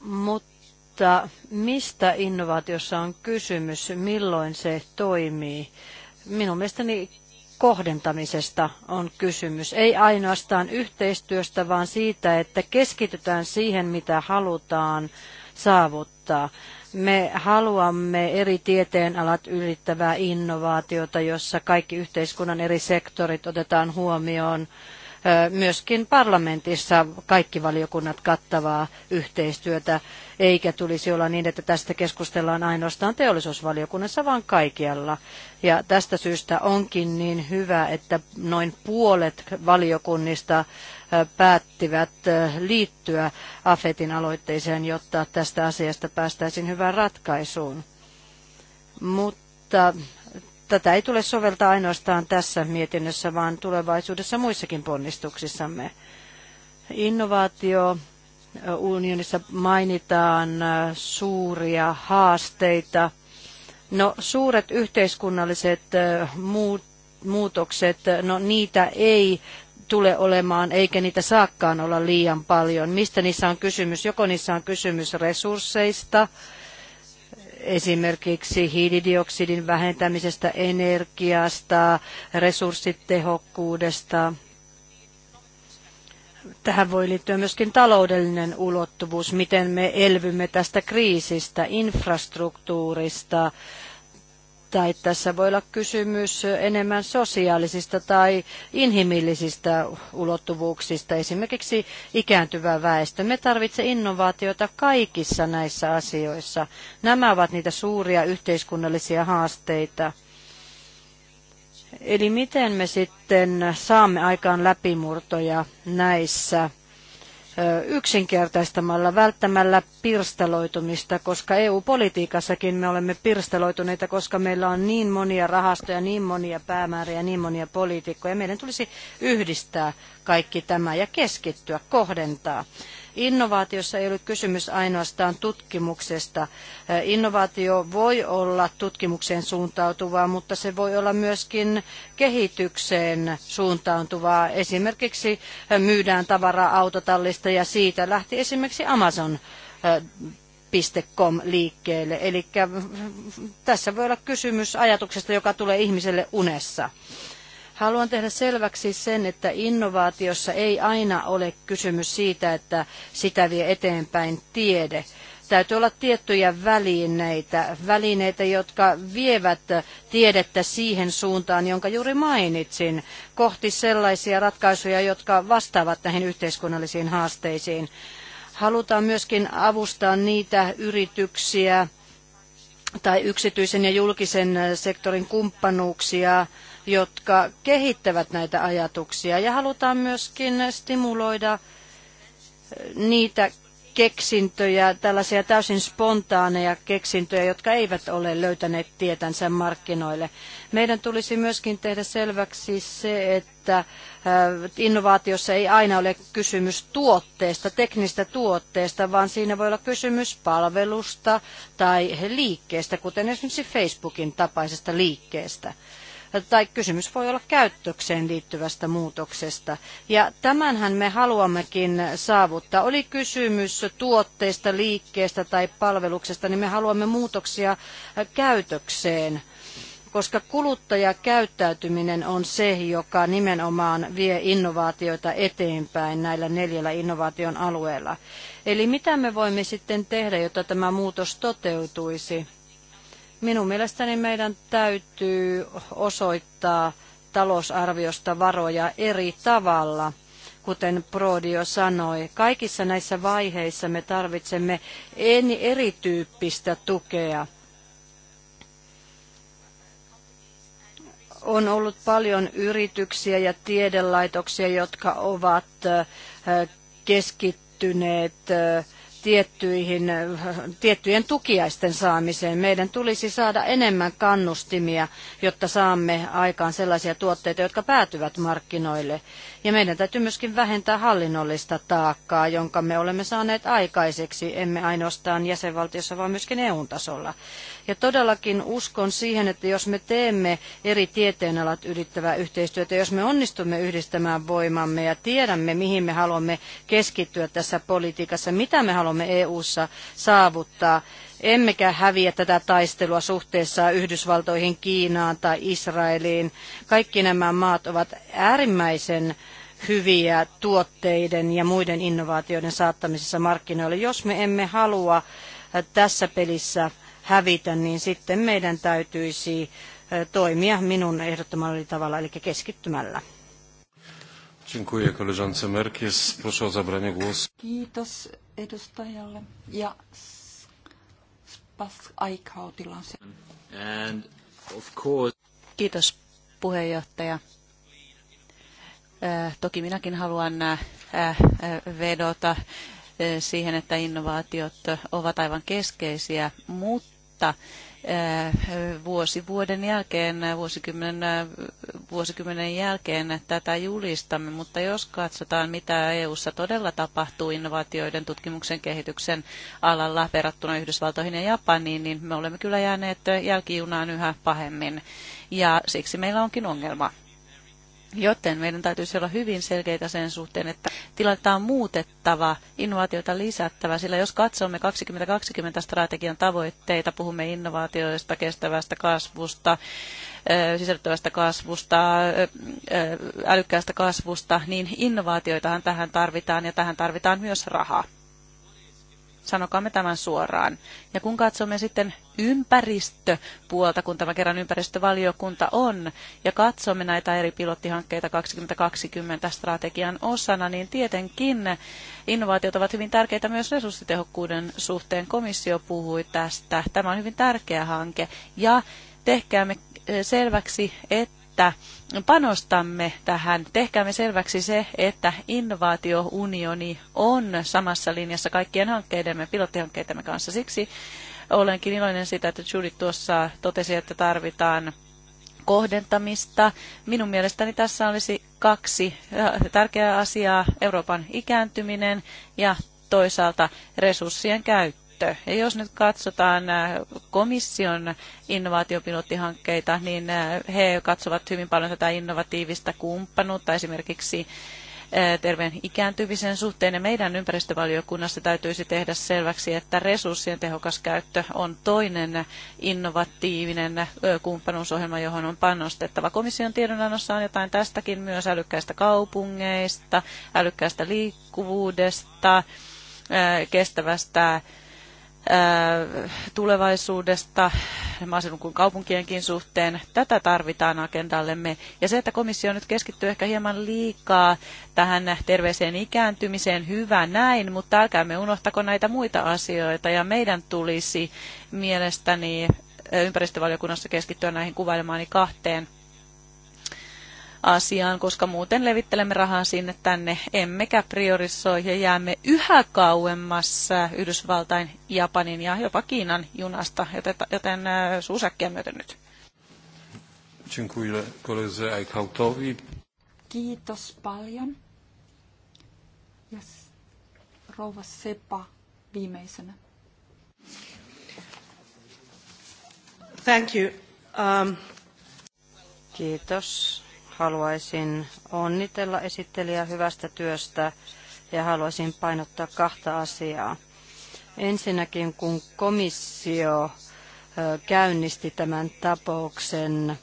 Mutta mutta mistä innovaatiossa on kysymys, milloin se toimii? Minun mielestäni kohdentamisesta on kysymys. Ei ainoastaan yhteistyöstä, vaan siitä, että keskitytään siihen, mitä halutaan saavuttaa. Me haluamme eri tieteenalat ylittävää innovaatiota, jossa kaikki yhteiskunnan eri sektorit otetaan huomioon myöskin parlamentissa kaikki valiokunnat kattavaa yhteistyötä, eikä tulisi olla niin, että tästä keskustellaan ainoastaan teollisuusvaliokunnassa, vaan kaikkialla. Ja tästä syystä onkin niin hyvä, että noin puolet valiokunnista päättivät liittyä AFETin aloitteeseen, jotta tästä asiasta päästäisiin hyvään ratkaisuun. Mutta tätä ei tule soveltaa ainoastaan tässä mietinnössä, vaan tulevaisuudessa muissakin ponnistuksissamme. Innovaatio unionissa mainitaan suuria haasteita. No suuret yhteiskunnalliset muutokset, no niitä ei tule olemaan, eikä niitä saakkaan olla liian paljon. Mistä niissä on kysymys? Joko niissä on kysymys resursseista, esimerkiksi hiilidioksidin vähentämisestä, energiasta, resurssitehokkuudesta. Tähän voi liittyä myöskin taloudellinen ulottuvuus, miten me elvymme tästä kriisistä, infrastruktuurista, tai tässä voi olla kysymys enemmän sosiaalisista tai inhimillisistä ulottuvuuksista, esimerkiksi ikääntyvä väestö. Me tarvitsemme innovaatioita kaikissa näissä asioissa. Nämä ovat niitä suuria yhteiskunnallisia haasteita. Eli miten me sitten saamme aikaan läpimurtoja näissä yksinkertaistamalla, välttämällä pirstaloitumista, koska EU-politiikassakin me olemme pirstaloituneita, koska meillä on niin monia rahastoja, niin monia päämääriä, niin monia poliitikkoja. Meidän tulisi yhdistää kaikki tämä ja keskittyä, kohdentaa. Innovaatiossa ei ole kysymys ainoastaan tutkimuksesta. Innovaatio voi olla tutkimukseen suuntautuvaa, mutta se voi olla myöskin kehitykseen suuntautuvaa. Esimerkiksi myydään tavaraa autotallista ja siitä lähti esimerkiksi Amazon Com liikkeelle. Eli mm, mm, tässä voi olla kysymys ajatuksesta, joka tulee ihmiselle unessa. Haluan tehdä selväksi sen, että innovaatiossa ei aina ole kysymys siitä, että sitä vie eteenpäin tiede täytyy olla tiettyjä välineitä, välineitä, jotka vievät tiedettä siihen suuntaan, jonka juuri mainitsin, kohti sellaisia ratkaisuja, jotka vastaavat näihin yhteiskunnallisiin haasteisiin. Halutaan myöskin avustaa niitä yrityksiä tai yksityisen ja julkisen sektorin kumppanuuksia, jotka kehittävät näitä ajatuksia. Ja halutaan myöskin stimuloida eh, niitä keksintöjä, tällaisia täysin spontaaneja keksintöjä, jotka eivät ole löytäneet tietänsä markkinoille. Meidän tulisi myöskin tehdä selväksi se, että eh, innovaatiossa ei aina ole kysymys tuotteesta, teknistä tuotteesta, vaan siinä voi olla kysymys palvelusta tai liikkeestä, kuten esimerkiksi Facebookin tapaisesta liikkeestä tai kysymys voi olla käyttökseen liittyvästä muutoksesta. Ja tämänhän me haluammekin saavuttaa. Oli kysymys tuotteista, liikkeestä tai palveluksesta, niin me haluamme muutoksia käytökseen koska kuluttajakäyttäytyminen on se, joka nimenomaan vie innovaatioita eteenpäin näillä neljällä innovaation alueella. Eli mitä me voimme sitten tehdä, jotta tämä muutos toteutuisi? Minun mielestäni meidän täytyy osoittaa talousarviosta varoja eri tavalla. Kuten Prodio sanoi, kaikissa näissä vaiheissa me tarvitsemme erityyppistä tukea. on ollut paljon yrityksiä ja tiedelaitoksia, jotka ovat keskittyneet tiettyihin, tiettyjen tukiaisten saamiseen. Meidän tulisi saada enemmän kannustimia, jotta saamme aikaan sellaisia tuotteita, jotka päätyvät markkinoille. Ja meidän täytyy myöskin vähentää hallinnollista taakkaa, jonka me olemme saaneet aikaiseksi, emme ainoastaan jäsenvaltiossa, vaan myöskin EU-tasolla. Ja todellakin uskon siihen, että jos me teemme eri tieteenalat ylittävää yhteistyötä, jos me onnistumme yhdistämään voimamme ja tiedämme, mihin me haluamme keskittyä tässä politiikassa, mitä me haluamme EU-ssa saavuttaa, emmekä häviä tätä taistelua suhteessa Yhdysvaltoihin, Kiinaan tai Israeliin. Kaikki nämä maat ovat äärimmäisen hyviä tuotteiden ja muiden innovaatioiden saattamisessa markkinoille. Jos me emme halua tässä pelissä hävitä, niin sitten meidän täytyisi toimia minun ehdottomallani tavalla, eli keskittymällä. Kiitos edustajalle. Ja Pas Aikautilla And of course... Kiitos puheenjohtaja. Äh, toki minäkin haluan äh, äh, vedota siihen, että innovaatiot ovat aivan keskeisiä, mutta Äh, vuosi vuoden jälkeen, äh, vuosikymmenen, äh, vuosikymmenen jälkeen tätä julistamme, mutta jos katsotaan, mitä EU:ssa todella tapahtuu innovaatioiden tutkimuksen kehityksen alalla verrattuna Yhdysvaltoihin ja Japaniin, niin me olemme kyllä jääneet jälkijunaan yhä pahemmin. Ja siksi meillä onkin ongelma. Joten meidän täytyisi olla hyvin selkeitä sen suhteen, että tilannetta on muutettava, innovaatioita lisättävä, sillä jos katsomme 2020 strategian tavoitteita, puhumme innovaatioista, kestävästä kasvusta, sisältävästä kasvusta, älykkäästä kasvusta, niin innovaatioitahan tähän tarvitaan ja tähän tarvitaan myös rahaa. Sanokaamme tämän suoraan. Ja kun katsomme sitten ympäristöpuolta, kun tämä kerran ympäristövaliokunta on, ja katsomme näitä eri pilottihankkeita 2020 strategian osana, niin tietenkin innovaatiot ovat hyvin tärkeitä myös resurssitehokkuuden suhteen. Komissio puhui tästä. Tämä on hyvin tärkeä hanke. Ja tehkäämme eh, selväksi, että että panostamme tähän. Tehkäämme selväksi se, että innovaatiounioni on samassa linjassa kaikkien hankkeidemme, pilottihankkeidemme kanssa. Siksi olenkin iloinen siitä, että Judith tuossa totesi, että tarvitaan kohdentamista. Minun mielestäni tässä olisi kaksi äh, tärkeää asiaa, Euroopan ikääntyminen ja toisaalta resurssien käyttö käyttö. Ja jos nyt katsotaan äh, komission innovaatiopilottihankkeita, niin äh, he katsovat hyvin paljon tätä innovatiivista kumppanuutta esimerkiksi äh, terveen ikääntymisen suhteen. Ja meidän ympäristövaliokunnassa täytyisi tehdä selväksi, että resurssien tehokas käyttö on toinen innovatiivinen kumppanuusohjelma, johon on panostettava. Komission tiedonannossa on jotain tästäkin myös älykkäistä kaupungeista, älykkäistä liikkuvuudesta, kestävästä tulevaisuudesta maaseudun kuin kaupunkienkin suhteen. Tätä tarvitaan agendallemme. Ja se, että komissio nyt keskittyy ehkä hieman liikaa tähän terveeseen ikääntymiseen, hyvä näin, mutta älkäämme unohtako näitä muita asioita. Ja meidän tulisi mielestäni ympäristövaliokunnassa keskittyä näihin kuvailemaani kahteen asiaan, koska muuten levittelemme rahaa sinne tänne, emmekä priorisoi ja jäämme yhä kauemmas Yhdysvaltain, Japanin ja jopa Kiinan junasta, joten, joten äh, suusäkkiä myöten nyt. Kiitos paljon. Ja rouva Sepa viimeisenä. Thank you. Um... Kiitos haluaisin onnitella esittelijää hyvästä työstä ja haluaisin painottaa kahta asiaa. Ensinnäkin, kun komissio käynnisti tämän tapauksen,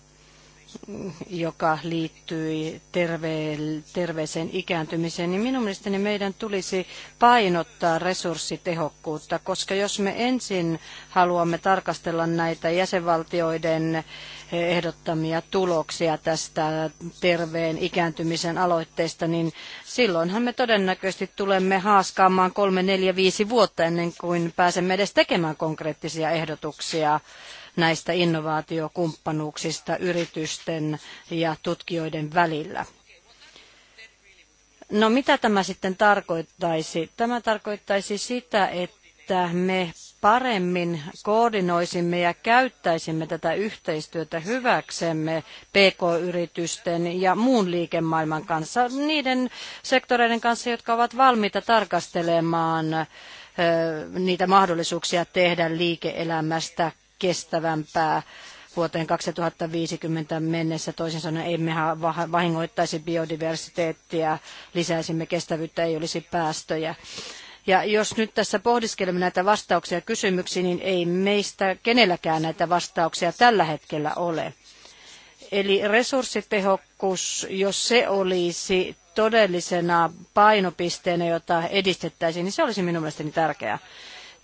joka liittyi terve, terveeseen ikääntymiseen, niin minun mielestäni meidän tulisi painottaa resurssitehokkuutta, koska jos me ensin haluamme tarkastella näitä jäsenvaltioiden ehdottamia tuloksia tästä terveen ikääntymisen aloitteesta, niin silloinhan me todennäköisesti tulemme haaskaamaan kolme, neljä, viisi vuotta ennen kuin pääsemme edes tekemään konkreettisia ehdotuksia näistä innovaatiokumppanuuksista yritysten ja tutkijoiden välillä. No mitä tämä sitten tarkoittaisi? Tämä tarkoittaisi sitä, että me paremmin koordinoisimme ja käyttäisimme tätä yhteistyötä hyväksemme PK-yritysten ja muun liikemaailman kanssa, niiden sektoreiden kanssa, jotka ovat valmiita tarkastelemaan niitä mahdollisuuksia tehdä liike-elämästä kestävämpää vuoteen 2050 mennessä. Toisin sanoen emme vahingoittaisi biodiversiteettiä, lisäisimme kestävyyttä, ei olisi päästöjä. Ja jos nyt tässä pohdiskelemme näitä vastauksia kysymyksiin, niin ei meistä kenelläkään näitä vastauksia tällä hetkellä ole. Eli resurssitehokkuus, jos se olisi todellisena painopisteenä, jota edistettäisiin, niin se olisi minun mielestäni tärkeää.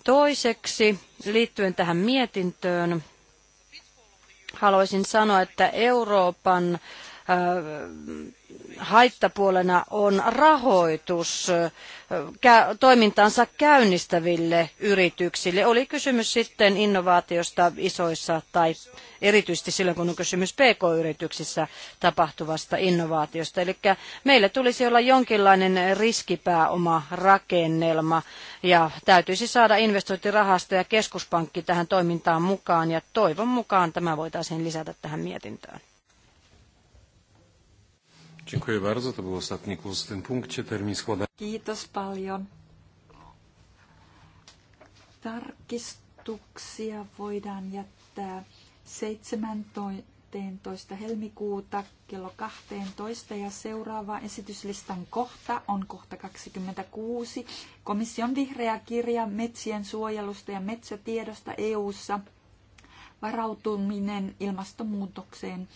Toiseksi, liittyen tähän mietintöön, haluaisin sanoa, että Euroopan äh, haittapuolena on rahoitus toimintansa käynnistäville yrityksille. Oli kysymys sitten innovaatiosta isoissa tai erityisesti silloin, kun on kysymys pk-yrityksissä tapahtuvasta innovaatiosta. Eli meillä tulisi olla jonkinlainen riskipääoma rakennelma ja täytyisi saada investointirahasto ja keskuspankki tähän toimintaan mukaan ja toivon mukaan tämä voitaisiin lisätä tähän mietintöön. Dziękuję bardzo. To był ostatni głos w tym punkcie. Termin składania. Kiitos paljon. Tarkistuksia voidaan jättää 17. helmikuuta kello 12 ja seuraava esityslistan kohta on kohta 26. Komission vihreä kirja metsien suojelusta ja metsätiedosta EU-ssa varautuminen ilmastonmuutokseen.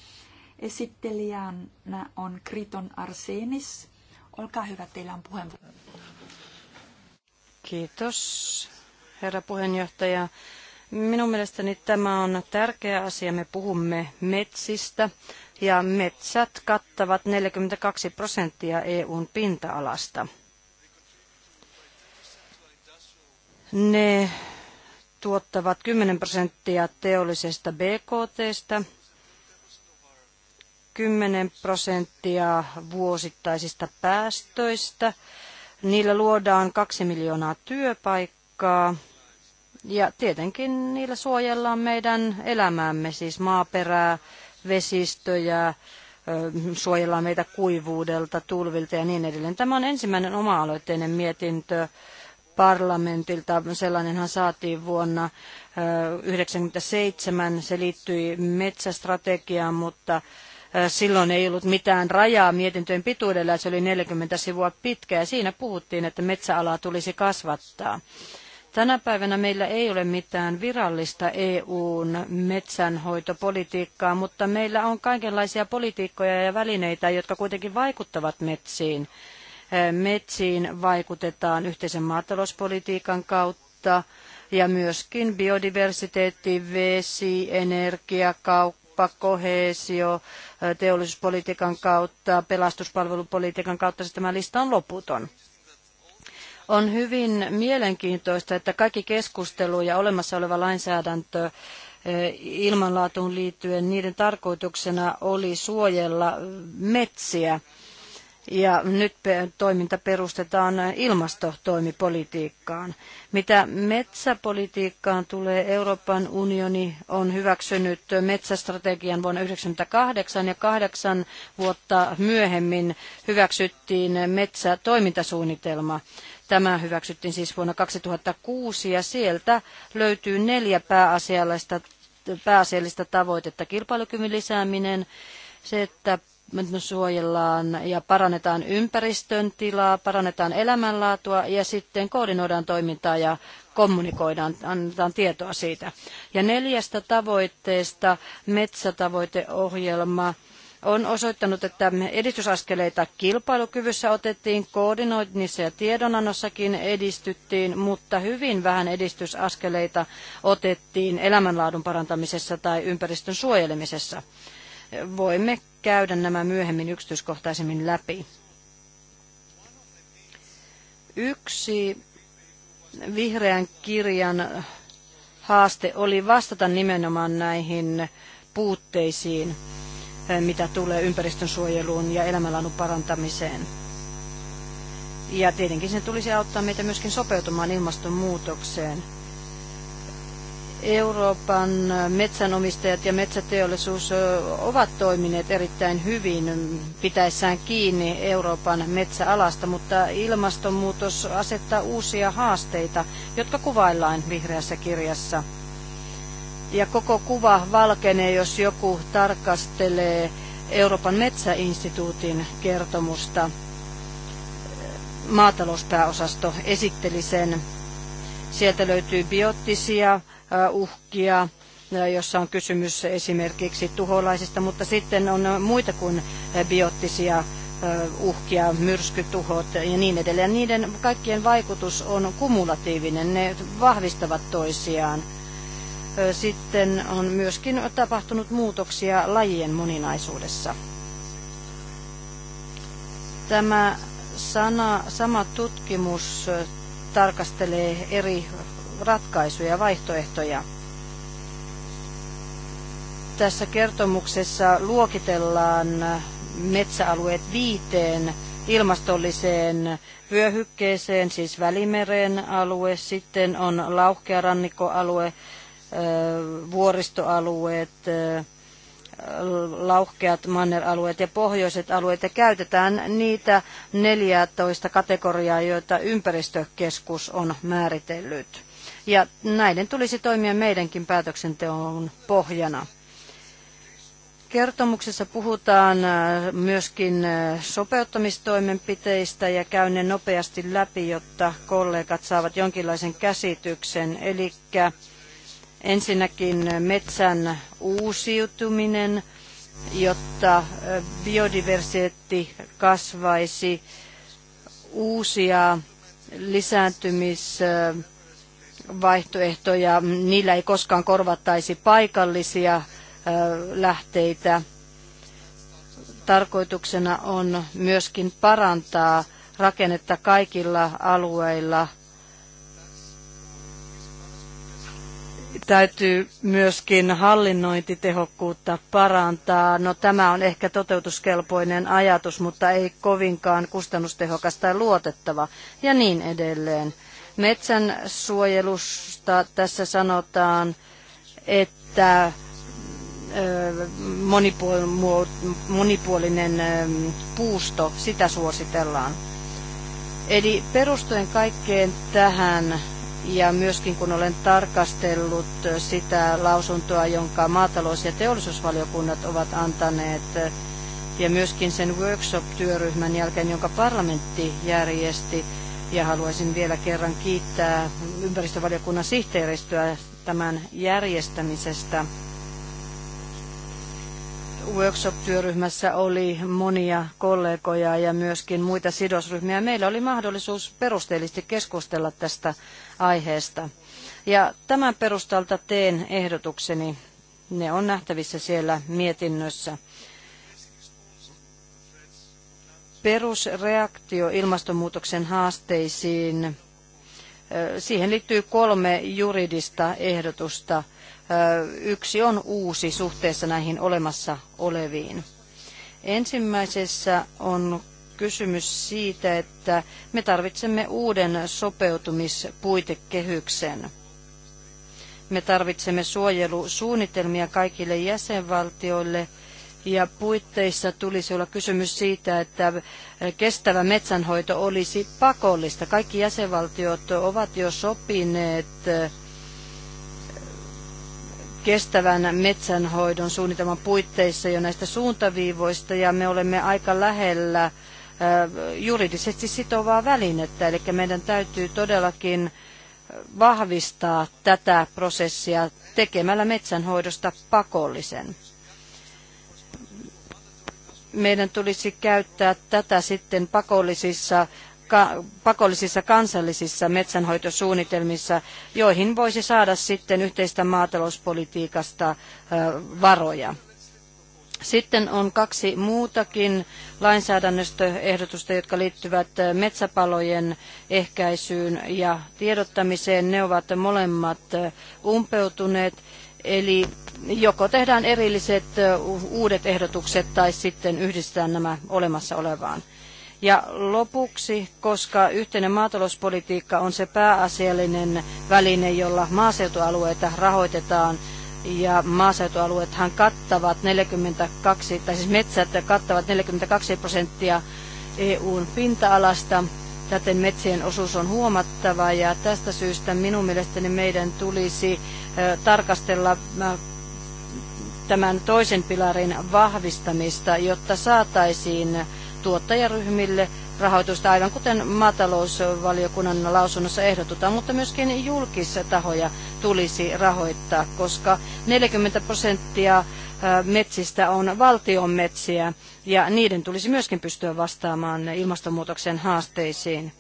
Esittelijänä on Kriton Arsenis. Olkaa hyvä, teillä on puheenvuoro. Kiitos, herra puheenjohtaja. Minun mielestäni tämä on tärkeä asia. Me puhumme metsistä ja metsät kattavat 42 prosenttia EUn pinta-alasta. Ne tuottavat 10 prosenttia teollisesta BKTstä 10 prosenttia vuosittaisista päästöistä. Niillä luodaan kaksi miljoonaa työpaikkaa. Ja tietenkin niillä suojellaan meidän elämäämme, siis maaperää, vesistöjä, suojellaan meitä kuivuudelta, tulvilta ja niin edelleen. Tämä on ensimmäinen oma-aloitteinen mietintö parlamentilta. Sellainenhan saatiin vuonna 1997. Se liittyi metsästrategiaan, mutta Silloin ei ollut mitään rajaa mietintöjen pituudella, se oli 40 sivua pitkä ja siinä puhuttiin, että metsäalaa tulisi kasvattaa. Tänä päivänä meillä ei ole mitään virallista EUn metsänhoitopolitiikkaa, mutta meillä on kaikenlaisia politiikkoja ja välineitä, jotka kuitenkin vaikuttavat metsiin. Metsiin vaikutetaan yhteisen maatalouspolitiikan kautta ja myöskin biodiversiteetti, vesi, kauppa kauppa, kohesio, teollisuuspolitiikan kautta, pelastuspalvelupolitiikan kautta, se siis tämä lista on loputon. On hyvin mielenkiintoista, että kaikki keskustelu ja olemassa oleva lainsäädäntö ilmanlaatuun liittyen, niiden tarkoituksena oli suojella metsiä ja nyt toiminta perustetaan ilmastotoimipolitiikkaan. Mitä metsäpolitiikkaan tulee, Euroopan unioni on hyväksynyt metsästrategian vuonna 1998 ja kahdeksan vuotta myöhemmin hyväksyttiin metsätoimintasuunnitelma. Tämä hyväksyttiin siis vuonna 2006 ja sieltä löytyy neljä pääasiallista, pääasiallista tavoitetta. Kilpailukyvyn lisääminen, se, että suojellaan ja parannetaan ympäristön tilaa, parannetaan elämänlaatua ja sitten koordinoidaan toimintaa ja kommunikoidaan, annetaan tietoa siitä. Ja neljästä tavoitteesta metsätavoiteohjelma on osoittanut, että edistysaskeleita kilpailukyvyssä otettiin, koordinoinnissa ja tiedonannossakin edistyttiin, mutta hyvin vähän edistysaskeleita otettiin elämänlaadun parantamisessa tai ympäristön suojelemisessa voimme käydä nämä myöhemmin yksityiskohtaisemmin läpi. Yksi vihreän kirjan haaste oli vastata nimenomaan näihin puutteisiin, eh, mitä tulee ympäristönsuojeluun ja elämänlaadun parantamiseen. Ja tietenkin sen tulisi auttaa meitä myöskin sopeutumaan ilmastonmuutokseen. Euroopan metsänomistajat ja metsäteollisuus ovat toimineet erittäin hyvin pitäessään kiinni Euroopan metsäalasta, mutta ilmastonmuutos asettaa uusia haasteita, jotka kuvaillaan vihreässä kirjassa. Ja koko kuva valkenee, jos joku tarkastelee Euroopan metsäinstituutin kertomusta. Maatalouspääosasto esitteli sen. Sieltä löytyy biottisia Äh, uhkia, äh, jossa on kysymys esimerkiksi tuholaisista, mutta sitten on muita kuin äh, biottisia uhkia, myrskytuhot ja niin edelleen. Niiden kaikkien vaikutus on kumulatiivinen, ne vahvistavat toisiaan. Sitten on myöskin tapahtunut muutoksia lajien moninaisuudessa. Tämä sana, sama tutkimus tarkastelee eri ratkaisuja, vaihtoehtoja. Tässä kertomuksessa luokitellaan metsäalueet viiteen ilmastolliseen vyöhykkeeseen, siis Välimeren alue, sitten on lauhkea rannikkoalue, vuoristoalueet, lauhkeat manneralueet ja pohjoiset alueet ja käytetään niitä 14 kategoriaa, joita ympäristökeskus on määritellyt ja näiden tulisi toimia meidänkin päätöksenteon pohjana. Kertomuksessa puhutaan äh, myöskin äh, sopeuttamistoimenpiteistä ja käyn ne nopeasti läpi, jotta kollegat saavat jonkinlaisen käsityksen. Eli ensinnäkin äh, metsän uusiutuminen, jotta biodiversiteetti kasvaisi, uusia lisääntymis- vaihtoehtoja. Niillä ei koskaan korvattaisi paikallisia lähteitä. Tarkoituksena on myöskin parantaa rakennetta kaikilla alueilla. Täytyy myöskin hallinnointitehokkuutta parantaa. No tämä on ehkä toteutuskelpoinen ajatus, mutta ei kovinkaan kustannustehokas tai luotettava ja niin edelleen. Metsän suojelusta tässä sanotaan, että monipuolinen puusto, sitä suositellaan. Eli perustuen kaikkeen tähän ja myöskin kun olen tarkastellut sitä lausuntoa, jonka maatalous- ja teollisuusvaliokunnat ovat antaneet, ja myöskin sen workshop-työryhmän jälkeen, jonka parlamentti järjesti, ja haluaisin vielä kerran kiittää ympäristövaliokunnan sihteeristöä tämän järjestämisestä. Workshop-työryhmässä oli monia kollegoja ja myöskin muita sidosryhmiä. Meillä oli mahdollisuus perusteellisesti keskustella tästä aiheesta. Ja tämän perustalta teen ehdotukseni. Ne on nähtävissä siellä mietinnössä. Perusreaktio ilmastonmuutoksen haasteisiin. Siihen liittyy kolme juridista ehdotusta. Yksi on uusi suhteessa näihin olemassa oleviin. Ensimmäisessä on kysymys siitä, että me tarvitsemme uuden sopeutumispuitekehyksen. Me tarvitsemme suojelusuunnitelmia kaikille jäsenvaltioille – ja puitteissa tulisi olla kysymys siitä, että kestävä metsänhoito olisi pakollista. Kaikki jäsenvaltiot ovat jo sopineet kestävän metsänhoidon suunnitelman puitteissa jo näistä suuntaviivoista ja me olemme aika lähellä juridisesti sitovaa välinettä, eli meidän täytyy todellakin vahvistaa tätä prosessia tekemällä metsänhoidosta pakollisen meidän tulisi käyttää tätä sitten pakollisissa pakollisissa kansallisissa metsänhoitosuunnitelmissa, joihin voisi saada sitten yhteistä maatalouspolitiikasta varoja. Sitten on kaksi muutakin lainsäädännöstöehdotusta, jotka liittyvät metsäpalojen ehkäisyyn ja tiedottamiseen. Ne ovat molemmat umpeutuneet Eli joko tehdään erilliset uudet ehdotukset tai sitten yhdistetään nämä olemassa olevaan. Ja lopuksi, koska yhteinen maatalouspolitiikka on se pääasiallinen väline, jolla maaseutualueita rahoitetaan, ja maaseutualueethan kattavat 42, tai siis metsät kattavat 42 prosenttia EUn pinta-alasta, täten metsien osuus on huomattava ja tästä syystä minun mielestäni meidän tulisi tarkastella tämän toisen pilarin vahvistamista, jotta saataisiin tuottajaryhmille rahoitusta, aivan kuten maatalousvaliokunnan lausunnossa ehdotetaan, mutta myöskin julkisia tahoja tulisi rahoittaa, koska 40 prosenttia metsistä on valtion metsiä ja niiden tulisi myöskin pystyä vastaamaan ilmastonmuutoksen haasteisiin.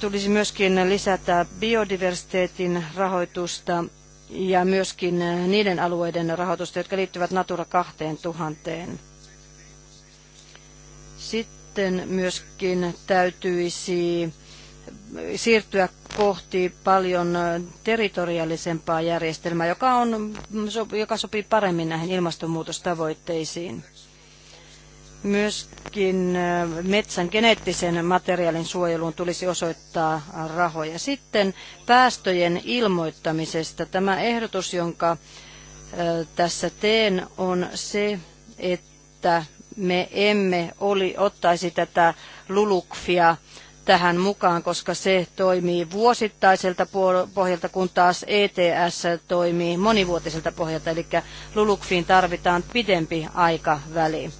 Tulisi myöskin lisätä biodiversiteetin rahoitusta ja myöskin niiden alueiden rahoitusta, jotka liittyvät Natura 2000. Sitten myöskin täytyisi siirtyä kohti paljon territoriaalisempaa järjestelmää, joka, on, joka sopii paremmin näihin ilmastonmuutostavoitteisiin. Myöskin metsän geneettisen materiaalin suojeluun tulisi osoittaa rahoja. Sitten päästöjen ilmoittamisesta. Tämä ehdotus, jonka tässä teen, on se, että me emme oli, ottaisi tätä lulukfia tähän mukaan, koska se toimii vuosittaiselta pohjalta, kun taas ETS toimii monivuotiselta pohjalta, eli Lulukfiin tarvitaan pidempi aikaväli.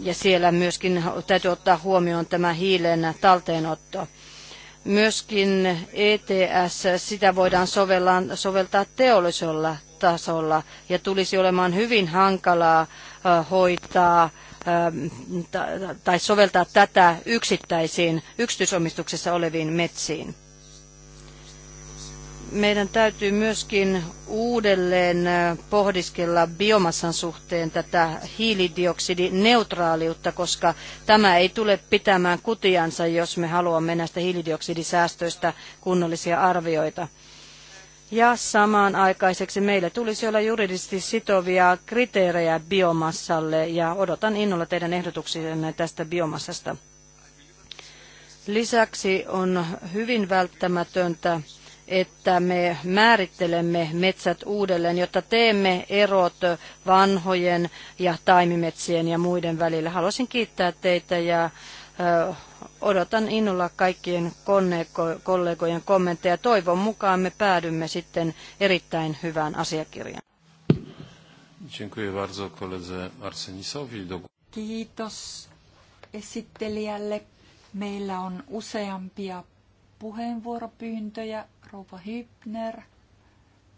Ja siellä myöskin täytyy ottaa huomioon tämä hiilen talteenotto. Myöskin ETS, sitä voidaan soveltaa teollisella tasolla ja tulisi olemaan hyvin hankalaa hoitaa Ähm, tai soveltaa tätä yksittäisiin yksityisomistuksessa oleviin metsiin. Meidän täytyy myöskin uudelleen äh, pohdiskella biomassan suhteen tätä hiilidioksidineutraaliutta, koska tämä ei tule pitämään kutiansa, jos me haluamme näistä hiilidioksidisäästöistä kunnollisia arvioita ja samaan aikaiseksi meillä tulisi olla juridisesti sitovia kriteerejä biomassalle ja odotan innolla teidän ehdotuksianne tästä biomassasta. Lisäksi on hyvin välttämätöntä, että me määrittelemme metsät uudelleen, jotta teemme erot vanhojen ja taimimetsien ja muiden välillä. Haluaisin kiittää teitä ja odotan innolla kaikkien kollegojen kommentteja. Toivon mukaan me päädymme sitten erittäin hyvään asiakirjaan. Dziękuję bardzo koledze Arsenisowi. Kiitos esittelijälle. Meillä on useampia puheenvuoropyyntöjä. Rouva Hübner,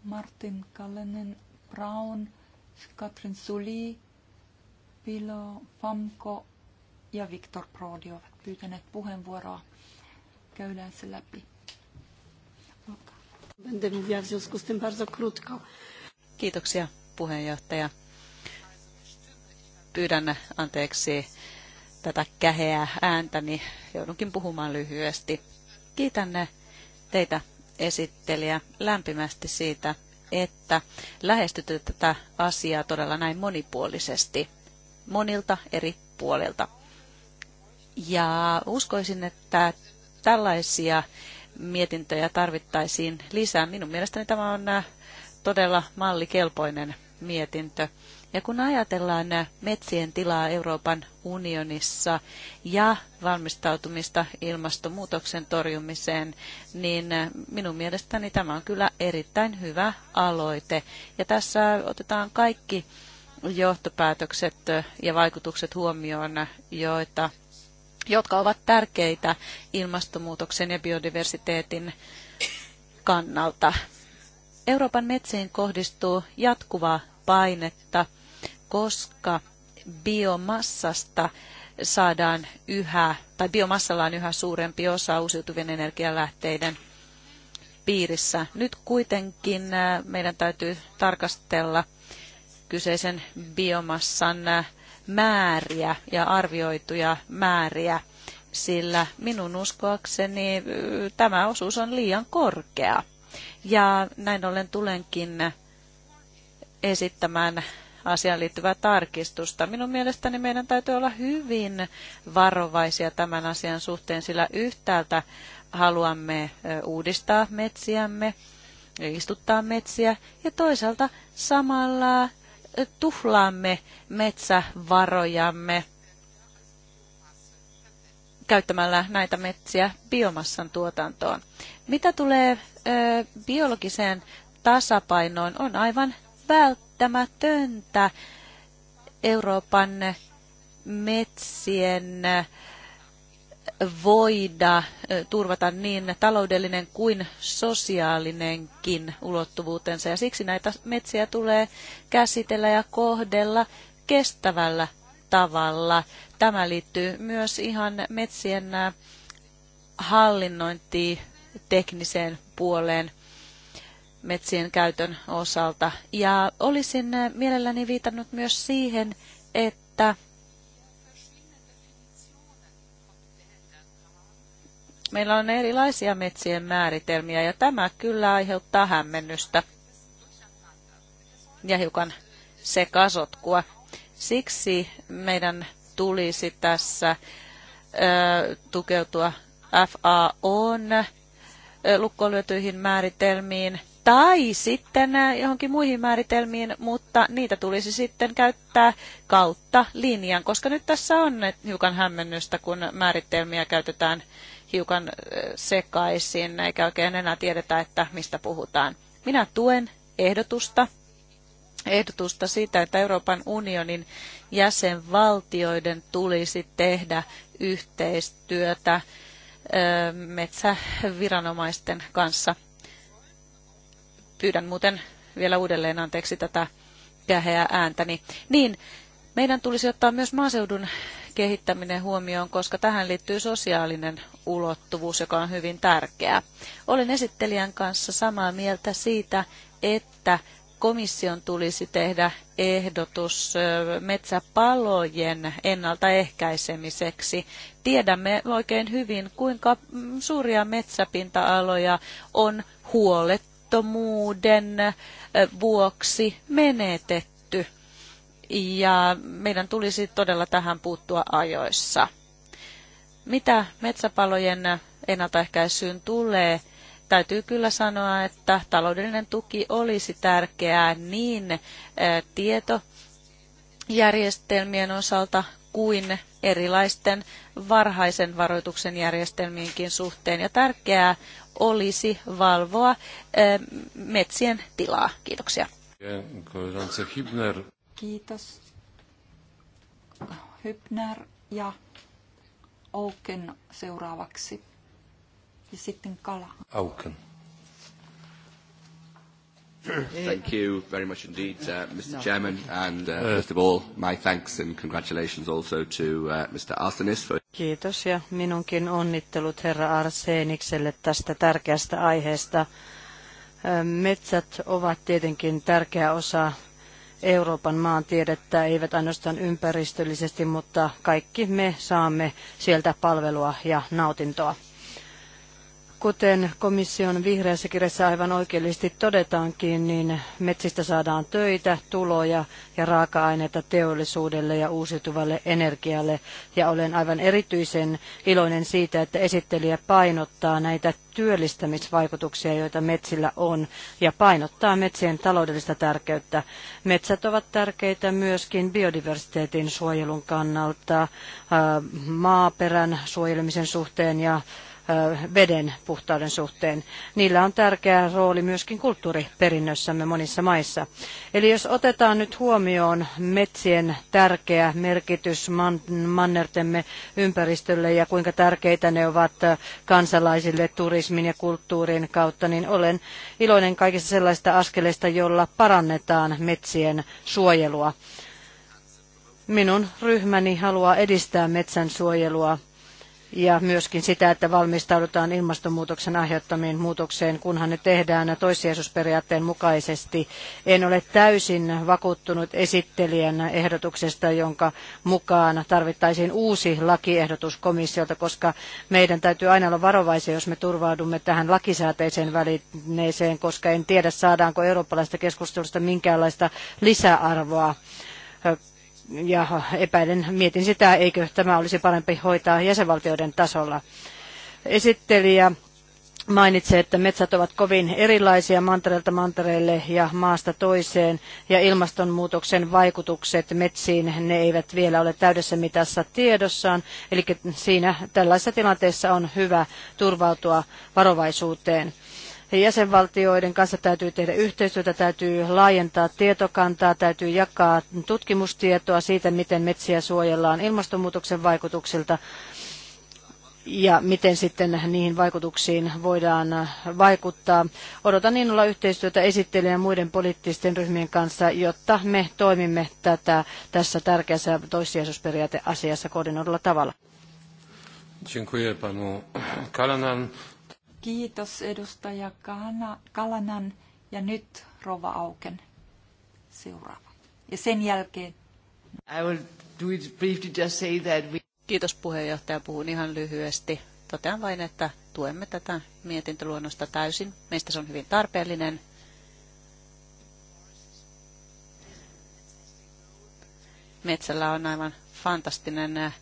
Martin Kallenen, Brown, Katrin Suli, Pilo Famko ja Viktor Prodi ovat pyytäneet puheenvuoroa. Käydään se läpi. Kiitoksia puheenjohtaja. Pyydän anteeksi tätä käheää ääntäni. Joudunkin puhumaan lyhyesti. Kiitän teitä esittelijä lämpimästi siitä, että lähestytte tätä asiaa todella näin monipuolisesti monilta eri puolilta. Ja uskoisin, että tällaisia mietintöjä tarvittaisiin lisää. Minun mielestäni tämä on äh, todella mallikelpoinen mietintö. Ja kun ajatellaan äh, metsien tilaa Euroopan unionissa ja valmistautumista ilmastonmuutoksen torjumiseen, niin äh, minun mielestäni tämä on kyllä erittäin hyvä aloite. Ja tässä otetaan kaikki johtopäätökset ja vaikutukset huomioon, joita jotka ovat tärkeitä ilmastonmuutoksen ja biodiversiteetin kannalta. Euroopan metsiin kohdistuu jatkuvaa painetta, koska biomassasta saadaan yhä, tai biomassalla on yhä suurempi osa uusiutuvien energialähteiden piirissä. Nyt kuitenkin äh, meidän täytyy tarkastella kyseisen biomassan äh, määriä ja arvioituja määriä, sillä minun uskoakseni tämä osuus on liian korkea. Ja näin ollen tulenkin esittämään asiaan liittyvää tarkistusta. Minun mielestäni meidän täytyy olla hyvin varovaisia tämän asian suhteen, sillä yhtäältä haluamme uudistaa metsiämme, istuttaa metsiä ja toisaalta samalla tuhlaamme metsävarojamme käyttämällä näitä metsiä biomassan tuotantoon. Mitä tulee biologiseen tasapainoon, on aivan välttämätöntä Euroopan metsien voida turvata niin taloudellinen kuin sosiaalinenkin ulottuvuutensa. Ja siksi näitä metsiä tulee käsitellä ja kohdella kestävällä tavalla. Tämä liittyy myös ihan metsien hallinnointiin tekniseen puoleen metsien käytön osalta. Ja olisin mielelläni viitannut myös siihen, että Meillä on erilaisia metsien määritelmiä ja tämä kyllä aiheuttaa hämmennystä ja hiukan sekasotkua. Siksi meidän tulisi tässä ö, tukeutua FAOn lukkoon määritelmiin tai sitten johonkin muihin määritelmiin, mutta niitä tulisi sitten käyttää kautta linjan, koska nyt tässä on hiukan hämmennystä, kun määritelmiä käytetään hiukan sekaisin, eikä oikein enää tiedetä, että mistä puhutaan. Minä tuen ehdotusta, ehdotusta siitä, että Euroopan unionin jäsenvaltioiden tulisi tehdä yhteistyötä metsäviranomaisten kanssa. Pyydän muuten vielä uudelleen anteeksi tätä käheää ääntäni. Niin, meidän tulisi ottaa myös maaseudun kehittäminen huomioon, koska tähän liittyy sosiaalinen ulottuvuus, joka on hyvin tärkeää. Olen esittelijän kanssa samaa mieltä siitä, että komission tulisi tehdä ehdotus metsäpalojen ennaltaehkäisemiseksi. Tiedämme oikein hyvin, kuinka mm, suuria metsäpinta-aloja on huolettomuuden vuoksi menetetty ja meidän tulisi todella tähän puuttua ajoissa. Mitä metsäpalojen ennaltaehkäisyyn tulee, täytyy kyllä sanoa, että taloudellinen tuki olisi tärkeää niin eh, tietojärjestelmien osalta kuin erilaisten varhaisen varoituksen järjestelmiinkin suhteen. Ja tärkeää olisi valvoa eh, metsien tilaa. Kiitoksia. Kiitos. Hypner ja Auken seuraavaksi. Ja sitten Kala. Auken. Thank you very much indeed, uh, Mr. No. Chairman, and uh, uh, first of all, my thanks and congratulations also to uh, Mr. Arsenis for... Kiitos ja minunkin onnittelut herra Arsenikselle tästä tärkeästä aiheesta. Metsät ovat tietenkin tärkeä osa Euroopan maantiedettä, eivät ainoastaan ympäristöllisesti, mutta kaikki me saamme sieltä palvelua ja nautintoa. Kuten komission vihreässä kirjassa aivan oikeellisesti todetaankin, niin metsistä saadaan töitä, tuloja ja raaka-aineita teollisuudelle ja uusiutuvalle energialle. Ja olen aivan erityisen iloinen siitä, että esittelijä painottaa näitä työllistämisvaikutuksia, joita metsillä on, ja painottaa metsien taloudellista tärkeyttä. Metsät ovat tärkeitä myöskin biodiversiteetin suojelun kannalta, maaperän suojelemisen suhteen ja veden puhtauden suhteen. Niillä on tärkeä rooli myöskin kulttuuriperinnössämme monissa maissa. Eli jos otetaan nyt huomioon metsien tärkeä merkitys mannertemme ympäristölle ja kuinka tärkeitä ne ovat kansalaisille turismin ja kulttuurin kautta, niin olen iloinen kaikista sellaista askeleista, jolla parannetaan metsien suojelua. Minun ryhmäni haluaa edistää metsän suojelua ja myöskin sitä, että valmistaudutaan ilmastonmuutoksen aiheuttamiin muutokseen, kunhan ne tehdään toissijaisuusperiaatteen mukaisesti. En ole täysin vakuuttunut esittelijän ehdotuksesta, jonka mukaan tarvittaisiin uusi lakiehdotus komissiolta, koska meidän täytyy aina olla varovaisia, jos me turvaudumme tähän lakisääteiseen välineeseen, koska en tiedä saadaanko eurooppalaista keskustelusta minkäänlaista lisäarvoa ja epäilen, mietin sitä, eikö tämä olisi parempi hoitaa jäsenvaltioiden tasolla. Esittelijä mainitsee, että metsät ovat kovin erilaisia mantereelta mantereelle ja maasta toiseen, ja ilmastonmuutoksen vaikutukset metsiin, ne eivät vielä ole täydessä mitassa tiedossaan, eli siinä tällaisessa tilanteessa on hyvä turvautua varovaisuuteen. Jäsenvaltioiden kanssa täytyy tehdä yhteistyötä, täytyy laajentaa tietokantaa, täytyy jakaa tutkimustietoa siitä, miten metsiä suojellaan ilmastonmuutoksen vaikutuksilta ja miten sitten niihin vaikutuksiin voidaan vaikuttaa. Odotan innolla yhteistyötä esittelijän ja muiden poliittisten ryhmien kanssa, jotta me toimimme tätä tässä tärkeässä toissijaisuusperiaateasiassa koordinoidulla tavalla. Dziękuję panu Kalanan. Kiitos edustaja Kalanan ja nyt Rova Auken seuraava. Ja sen jälkeen... I will do it briefly, just say that we... Kiitos puheenjohtaja. Puhun ihan lyhyesti. Totean vain, että tuemme tätä mietintöluonnosta täysin. Meistä se on hyvin tarpeellinen. Metsällä on aivan fantastinen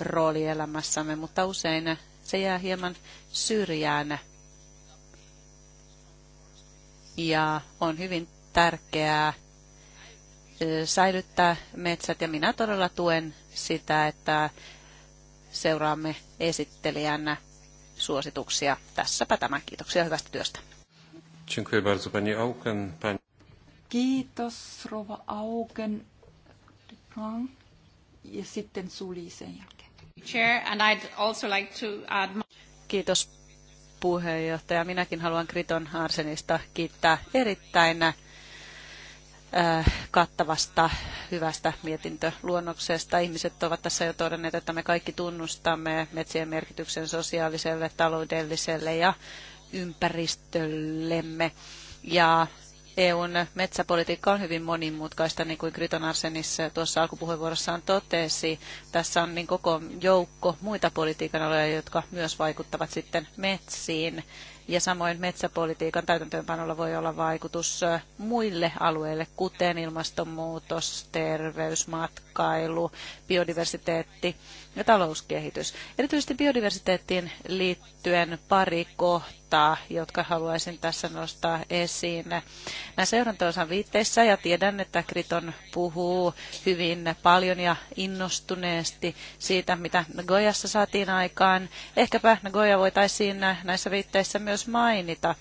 rooli elämässämme, mutta usein se jää hieman syrjään. Ja on hyvin tärkeää säilyttää metsät ja minä todella tuen sitä, että seuraamme esittelijän suosituksia. Tässäpä tämä. Kiitoksia hyvästä työstä. Kiitos, Rova Auken. Ja sitten Suli sen jälkeen. Chair, and I'd also like to add... Kiitos puheenjohtaja. Minäkin haluan Kriton Arsenista kiittää erittäin äh, kattavasta, hyvästä mietintöluonnoksesta. Ihmiset ovat tässä jo todenneet, että me kaikki tunnustamme metsien merkityksen sosiaaliselle, taloudelliselle ja ympäristöllemme. Ja EUn metsäpolitiikka on hyvin monimutkaista, niin kuin Kryton Arsenis tuossa alkupuheenvuorossaan totesi. Tässä on niin koko joukko muita politiikan aloja, jotka myös vaikuttavat sitten metsiin. Ja samoin metsäpolitiikan täytäntöönpanolla voi olla vaikutus muille alueille, kuten ilmastonmuutos, terveys, matkailu matkailu, biodiversiteetti ja talouskehitys. Erityisesti biodiversiteettiin liittyen pari kohtaa, jotka haluaisin tässä nostaa esiin. Nämä seurantaosan viitteissä ja tiedän, että Kriton puhuu hyvin paljon ja innostuneesti siitä, mitä Nagoyassa saatiin aikaan. Ehkäpä Nagoya voitaisiin näissä viitteissä myös mainita.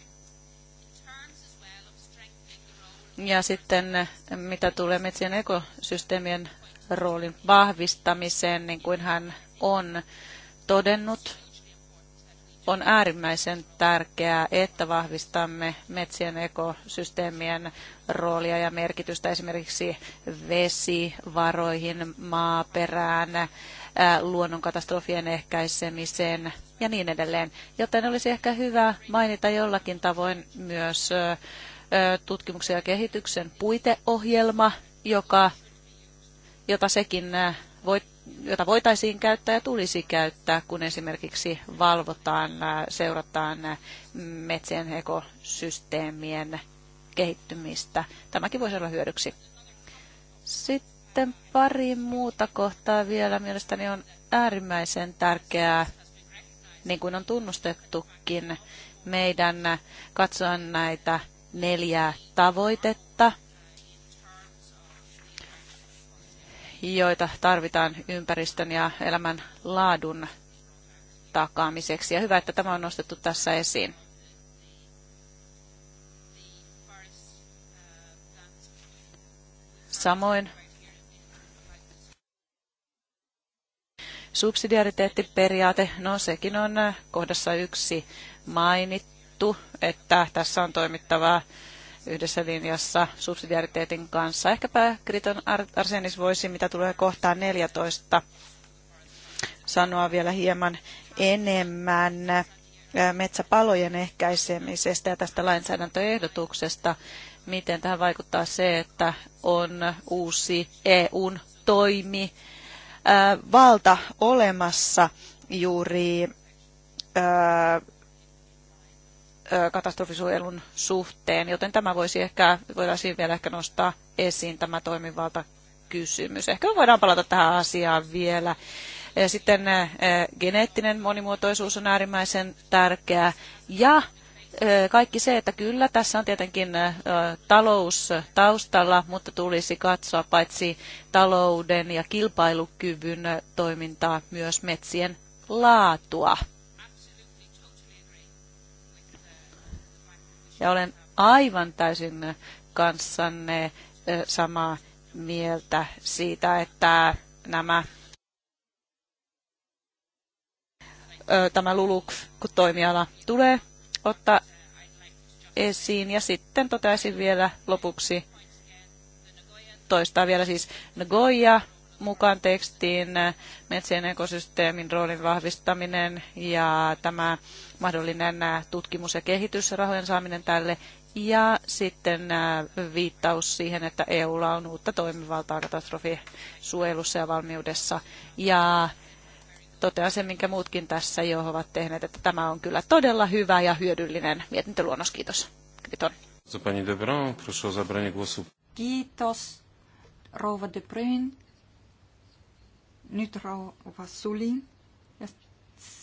Ja sitten mitä tulee metsien ekosysteemien roolin vahvistamiseen, niin kuin hän on todennut. On äärimmäisen tärkeää, että vahvistamme metsien ekosysteemien roolia ja merkitystä esimerkiksi vesivaroihin, maaperään, luonnonkatastrofien ehkäisemiseen ja niin edelleen. Joten olisi ehkä hyvä mainita jollakin tavoin myös tutkimuksen ja kehityksen puiteohjelma, joka jota sekin voi, jota voitaisiin käyttää ja tulisi käyttää, kun esimerkiksi valvotaan, seurataan metsien ekosysteemien kehittymistä. Tämäkin voisi olla hyödyksi. Sitten pari muuta kohtaa vielä. Mielestäni on äärimmäisen tärkeää, niin kuin on tunnustettukin, meidän katsoa näitä neljää tavoitetta joita tarvitaan ympäristön ja elämän laadun takaamiseksi. Ja hyvä, että tämä on nostettu tässä esiin. Samoin subsidiariteettiperiaate, no sekin on kohdassa yksi mainittu, että tässä on toimittavaa yhdessä linjassa subsidiariteetin kanssa. ehkä pääkriton Arsenis voisi, mitä tulee kohtaan 14, sanoa vielä hieman enemmän metsäpalojen ehkäisemisestä ja tästä lainsäädäntöehdotuksesta, miten tähän vaikuttaa se, että on uusi EUn toimi valta olemassa juuri katastrofisuojelun suhteen, joten tämä voisi ehkä, voitaisiin vielä ehkä nostaa esiin tämä toimivalta kysymys. Ehkä me voidaan palata tähän asiaan vielä. Sitten geneettinen monimuotoisuus on äärimmäisen tärkeää ja kaikki se, että kyllä tässä on tietenkin talous taustalla, mutta tulisi katsoa paitsi talouden ja kilpailukyvyn toimintaa myös metsien laatua. Ja olen aivan täysin kanssanne samaa mieltä siitä, että nämä tämä LULUK-toimiala tulee ottaa esiin. Ja sitten toteaisin vielä lopuksi, toistaa vielä siis Nagoya, mukaan tekstiin metsien ekosysteemin roolin vahvistaminen ja tämä mahdollinen tutkimus- ja kehitysrahojen saaminen tälle ja sitten viittaus siihen, että EUlla on uutta toimivaltaa katastrofisuojelussa ja valmiudessa. Ja totean sen, minkä muutkin tässä jo ovat tehneet, että tämä on kyllä todella hyvä ja hyödyllinen mietintöluonnos. Kiitos. Kiitos. Kiitos. Rouva de Bruyne, nyt rouva Suli ja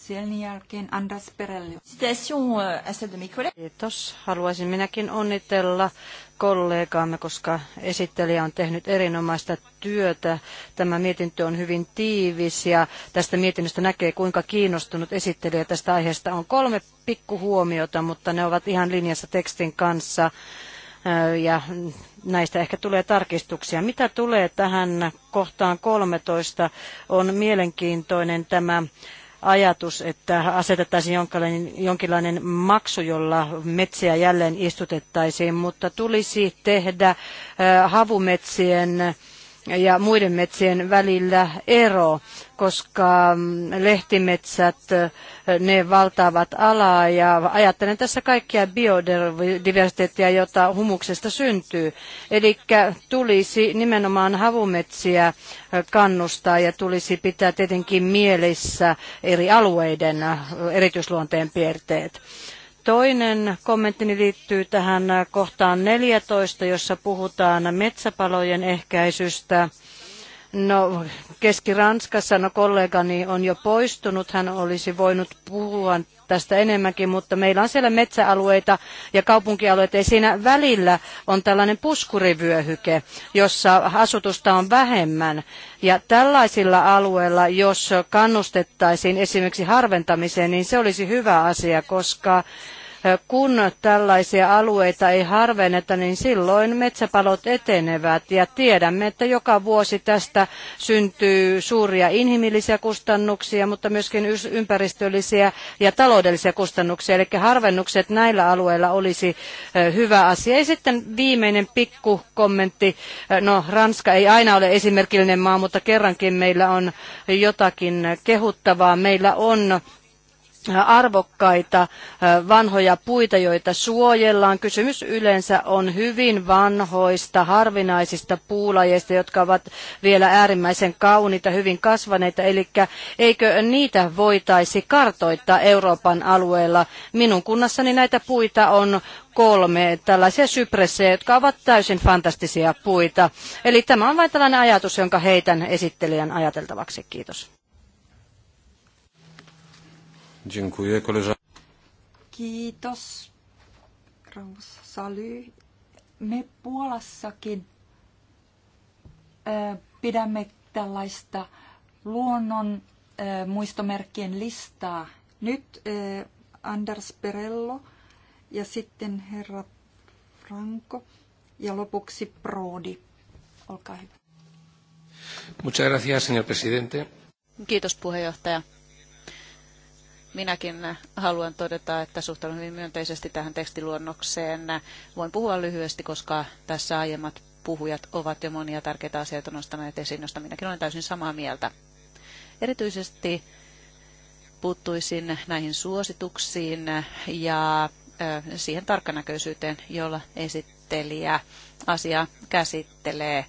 sen jälkeen Andas Perelli. Euh, Kiitos. Haluaisin minäkin onnitella kollegaamme, koska esittelijä on tehnyt erinomaista työtä. Tämä mietintö on hyvin tiivis ja tästä mietinnöstä näkee, kuinka kiinnostunut esittelijä tästä aiheesta on. Kolme pikkuhuomiota, mutta ne ovat ihan linjassa tekstin kanssa ja näistä ehkä tulee tarkistuksia. Mitä tulee tähän kohtaan 13, on mielenkiintoinen tämä ajatus, että asetettaisiin jonkinlainen, jonkinlainen maksu, jolla metsiä jälleen istutettaisiin, mutta tulisi tehdä havumetsien ja muiden metsien välillä ero, koska mm, lehtimetsät, ne valtaavat alaa ja ajattelen tässä kaikkia biodiversiteettia, jota humuksesta syntyy. Eli tulisi nimenomaan havumetsiä kannustaa ja tulisi pitää tietenkin mielessä eri alueiden erityisluonteen piirteet. Toinen kommenttini liittyy tähän kohtaan 14, jossa puhutaan metsäpalojen ehkäisystä. No, Keski-Ranskassa, no kollegani on jo poistunut, hän olisi voinut puhua tästä enemmänkin, mutta meillä on siellä metsäalueita ja kaupunkialueita ja siinä välillä on tällainen puskurivyöhyke, jossa asutusta on vähemmän. Ja tällaisilla alueilla, jos kannustettaisiin esimerkiksi harventamiseen, niin se olisi hyvä asia, koska kun tällaisia alueita ei harvenneta, niin silloin metsäpalot etenevät ja tiedämme, että joka vuosi tästä syntyy suuria inhimillisiä kustannuksia, mutta myöskin ympäristöllisiä ja taloudellisia kustannuksia. Eli harvennukset näillä alueilla olisi hyvä asia. Ja sitten viimeinen pikku kommentti. No, Ranska ei aina ole esimerkillinen maa, mutta kerrankin meillä on jotakin kehuttavaa. Meillä on arvokkaita vanhoja puita, joita suojellaan. Kysymys yleensä on hyvin vanhoista, harvinaisista puulajeista, jotka ovat vielä äärimmäisen kauniita, hyvin kasvaneita. Eli eikö niitä voitaisi kartoittaa Euroopan alueella? Minun kunnassani näitä puita on kolme tällaisia sypressejä, jotka ovat täysin fantastisia puita. Eli tämä on vain tällainen ajatus, jonka heitän esittelijän ajateltavaksi. Kiitos. Dziękuję, Kiitos, Raus Me Puolassakin pidämme tällaista luonnon muistomerkkien listaa. Nyt Anders Perello ja sitten herra Franco ja lopuksi Prodi. Olkaa hyvä. Muchas gracias, señor presidente. Kiitos puheenjohtaja. Minäkin haluan todeta, että suhtaudun hyvin myönteisesti tähän tekstiluonnokseen. Voin puhua lyhyesti, koska tässä aiemmat puhujat ovat jo monia tärkeitä asioita nostaneet esiin, josta minäkin olen täysin samaa mieltä. Erityisesti puuttuisin näihin suosituksiin ja siihen tarkkanäköisyyteen, jolla esittelijä asia käsittelee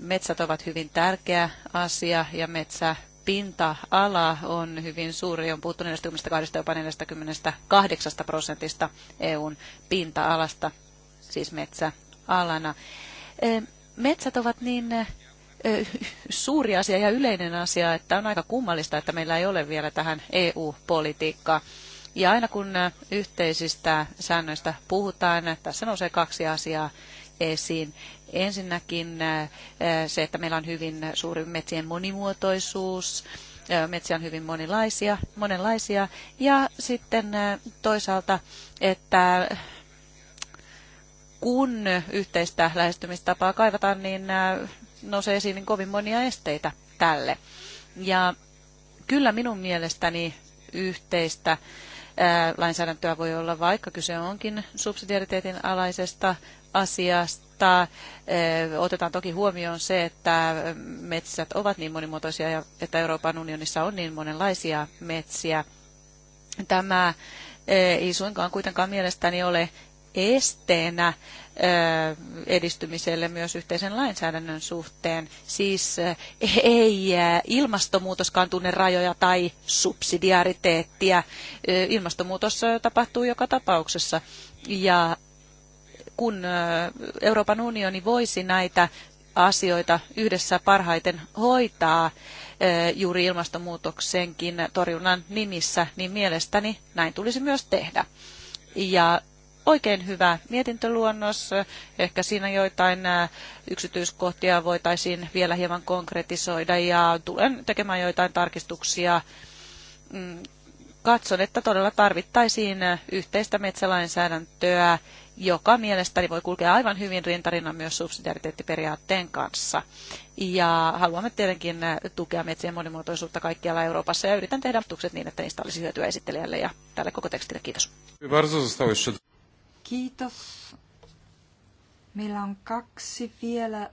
metsät ovat hyvin tärkeä asia ja metsä pinta-ala on hyvin suuri, on puhuttu 42 jopa 48 prosentista EUn pinta-alasta, siis metsäalana. E, metsät ovat niin e, suuri asia ja yleinen asia, että on aika kummallista, että meillä ei ole vielä tähän EU-politiikkaa. Ja aina kun e, yhteisistä säännöistä puhutaan, tässä nousee kaksi asiaa esiin. Ensinnäkin äh, se, että meillä on hyvin suuri metsien monimuotoisuus, äh, metsiä on hyvin monilaisia, monenlaisia. Ja sitten äh, toisaalta, että kun yhteistä lähestymistapaa kaivataan, niin nousee esiin niin kovin monia esteitä tälle. Ja kyllä minun mielestäni yhteistä lainsäädäntöä voi olla, vaikka kyse onkin subsidiariteetin alaisesta asiasta. Otetaan toki huomioon se, että metsät ovat niin monimuotoisia ja että Euroopan unionissa on niin monenlaisia metsiä. Tämä ei suinkaan kuitenkaan mielestäni ole esteenä edistymiselle myös yhteisen lainsäädännön suhteen. Siis ei ilmastonmuutoskaan tunne rajoja tai subsidiariteettia. Ilmastonmuutos tapahtuu joka tapauksessa. Ja kun Euroopan unioni voisi näitä asioita yhdessä parhaiten hoitaa juuri ilmastonmuutoksenkin torjunnan nimissä, niin mielestäni näin tulisi myös tehdä. Ja oikein hyvä mietintöluonnos. Ehkä siinä joitain yksityiskohtia voitaisiin vielä hieman konkretisoida ja tulen tekemään joitain tarkistuksia. Mm, katson, että todella tarvittaisiin yhteistä metsälainsäädäntöä, joka mielestäni voi kulkea aivan hyvin rintarinnan myös subsidiariteettiperiaatteen kanssa. Ja haluamme tietenkin tukea metsien monimuotoisuutta kaikkialla Euroopassa ja yritän tehdä tukset niin, että niistä olisi hyötyä esittelijälle ja tälle koko tekstille. Kiitos. Kiitos. Meillä on kaksi vielä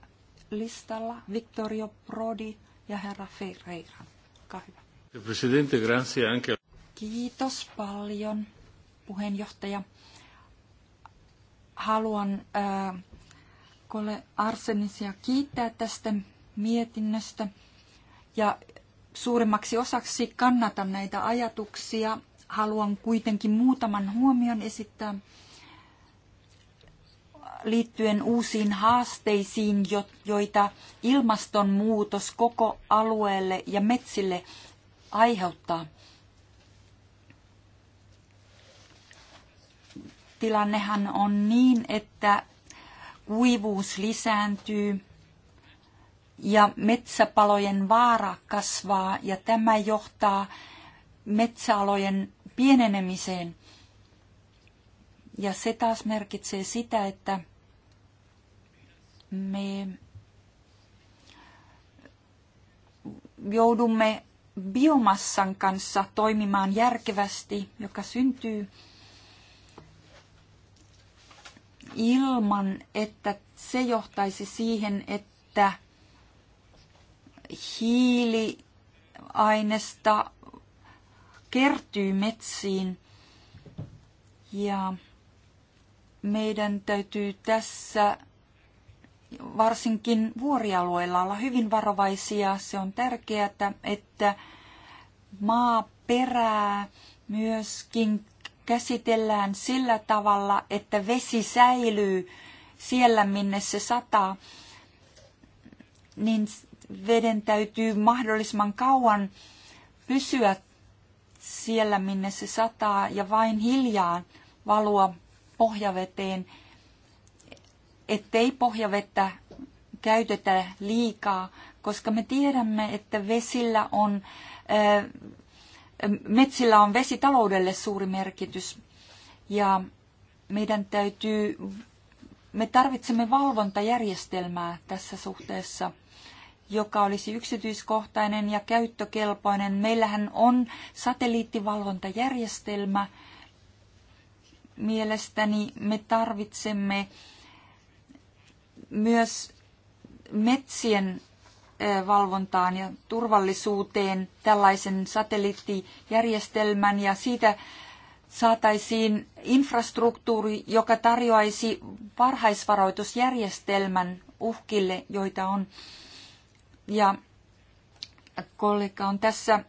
listalla. Victorio Prodi ja herra Ferreira. Olkaa hyvä. Presidente, grazie anche. Kiitos paljon, puheenjohtaja. Haluan ää, äh, Kole Arsenisia kiittää tästä mietinnöstä. Ja suurimmaksi osaksi kannatan näitä ajatuksia. Haluan kuitenkin muutaman huomion esittää liittyen uusiin haasteisiin, joita ilmastonmuutos koko alueelle ja metsille aiheuttaa. Tilannehan on niin, että kuivuus lisääntyy ja metsäpalojen vaara kasvaa ja tämä johtaa metsäalojen pienenemiseen – ja se taas merkitsee sitä, että me joudumme biomassan kanssa toimimaan järkevästi, joka syntyy ilman, että se johtaisi siihen, että hiiliainesta kertyy metsiin ja meidän täytyy tässä varsinkin vuorialueilla olla hyvin varovaisia. Se on tärkeää, että maaperää myöskin käsitellään sillä tavalla, että vesi säilyy siellä, minne se sataa, niin veden täytyy mahdollisimman kauan pysyä siellä, minne se sataa ja vain hiljaa valua pohjaveteen, ettei pohjavettä käytetä liikaa, koska me tiedämme, että vesillä on, metsillä on vesitaloudelle suuri merkitys. Ja meidän täytyy, me tarvitsemme valvontajärjestelmää tässä suhteessa, joka olisi yksityiskohtainen ja käyttökelpoinen. Meillähän on satelliittivalvontajärjestelmä, mielestäni me tarvitsemme myös metsien valvontaan ja turvallisuuteen tällaisen satelliittijärjestelmän ja siitä saataisiin infrastruktuuri, joka tarjoaisi varhaisvaroitusjärjestelmän uhkille, joita on. Ja kollega on tässä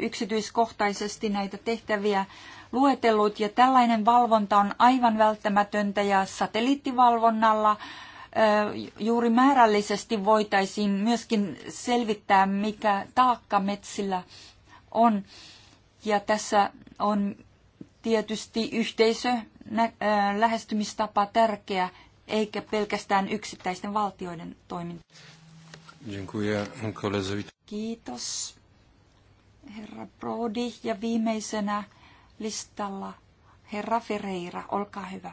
yksityiskohtaisesti näitä tehtäviä luetellut. Ja tällainen valvonta on aivan välttämätöntä ja satelliittivalvonnalla juuri määrällisesti voitaisiin myöskin selvittää, mikä taakka metsillä on. Ja tässä on tietysti yhteisö lähestymistapa tärkeä, eikä pelkästään yksittäisten valtioiden toiminta. Kiitos, herra Brody. Ja viimeisenä listalla herra Ferreira. Olkaa hyvä.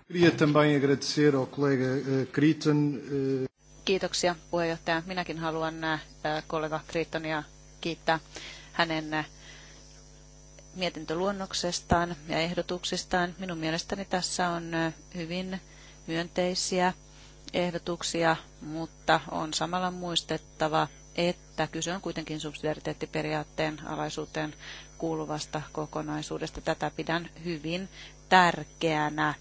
Kiitoksia puheenjohtaja. Minäkin haluan äh, kollega Kriittonia kiittää hänen äh, mietintöluonnoksestaan ja ehdotuksistaan. Minun mielestäni tässä on äh, hyvin myönteisiä ehdotuksia, mutta on samalla muistettava, että kyse on kuitenkin subsidiariteettiperiaatteen alaisuuteen kuuluvasta kokonaisuudesta. Tätä pidän hyvin tärkeänä.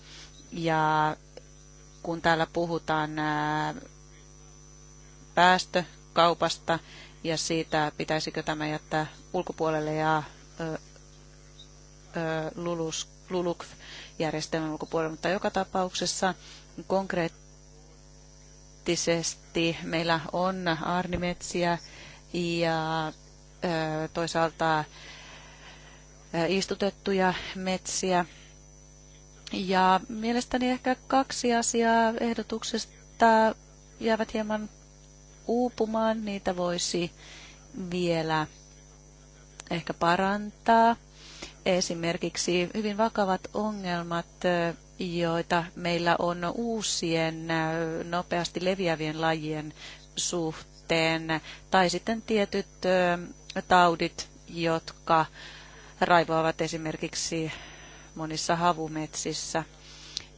Ja kun täällä puhutaan päästökaupasta ja siitä, pitäisikö tämä jättää ulkopuolelle ja LULUS, LULUK-järjestelmän ulkopuolelle, mutta joka tapauksessa konkreettisesti meillä on arnimetsiä ja toisaalta istutettuja metsiä. Ja mielestäni ehkä kaksi asiaa ehdotuksesta jäävät hieman uupumaan. Niitä voisi vielä ehkä parantaa. Esimerkiksi hyvin vakavat ongelmat, joita meillä on uusien nopeasti leviävien lajien suhteen, tai sitten tietyt taudit, jotka raivoavat esimerkiksi monissa havumetsissä.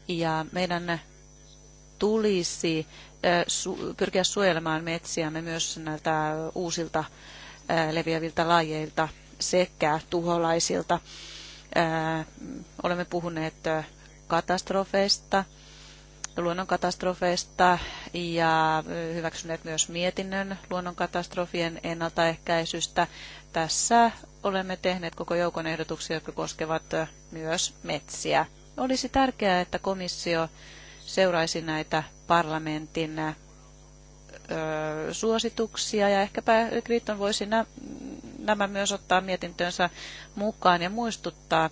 Ja meidän tulisi pyrkiä suojelemaan metsiämme myös näiltä uusilta leviäviltä lajeilta sekä tuholaisilta. Olemme puhuneet katastrofeista, luonnonkatastrofeista ja hyväksyneet myös mietinnön luonnonkatastrofien ennaltaehkäisystä tässä olemme tehneet koko joukon ehdotuksia, jotka koskevat myös metsiä. Olisi tärkeää, että komissio seuraisi näitä parlamentin suosituksia ja ehkäpä Kriton voisi nämä myös ottaa mietintönsä mukaan ja muistuttaa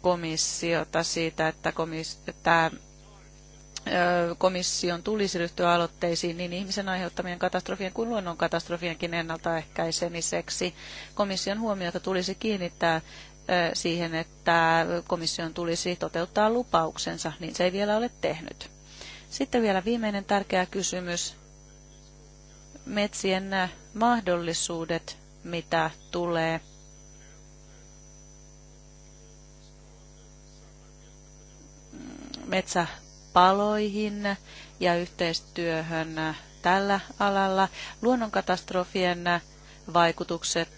komissiota siitä, että komis- tämä komission tulisi ryhtyä aloitteisiin niin ihmisen aiheuttamien katastrofien kuin luonnonkatastrofienkin ennaltaehkäisemiseksi. Komission huomiota tulisi kiinnittää siihen, että komission tulisi toteuttaa lupauksensa, niin se ei vielä ole tehnyt. Sitten vielä viimeinen tärkeä kysymys. Metsien mahdollisuudet, mitä tulee metsä paloihin ja yhteistyöhön tällä alalla. Luonnonkatastrofien vaikutukset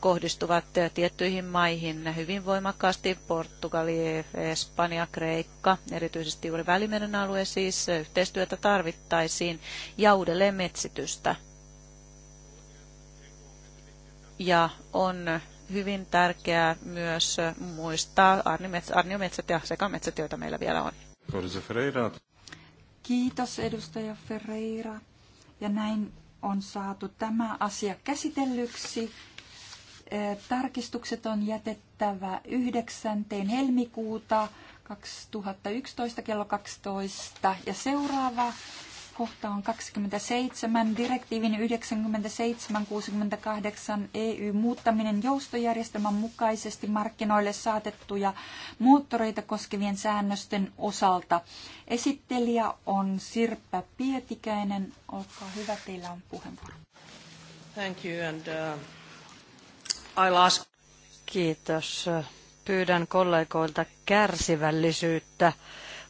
kohdistuvat tiettyihin maihin hyvin voimakkaasti. Portugali, Espanja, Kreikka, erityisesti juuri Välimeren alue siis. Yhteistyötä tarvittaisiin ja uudelleen metsitystä. Ja on hyvin tärkeää myös muistaa arniometsät ja sekametsät, joita meillä vielä on. Kiitos edustaja Ferreira. Ja näin on saatu tämä asia käsitellyksi. Tarkistukset on jätettävä 9. helmikuuta 2011 kello 12 ja seuraava kohta on 27. Direktiivin 68 EU muuttaminen joustojärjestelmän mukaisesti markkinoille saatettuja moottoreita koskevien säännösten osalta. Esittelijä on Sirpa Pietikäinen. Olkaa hyvä, teillä on puheenvuoro. Thank you and, uh, I'll ask... Kiitos. Pyydän kollegoilta kärsivällisyyttä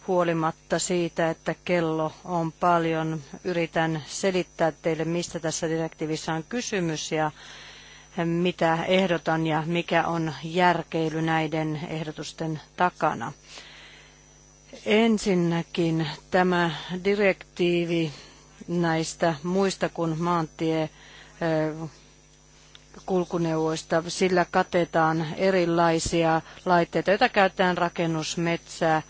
huolimatta siitä, että kello on paljon. Yritän selittää teille, mistä tässä direktiivissä on kysymys ja mitä ehdotan ja mikä on järkeily näiden ehdotusten takana. Ensinnäkin tämä direktiivi näistä muista kuin maantie kulkuneuvoista. Sillä katetaan erilaisia laitteita, joita käytetään rakennus, metsä,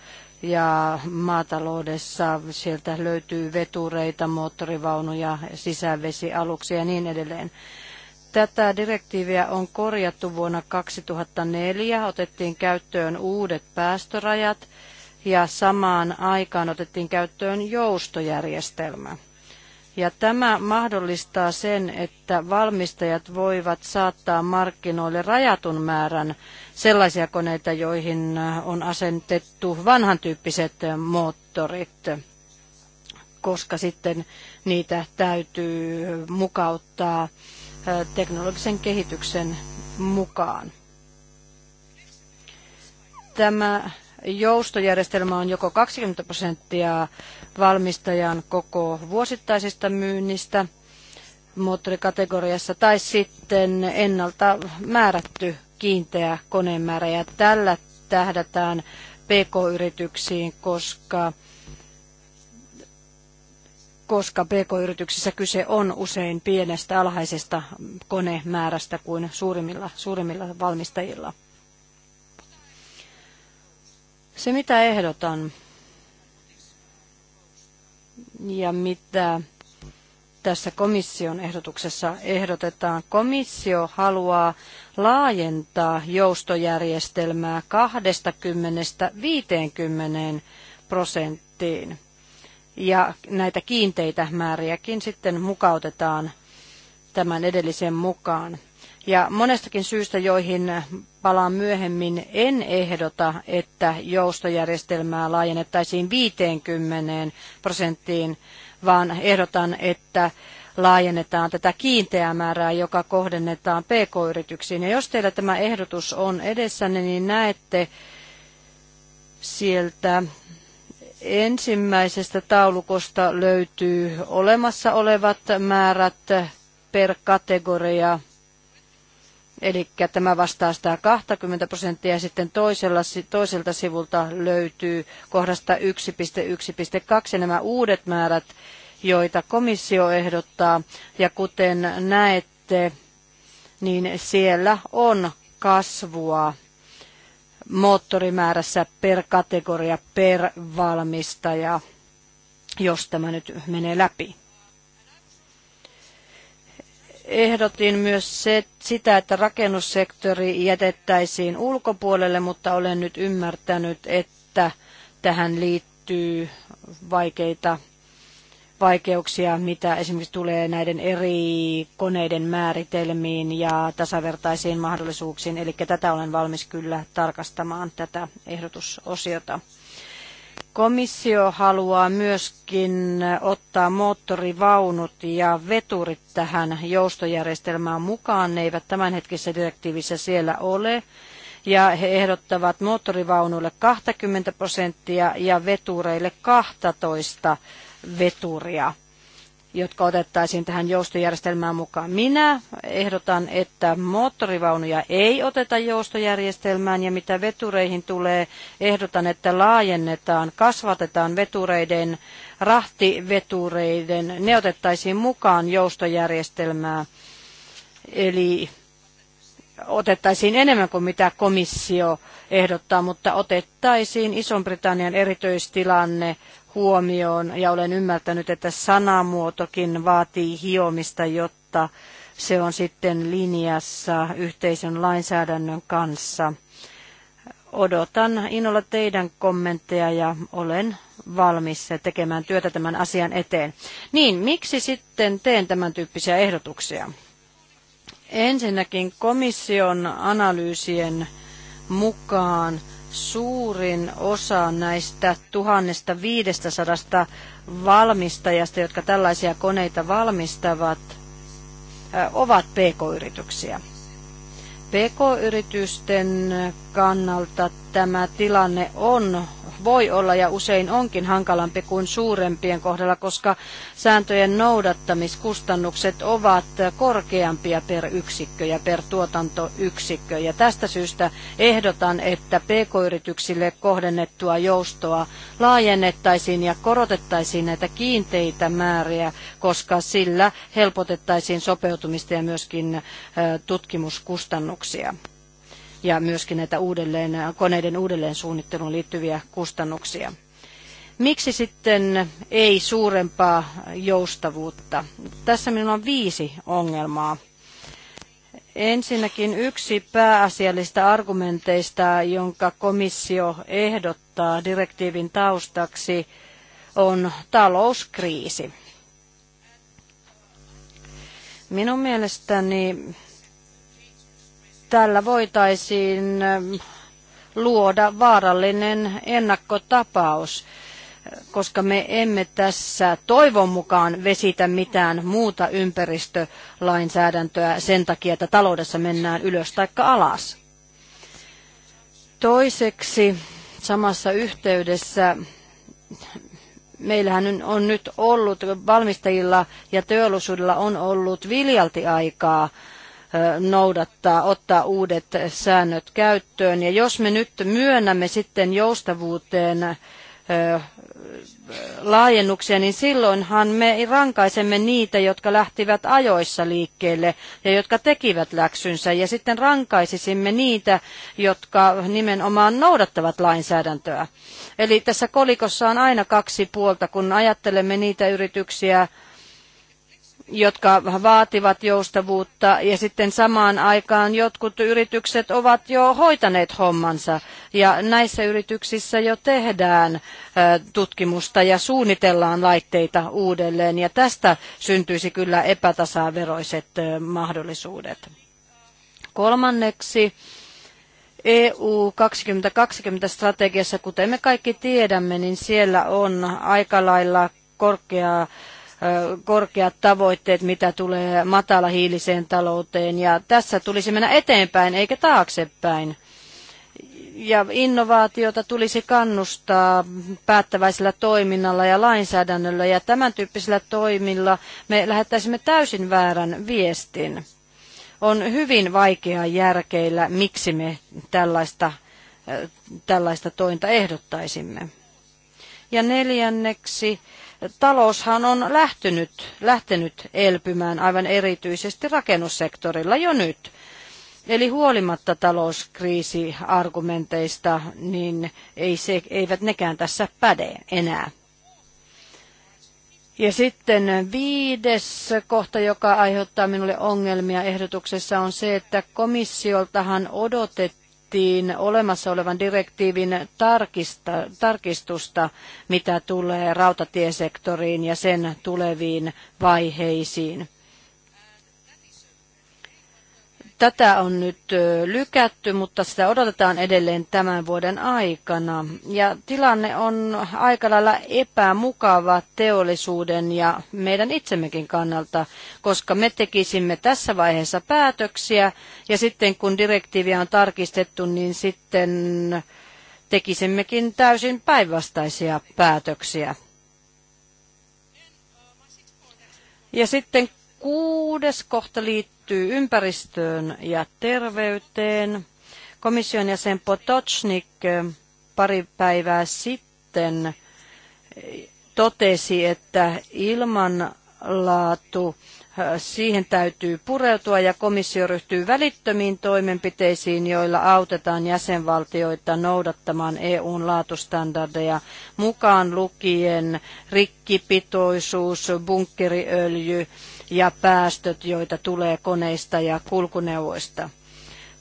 ja maataloudessa sieltä löytyy vetureita, moottorivaunuja, sisävesialuksia ja niin edelleen. Tätä direktiiviä on korjattu vuonna 2004, otettiin käyttöön uudet päästörajat ja samaan aikaan otettiin käyttöön joustojärjestelmä. Ja tämä mahdollistaa sen, että valmistajat voivat saattaa markkinoille rajatun määrän sellaisia koneita, joihin on asentettu vanhan tyyppiset moottorit, koska sitten niitä täytyy mukauttaa teknologisen kehityksen mukaan. Tämä joustojärjestelmä on joko 20 prosenttia valmistajan koko vuosittaisesta myynnistä moottorikategoriassa tai sitten ennalta määrätty kiinteä konemäärä ja tällä tähdätään pk-yrityksiin, koska koska pk-yrityksissä kyse on usein pienestä alhaisesta konemäärästä kuin suurimmilla, suurimmilla valmistajilla. Se mitä ehdotan ja mitä tässä komission ehdotuksessa ehdotetaan. Komissio haluaa laajentaa joustojärjestelmää 20-50 prosenttiin. Ja näitä kiinteitä määriäkin sitten mukautetaan tämän edellisen mukaan. Ja monestakin syystä, joihin palaan myöhemmin, en ehdota, että joustojärjestelmää laajennettaisiin 50 prosenttiin, vaan ehdotan, että laajennetaan tätä kiinteää määrää, joka kohdennetaan pk-yrityksiin. Ja jos teillä tämä ehdotus on edessänne, niin näette sieltä ensimmäisestä taulukosta löytyy olemassa olevat määrät per kategoria – Eli tämä vastaa 20 prosenttia ja sitten toisella, toiselta sivulta löytyy kohdasta 1.1.2 nämä uudet määrät, joita komissio ehdottaa. Ja kuten näette, niin siellä on kasvua moottorimäärässä per kategoria per valmistaja, jos tämä nyt menee läpi. Ehdotin myös se, sitä, että rakennussektori jätettäisiin ulkopuolelle, mutta olen nyt ymmärtänyt, että tähän liittyy vaikeita vaikeuksia, mitä esimerkiksi tulee näiden eri koneiden määritelmiin ja tasavertaisiin mahdollisuuksiin. Eli tätä olen valmis kyllä tarkastamaan, tätä ehdotusosiota. Komissio haluaa myöskin ottaa moottorivaunut ja veturit tähän joustojärjestelmään mukaan. Ne eivät tämänhetkisessä direktiivissä siellä ole. Ja he ehdottavat moottorivaunuille 20 prosenttia ja vetureille 12 veturia jotka otettaisiin tähän joustojärjestelmään mukaan. Minä ehdotan, että moottorivaunuja ei oteta joustojärjestelmään ja mitä vetureihin tulee, ehdotan, että laajennetaan, kasvatetaan vetureiden, rahtivetureiden, ne otettaisiin mukaan joustojärjestelmään, Eli otettaisiin enemmän kuin mitä komissio ehdottaa, mutta otettaisiin Ison-Britannian erityistilanne huomioon ja olen ymmärtänyt, että sanamuotokin vaatii hiomista, jotta se on sitten linjassa yhteisön lainsäädännön kanssa. Odotan innolla teidän kommentteja ja olen valmis tekemään työtä tämän asian eteen. Niin, miksi sitten teen tämän tyyppisiä ehdotuksia? Ensinnäkin komission analyysien mukaan suurin osa näistä 1500 valmistajasta, jotka tällaisia koneita valmistavat, ovat pk-yrityksiä. PK-yritysten kannalta tämä tilanne on voi olla ja usein onkin hankalampi kuin suurempien kohdalla, koska sääntöjen noudattamiskustannukset ovat korkeampia per yksikkö ja per tuotantoyksikkö. Ja tästä syystä ehdotan, että pk-yrityksille kohdennettua joustoa laajennettaisiin ja korotettaisiin näitä kiinteitä määriä, koska sillä helpotettaisiin sopeutumista ja myöskin tutkimuskustannuksia ja myöskin näitä uudelleen, koneiden uudelleen suunnitteluun liittyviä kustannuksia. Miksi sitten ei suurempaa joustavuutta? Tässä minulla on viisi ongelmaa. Ensinnäkin yksi pääasiallista argumenteista, jonka komissio ehdottaa direktiivin taustaksi, on talouskriisi. Minun mielestäni Tällä voitaisiin ähm, luoda vaarallinen ennakkotapaus, koska me emme tässä toivon mukaan vesitä mitään muuta ympäristölainsäädäntöä sen takia, että taloudessa mennään ylös tai alas. Toiseksi samassa yhteydessä meillähän on nyt ollut valmistajilla ja teollisuudella on ollut viljalti aikaa noudattaa, ottaa uudet säännöt käyttöön. Ja jos me nyt myönnämme sitten joustavuuteen laajennuksia, niin silloinhan me rankaisemme niitä, jotka lähtivät ajoissa liikkeelle ja jotka tekivät läksynsä. Ja sitten rankaisisimme niitä, jotka nimenomaan noudattavat lainsäädäntöä. Eli tässä kolikossa on aina kaksi puolta, kun ajattelemme niitä yrityksiä, jotka vaativat joustavuutta ja sitten samaan aikaan jotkut yritykset ovat jo hoitaneet hommansa ja näissä yrityksissä jo tehdään tutkimusta ja suunnitellaan laitteita uudelleen ja tästä syntyisi kyllä epätasaveroiset mahdollisuudet. Kolmanneksi EU 2020 strategiassa, kuten me kaikki tiedämme, niin siellä on aika lailla korkeaa korkeat tavoitteet, mitä tulee matalahiiliseen talouteen. Ja tässä tulisi mennä eteenpäin eikä taaksepäin. Ja innovaatiota tulisi kannustaa päättäväisellä toiminnalla ja lainsäädännöllä. Ja tämän tyyppisillä toimilla me lähettäisimme täysin väärän viestin. On hyvin vaikea järkeillä, miksi me tällaista, tällaista tointa ehdottaisimme. Ja neljänneksi taloushan on lähtenyt, lähtenyt elpymään aivan erityisesti rakennussektorilla jo nyt. Eli huolimatta talouskriisiargumenteista, niin ei se, eivät nekään tässä päde enää. Ja sitten viides kohta, joka aiheuttaa minulle ongelmia ehdotuksessa, on se, että komissioltahan odotettiin, ehdotettiin olemassa olevan direktiivin tarkista, tarkistusta, mitä tulee rautatiesektoriin ja sen tuleviin vaiheisiin. Tätä on nyt lykätty, mutta sitä odotetaan edelleen tämän vuoden aikana. Ja tilanne on aika lailla epämukava teollisuuden ja meidän itsemmekin kannalta, koska me tekisimme tässä vaiheessa päätöksiä ja sitten kun direktiiviä on tarkistettu, niin sitten tekisimmekin täysin päinvastaisia päätöksiä. Ja sitten kuudes kohta liittyy liittyy ympäristöön ja terveyteen. Komission jäsen Potocnik eh, pari päivää sitten eh, totesi, että ilmanlaatu eh, siihen täytyy pureutua ja komissio ryhtyy välittömiin toimenpiteisiin, joilla autetaan jäsenvaltioita noudattamaan EUn laatustandardeja mukaan lukien rikkipitoisuus, bunkkeriöljy, ja päästöt, joita tulee koneista ja kulkuneuvoista.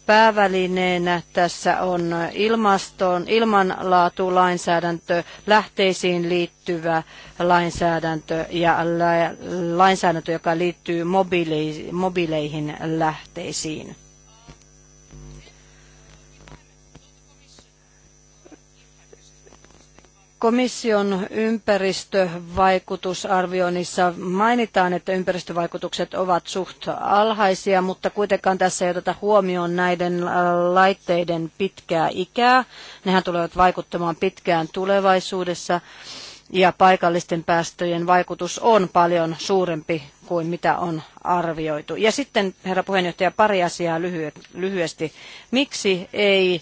Päävälineenä tässä on ilmaston, ilmanlaatulainsäädäntö, lähteisiin liittyvä lainsäädäntö ja lainsäädäntö, joka liittyy mobiileihin lähteisiin. Komission ympäristövaikutusarvioinnissa mainitaan, että ympäristövaikutukset ovat suht alhaisia, mutta kuitenkaan tässä ei oteta huomioon näiden äh, laitteiden pitkää ikää. Nehän tulevat vaikuttamaan pitkään tulevaisuudessa ja paikallisten päästöjen vaikutus on paljon suurempi kuin mitä on arvioitu. Ja sitten, herra puheenjohtaja, pari asiaa lyhyesti. Miksi ei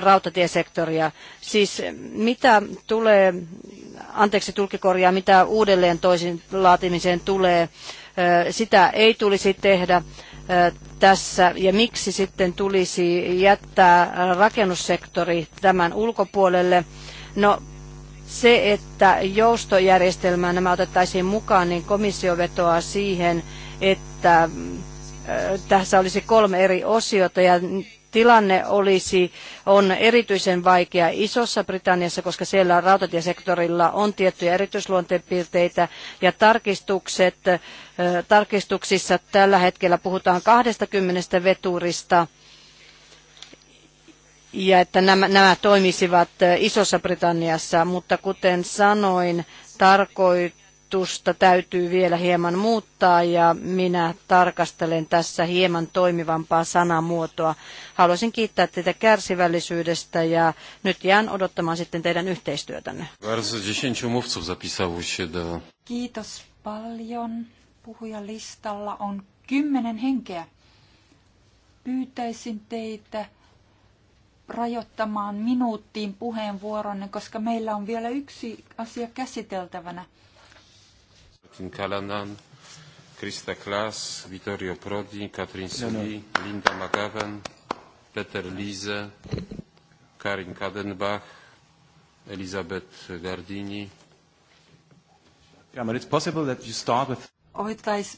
rautatiesektoria. Siis mitä tulee, anteeksi tulkikorjaa, mitä uudelleen toisin laatimiseen tulee, sitä ei tulisi tehdä tässä ja miksi sitten tulisi jättää rakennussektori tämän ulkopuolelle. No se, että joustojärjestelmään nämä otettaisiin mukaan, niin komissio vetoaa siihen, että tässä olisi kolme eri osiota ja tilanne olisi, on erityisen vaikea Isossa Britanniassa, koska siellä rautatiesektorilla on tiettyjä erityisluonteenpiirteitä ja tarkistukset, tarkistuksissa tällä hetkellä puhutaan 20 veturista ja että nämä, nämä toimisivat Isossa Britanniassa, mutta kuten sanoin, tarkoitus asetusta täytyy vielä hieman muuttaa ja minä tarkastelen tässä hieman toimivampaa sanamuotoa. Haluaisin kiittää teitä kärsivällisyydestä ja nyt jään odottamaan sitten teidän yhteistyötänne. Kiitos paljon. Puhujalistalla on kymmenen henkeä. Pyytäisin teitä rajoittamaan minuuttiin puheenvuoronne, koska meillä on vielä yksi asia käsiteltävänä. Martin Callanan, Krista Klaas, Vittorio Prodi, Katrin Sully, no, no. Linda McGavin, Peter Liese, Karin Kadenbach, Elisabeth Gardini. Yeah, it's possible that you start with...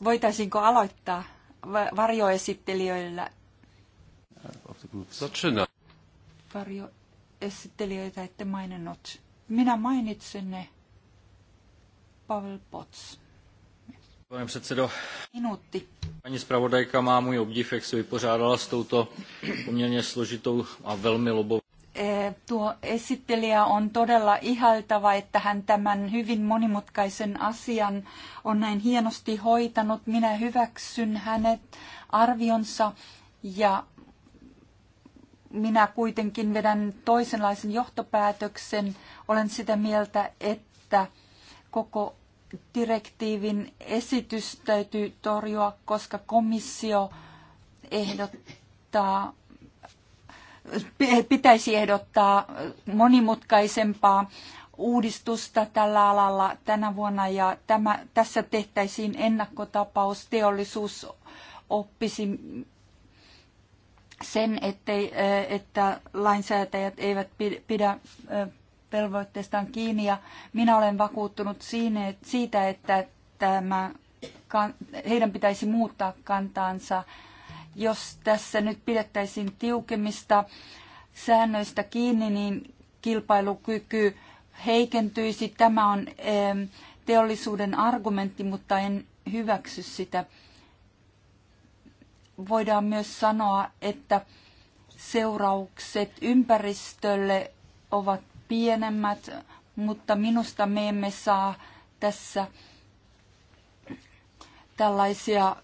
voitaisinko aloittaa varjoesittelijöillä? Uh, Zaczyna. Varjoesittelijöitä ette maininnut. Minä mainitsen ne. Pavel Potts. Pane předsedo, Minuutti. paní zpravodajka má můj obdiv, jak se vypořádala s touto poměrně složitou a velmi lobovou. E, tuo esittelijä on todella ihailtava, että hän tämän hyvin monimutkaisen asian on näin hienosti hoitanut. Minä hyväksyn hänet arvionsa ja minä kuitenkin vedän toisenlaisen johtopäätöksen. Olen sitä mieltä, että koko direktiivin esitys täytyy torjua, koska komissio ehdottaa, pitäisi ehdottaa monimutkaisempaa uudistusta tällä alalla tänä vuonna ja tämä, tässä tehtäisiin ennakkotapaus. Teollisuus oppisi sen, ettei, että lainsäätäjät eivät pidä velvoitteestaan kiinni ja minä olen vakuuttunut siitä, että tämä, heidän pitäisi muuttaa kantaansa. Jos tässä nyt pidettäisiin tiukemmista säännöistä kiinni, niin kilpailukyky heikentyisi. Tämä on teollisuuden argumentti, mutta en hyväksy sitä. Voidaan myös sanoa, että seuraukset ympäristölle ovat pienemmät, mutta minusta me emme saa tässä tällaisia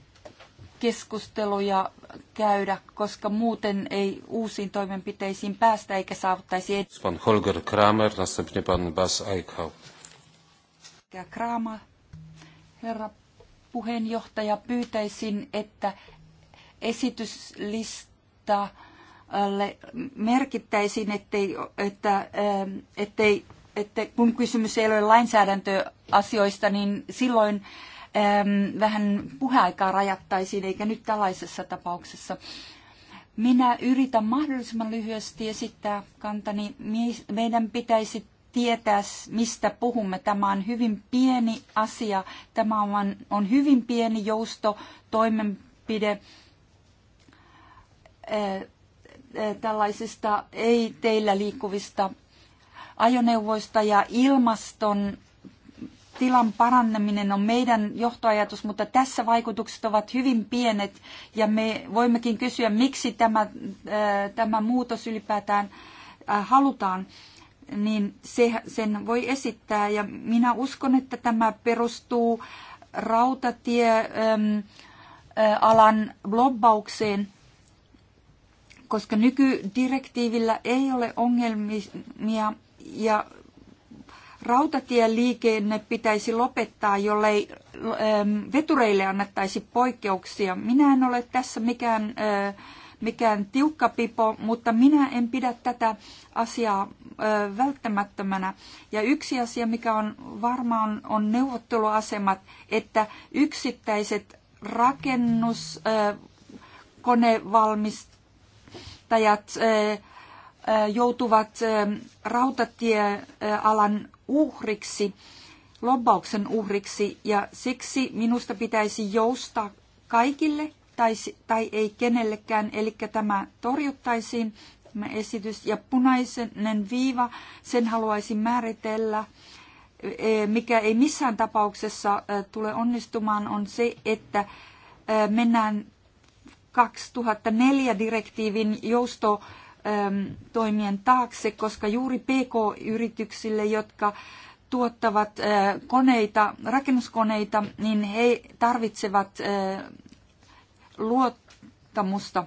keskusteluja käydä, koska muuten ei uusiin toimenpiteisiin päästä eikä saavuttaisi... Pan Holger Kramer, następnie pan Bas Aikau. Kramer, herra puheenjohtaja, pyytäisin, että esityslista merkittäisiin, ettei, että, ähm, ettei, että kun kysymys ei ole lainsäädäntöasioista, niin silloin ähm, vähän puheaikaa rajattaisiin, eikä nyt tällaisessa tapauksessa. Minä yritän mahdollisimman lyhyesti esittää kantani. Meidän pitäisi tietää, mistä puhumme. Tämä on hyvin pieni asia. Tämä on, on hyvin pieni jousto, toimenpide äh, tällaisista ei teillä liikkuvista ajoneuvoista ja ilmaston tilan paranneminen on meidän johtoajatus, mutta tässä vaikutukset ovat hyvin pienet ja me voimmekin kysyä, miksi tämä, tämä muutos ylipäätään halutaan, niin se, sen voi esittää. Ja minä uskon, että tämä perustuu rautatiealan blobbaukseen – koska nykydirektiivillä ei ole ongelmia ja rautatieliikenne pitäisi lopettaa, jollei ähm, vetureille annettaisi poikkeuksia. Minä en ole tässä mikään, äh, mikään tiukka pipo, mutta minä en pidä tätä asiaa äh, välttämättömänä. Ja yksi asia, mikä on varmaan on neuvotteluasemat, että yksittäiset rakennus äh, konevalmistajat kuljettajat joutuvat rautatiealan uhriksi, lobbauksen uhriksi ja siksi minusta pitäisi joustaa kaikille tai, tai ei kenellekään, eli tämä torjuttaisiin tämä esitys ja punainen viiva, sen haluaisin määritellä e, mikä ei missään tapauksessa tule onnistumaan, on se, että mennään 2004-direktiivin joustotoimien ähm, toimien taakse, koska juuri PK-yrityksille, jotka tuottavat äh, koneita, rakennuskoneita, niin he tarvitsevat äh, luottamusta.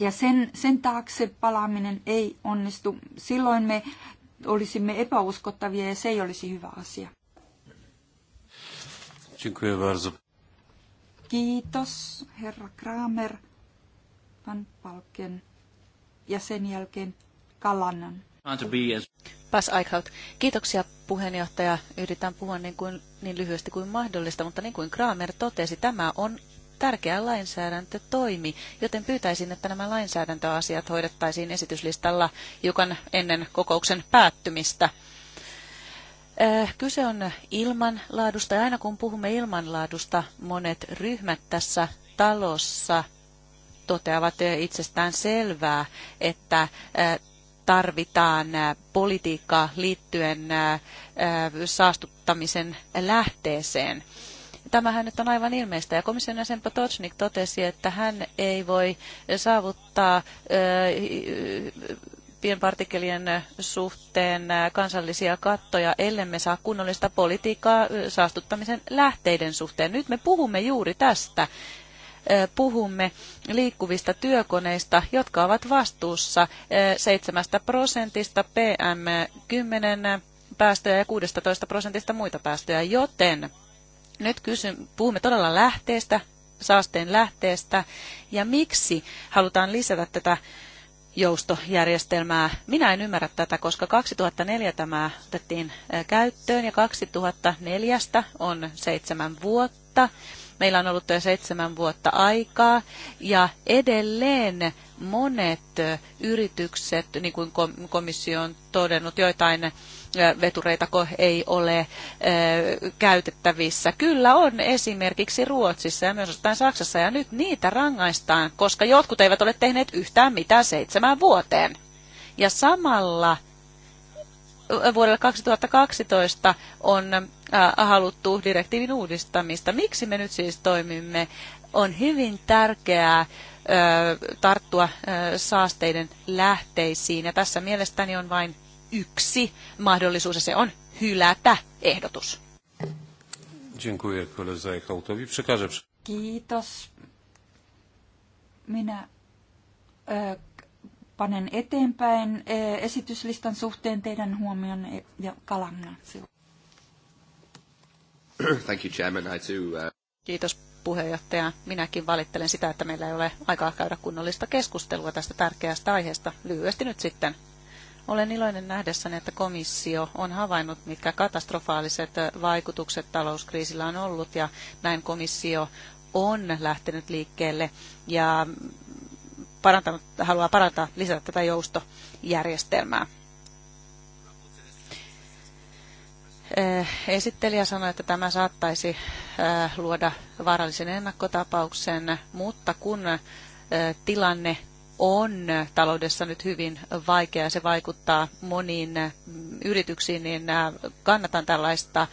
Ja sen, sen taakse palaaminen ei onnistu. Silloin me olisimme epäuskottavia ja se ei olisi hyvä asia. Dziękuję bardzo. Kiitos, herra Kramer, Van Palken ja sen jälkeen Kalannan. Pas Eichhout. Kiitoksia puheenjohtaja. Yritän puhua niin, kuin, niin lyhyesti kuin mahdollista, mutta niin kuin Kramer totesi, tämä on tärkeä lainsäädäntötoimi, joten pyytäisin, että nämä lainsäädäntöasiat hoidettaisiin esityslistalla hiukan ennen kokouksen päättymistä. Äh, kyse on ilmanlaadusta ja aina kun puhumme ilmanlaadusta, monet ryhmät tässä talossa toteavat äh, itsestään selvää, että äh, tarvitaan politiikkaa liittyen saastuttamisen lähteeseen. Tämähän nyt on aivan ilmeistä ja komission jäsen Potocnik totesi, että hän ei voi saavuttaa pienpartikkelien suhteen kansallisia kattoja, me saa kunnollista politiikkaa saastuttamisen lähteiden suhteen. Nyt me puhumme juuri tästä puhumme liikkuvista työkoneista, jotka ovat vastuussa 7 prosentista PM10 päästöjä ja 16 prosentista muita päästöjä, joten nyt kysyn, puhumme todella lähteestä, saasteen lähteestä, ja miksi halutaan lisätä tätä joustojärjestelmää. Minä en ymmärrä tätä, koska 2004 tämä otettiin käyttöön ja 2004 on seitsemän vuotta. Meillä on ollut jo seitsemän vuotta aikaa ja edelleen monet yritykset, niin kuin komissio on todennut, joitain vetureita ei ole käytettävissä. Kyllä on esimerkiksi Ruotsissa ja myös osittain Saksassa ja nyt niitä rangaistaan, koska jotkut eivät ole tehneet yhtään mitään seitsemän vuoteen. Ja samalla vuodelle 2012 on haluttu direktiivin uudistamista. Miksi me nyt siis toimimme? On hyvin tärkeää tarttua saasteiden lähteisiin. Ja tässä mielestäni on vain yksi mahdollisuus ja se on hylätä ehdotus. Kiitos. Minä ö, panen eteenpäin ö, esityslistan suhteen teidän huomion ja kalangan. Thank you, Chairman. I too, uh... Kiitos puheenjohtaja. Minäkin valittelen sitä, että meillä ei ole aikaa käydä kunnollista keskustelua tästä tärkeästä aiheesta. Lyhyesti nyt sitten olen iloinen nähdessäni, että komissio on havainnut, mitkä katastrofaaliset vaikutukset talouskriisillä on ollut ja näin komissio on lähtenyt liikkeelle ja haluaa parantaa, lisätä tätä joustojärjestelmää. Esittelijä sanoi, että tämä saattaisi luoda vaarallisen ennakkotapauksen, mutta kun tilanne on taloudessa nyt hyvin vaikea ja se vaikuttaa moniin mm, yrityksiin, niin äh, kannatan tällaista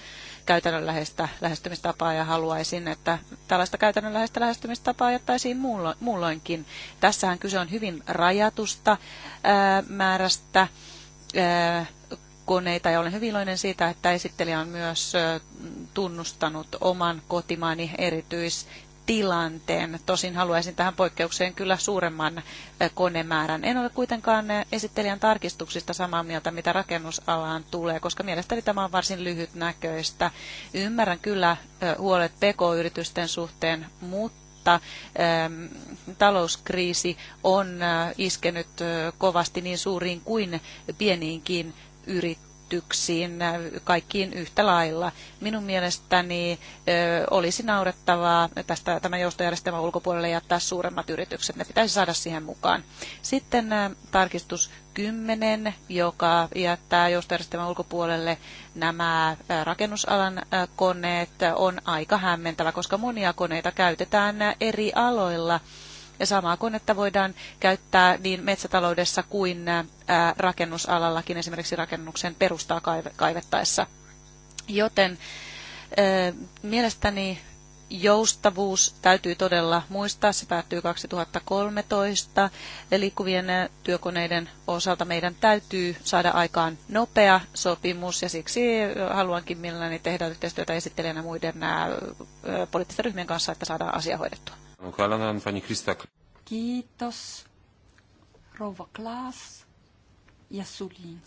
käytännönläheistä lähestymistapaa ja haluaisin, että tällaista käytännönläheistä lähestymistapaa jättäisiin muulloinkin. Tässähän kyse on hyvin rajatusta äh, määrästä äh, koneita ja olen hyvin iloinen siitä, että esittelijä on myös tunnustanut oman kotimaani erityis tilanteen. Tosin haluaisin tähän poikkeukseen kyllä suuremman eh, konemäärän. En ole kuitenkaan eh, esittelijän tarkistuksista samaa mieltä, mitä rakennusalaan tulee, koska mielestäni tämä on varsin lyhytnäköistä. Ymmärrän kyllä eh, huolet PK-yritysten suhteen, mutta ehm, talouskriisi on iskenyt kovasti niin suuriin kuin pieniinkin yrittäjiin yrityksiin äh, kaikkiin yhtä lailla. Minun mielestäni olisi naurettavaa tästä tämän joustojärjestelmän ulkopuolelle jättää suuremmat yritykset. Ne pitäisi saada siihen mukaan. Sitten äh, tarkistus 10, joka jättää joustojärjestelmän ulkopuolelle nämä äh, rakennusalan koneet, on aika hämmentävä, koska monia koneita käytetään eri aloilla – ja samaa konetta voidaan käyttää niin metsätaloudessa kuin rakennusalallakin, esimerkiksi rakennuksen perustaa kaivettaessa. Joten mielestäni joustavuus täytyy todella muistaa. Se päättyy 2013. Liikkuvien työkoneiden osalta meidän täytyy saada aikaan nopea sopimus ja siksi haluankin mielelläni tehdä yhteistyötä esittelijänä muiden poliittisten ryhmien kanssa, että saadaan asia hoidettua. Kiitos. Rouva Klaas ja Sulin.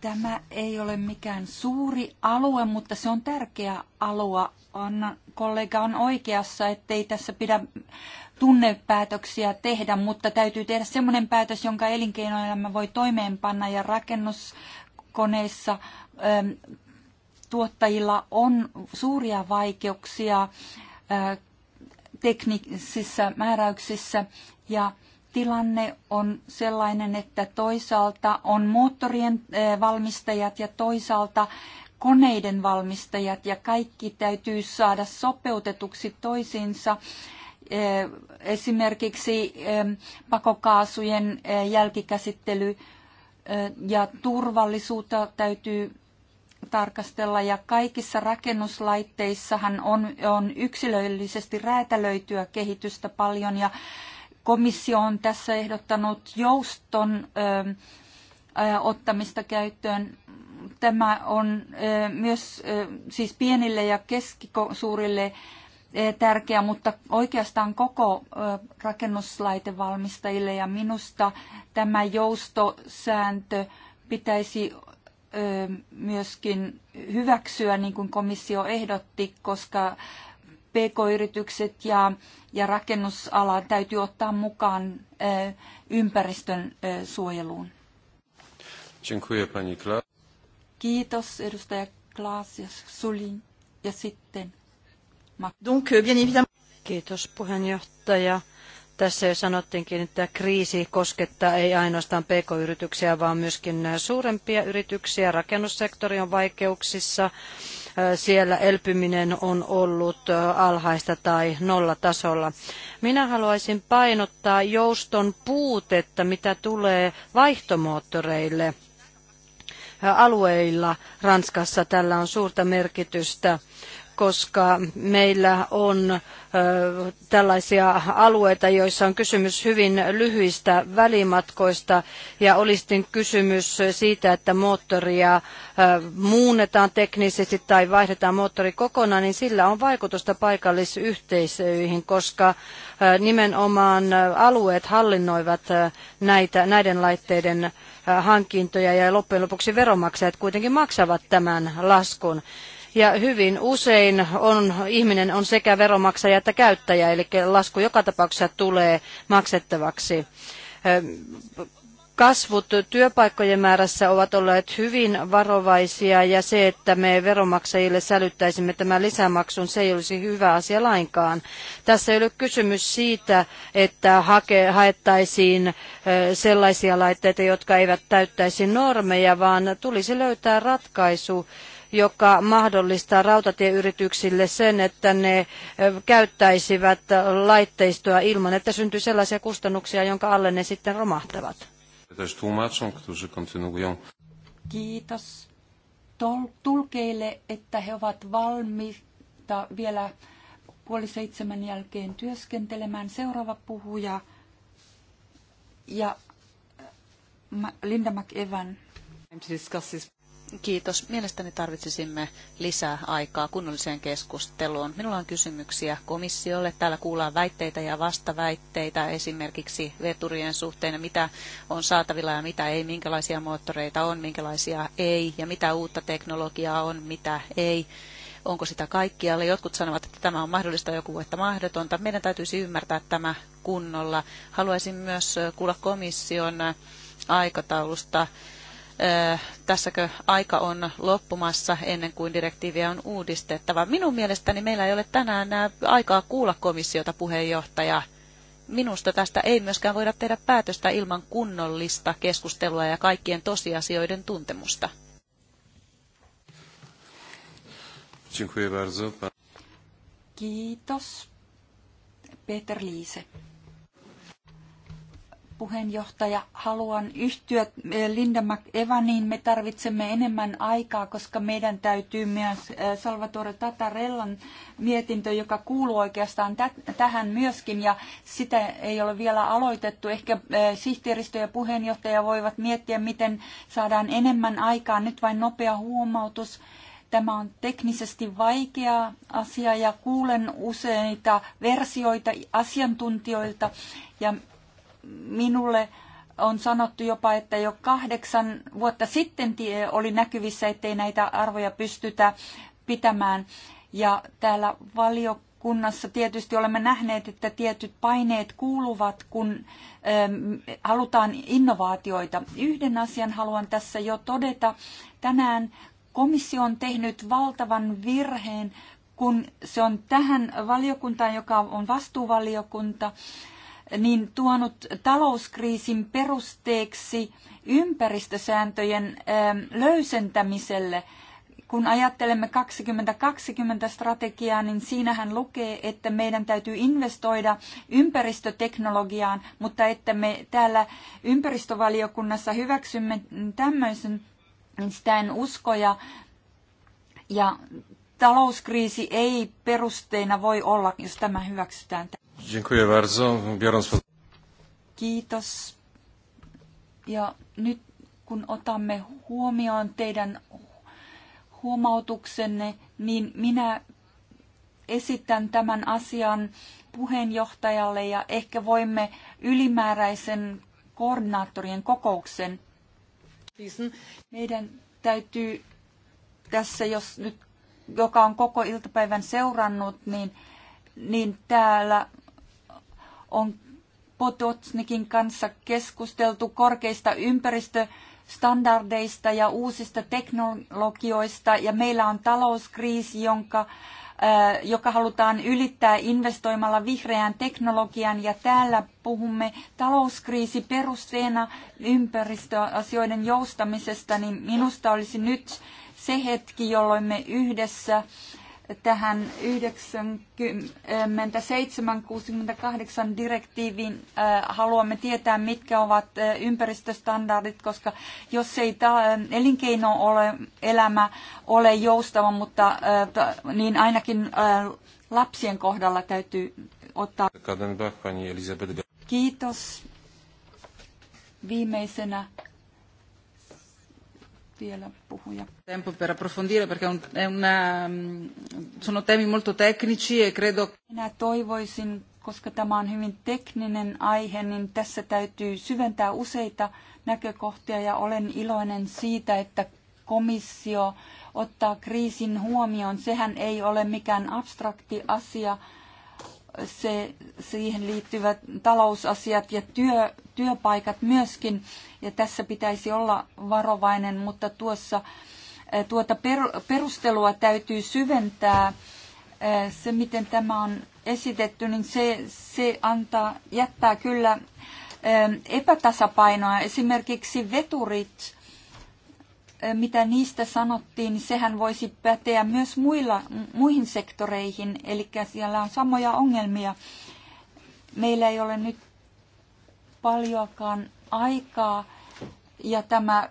Tämä ei ole mikään suuri alue, mutta se on tärkeä alue. Anna, kollega on oikeassa, ettei tässä pidä tunnepäätöksiä tehdä, mutta täytyy tehdä semmoinen päätös, jonka elinkeinoelämä voi toimeenpanna ja rakennuskoneissa tuottajilla on suuria vaikeuksia teknisissä määräyksissä ja tilanne on sellainen, että toisaalta on moottorien eh, valmistajat ja toisaalta koneiden valmistajat ja kaikki täytyy saada sopeutetuksi toisiinsa. Eh, esimerkiksi eh, pakokaasujen jälkikäsittely ja turvallisuutta täytyy tarkastella ja kaikissa rakennuslaitteissahan on, on yksilöllisesti räätälöityä kehitystä paljon ja komissio on tässä ehdottanut jouston ö, ö, ottamista käyttöön. Tämä on ö, myös ö, siis pienille ja keskisuurille tärkeä, mutta oikeastaan koko rakennuslaitevalmistajille ja minusta tämä joustosääntö pitäisi myöskin hyväksyä, niin kuin komissio ehdotti, koska PK-yritykset ja, ja rakennusala täytyy ottaa mukaan ympäristön suojeluun. Kiitos, edustaja Klaas ja Sulin. Ja sitten... Kiitos, puheenjohtaja. Tässä jo sanottiinkin, että kriisi koskettaa ei ainoastaan pk-yrityksiä, vaan myöskin suurempia yrityksiä. Rakennussektori on vaikeuksissa siellä elpyminen on ollut alhaista tai nollatasolla. Minä haluaisin painottaa jouston puutetta, mitä tulee vaihtomoottoreille alueilla. Ranskassa tällä on suurta merkitystä koska meillä on tällaisia alueita, joissa on kysymys hyvin lyhyistä välimatkoista ja olisi kysymys siitä, että moottoria muunnetaan teknisesti tai vaihdetaan moottori kokonaan, niin sillä on vaikutusta paikallisyhteisöihin, koska nimenomaan alueet hallinnoivat näitä, näiden laitteiden hankintoja ja loppujen lopuksi veronmaksajat kuitenkin maksavat tämän laskun. Ja hyvin usein on, ihminen on sekä veromaksaja että käyttäjä, eli lasku joka tapauksessa tulee maksettavaksi kasvut työpaikkojen määrässä ovat olleet hyvin varovaisia ja se, että me veronmaksajille sälyttäisimme tämän lisämaksun, se ei olisi hyvä asia lainkaan. Tässä ei ole kysymys siitä, että hake, haettaisiin sellaisia laitteita, jotka eivät täyttäisi normeja, vaan tulisi löytää ratkaisu, joka mahdollistaa rautatieyrityksille sen, että ne käyttäisivät laitteistoa ilman, että syntyy sellaisia kustannuksia, jonka alle ne sitten romahtavat. Kiitos tulkeille, että he ovat valmiita vielä puoli seitsemän jälkeen työskentelemään. Seuraava puhuja ja äh, Linda McEvan. Kiitos. Mielestäni tarvitsisimme lisää aikaa kunnolliseen keskusteluun. Minulla on kysymyksiä komissiolle. Täällä kuullaan väitteitä ja vastaväitteitä esimerkiksi veturien suhteen, mitä on saatavilla ja mitä ei, minkälaisia moottoreita on, minkälaisia ei ja mitä uutta teknologiaa on, mitä ei. Onko sitä kaikkialla? Jotkut sanovat, että tämä on mahdollista, joku, että mahdotonta. Meidän täytyisi ymmärtää tämä kunnolla. Haluaisin myös kuulla komission aikataulusta Äh, tässäkö aika on loppumassa ennen kuin direktiiviä on uudistettava. Minun mielestäni meillä ei ole tänään äh, aikaa kuulla komissiota puheenjohtajaa. Minusta tästä ei myöskään voida tehdä päätöstä ilman kunnollista keskustelua ja kaikkien tosiasioiden tuntemusta. Kiitos. Peter Liise puheenjohtaja. Haluan yhtyä eh, Linda McEvaniin. Me tarvitsemme enemmän aikaa, koska meidän täytyy myös eh, Salvatore Tatarellan mietintö, joka kuuluu oikeastaan tähän myöskin, ja sitä ei ole vielä aloitettu. Ehkä eh, sihteeristö ja puheenjohtaja voivat miettiä, miten saadaan enemmän aikaa. Nyt vain nopea huomautus. Tämä on teknisesti vaikea asia ja kuulen useita versioita asiantuntijoilta ja Minulle on sanottu jopa, että jo kahdeksan vuotta sitten oli näkyvissä, ettei näitä arvoja pystytä pitämään. Ja täällä valiokunnassa tietysti olemme nähneet, että tietyt paineet kuuluvat, kun ähm, halutaan innovaatioita. Yhden asian haluan tässä jo todeta. Tänään komissio on tehnyt valtavan virheen, kun se on tähän valiokuntaan, joka on vastuuvaliokunta, niin tuonut talouskriisin perusteeksi ympäristösääntöjen ähm, löysentämiselle. Kun ajattelemme 2020 strategiaa, niin siinähän lukee, että meidän täytyy investoida ympäristöteknologiaan, mutta että me täällä ympäristövaliokunnassa hyväksymme tämmöisen, niin sitä en usko. Ja, ja talouskriisi ei perusteena voi olla, jos tämä hyväksytään. Dziękuję bardzo. Biorąc... Kiitos. Ja nyt kun otamme huomioon teidän huomautuksenne, niin minä esitän tämän asian puheenjohtajalle ja ehkä voimme ylimääräisen koordinaattorien kokouksen. Meidän täytyy tässä, jos nyt joka on koko iltapäivän seurannut, niin, niin täällä on Potocnikin kanssa keskusteltu korkeista ympäristöstandardeista ja uusista teknologioista ja meillä on talouskriisi, jonka äh, joka halutaan ylittää investoimalla vihreään teknologiaan ja täällä puhumme talouskriisi perusteena ympäristöasioiden joustamisesta, niin minusta olisi nyt se hetki, jolloin me yhdessä tähän 97-68 direktiiviin äh, haluamme tietää, mitkä ovat äh, ympäristöstandardit, koska jos ei äh, elinkeino ole, elämä ole joustava, mutta niin ainakin lapsien kohdalla täytyy ottaa. Kiitos. Viimeisenä vielä puhuja. Tempo per approfondire perché on, è una, mm, sono temi molto tecnici e credo... Minä toivoisin, koska tämä on hyvin tekninen aihe, niin tässä täytyy syventää useita näkökohtia ja olen iloinen siitä, että komissio ottaa kriisin huomioon. Sehän ei ole mikään abstrakti asia, se, siihen liittyvät talousasiat ja työ, työpaikat myöskin ja tässä pitäisi olla varovainen, mutta tuossa eh, tuota perustelua täytyy syventää. Eh, se, miten tämä on esitetty, niin se, se antaa, jättää kyllä eh, epätasapainoa. Esimerkiksi veturit, mitä niistä sanottiin, niin sehän voisi päteä myös muilla, muihin sektoreihin, eli siellä on samoja ongelmia. Meillä ei ole nyt paljoakaan aikaa ja tämä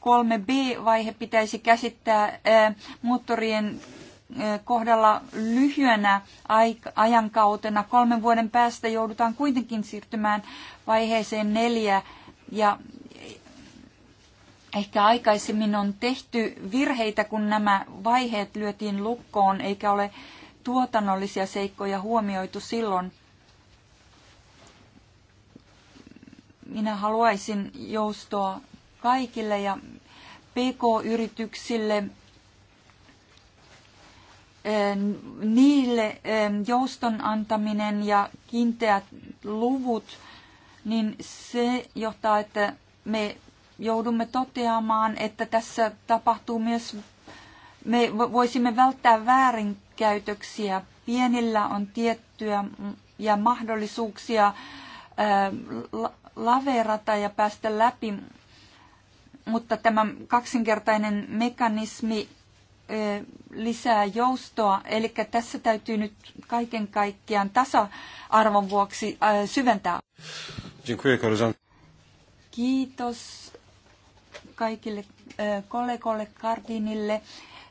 3B-vaihe pitäisi käsittää eh, moottorien eh, kohdalla lyhyenä ajankautena. Kolmen vuoden päästä joudutaan kuitenkin siirtymään vaiheeseen neljä ja ehkä aikaisemmin on tehty virheitä, kun nämä vaiheet lyötiin lukkoon eikä ole tuotannollisia seikkoja huomioitu silloin. Minä haluaisin joustoa kaikille ja PK-yrityksille eh, niille eh, jouston antaminen ja kiinteät luvut, niin se johtaa, että me joudumme toteamaan, että tässä tapahtuu myös, me voisimme välttää väärinkäytöksiä. Pienillä on tiettyjä ja mahdollisuuksia eh, laverata ja päästä läpi, mutta tämä kaksinkertainen mekanismi lisää joustoa. Eli tässä täytyy nyt kaiken kaikkiaan tasa-arvon vuoksi syventää. Kiitos kaikille kollegoille Kardinille.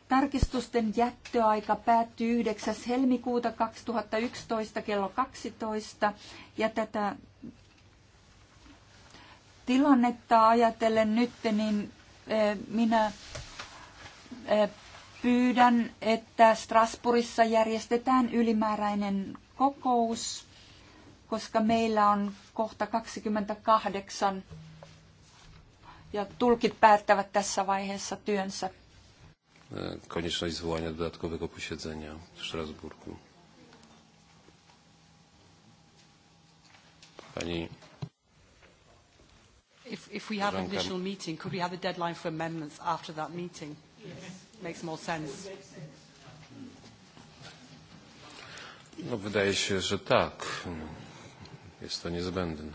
Tarkistusten jättöaika päättyy 9. helmikuuta 2011 kello 12 ja tätä tilannetta ajatellen nyt, niin minä pyydän, että Strasbourgissa järjestetään ylimääräinen kokous, koska meillä on kohta 28 ja tulkit päättävät tässä vaiheessa työnsä. E, konieczność zwołania dodatkowego posiedzenia w Strasburgu. Pani If, if we have an additional meeting, could we have a deadline for amendments after that meeting? Yes. Makes more sense. No, wydaje się, że tak. Jest to niezbędne.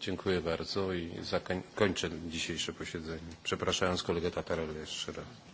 Dziękuję bardzo i zakończę dzisiejsze posiedzenie. Przepraszając kolegę Tatarela jeszcze raz.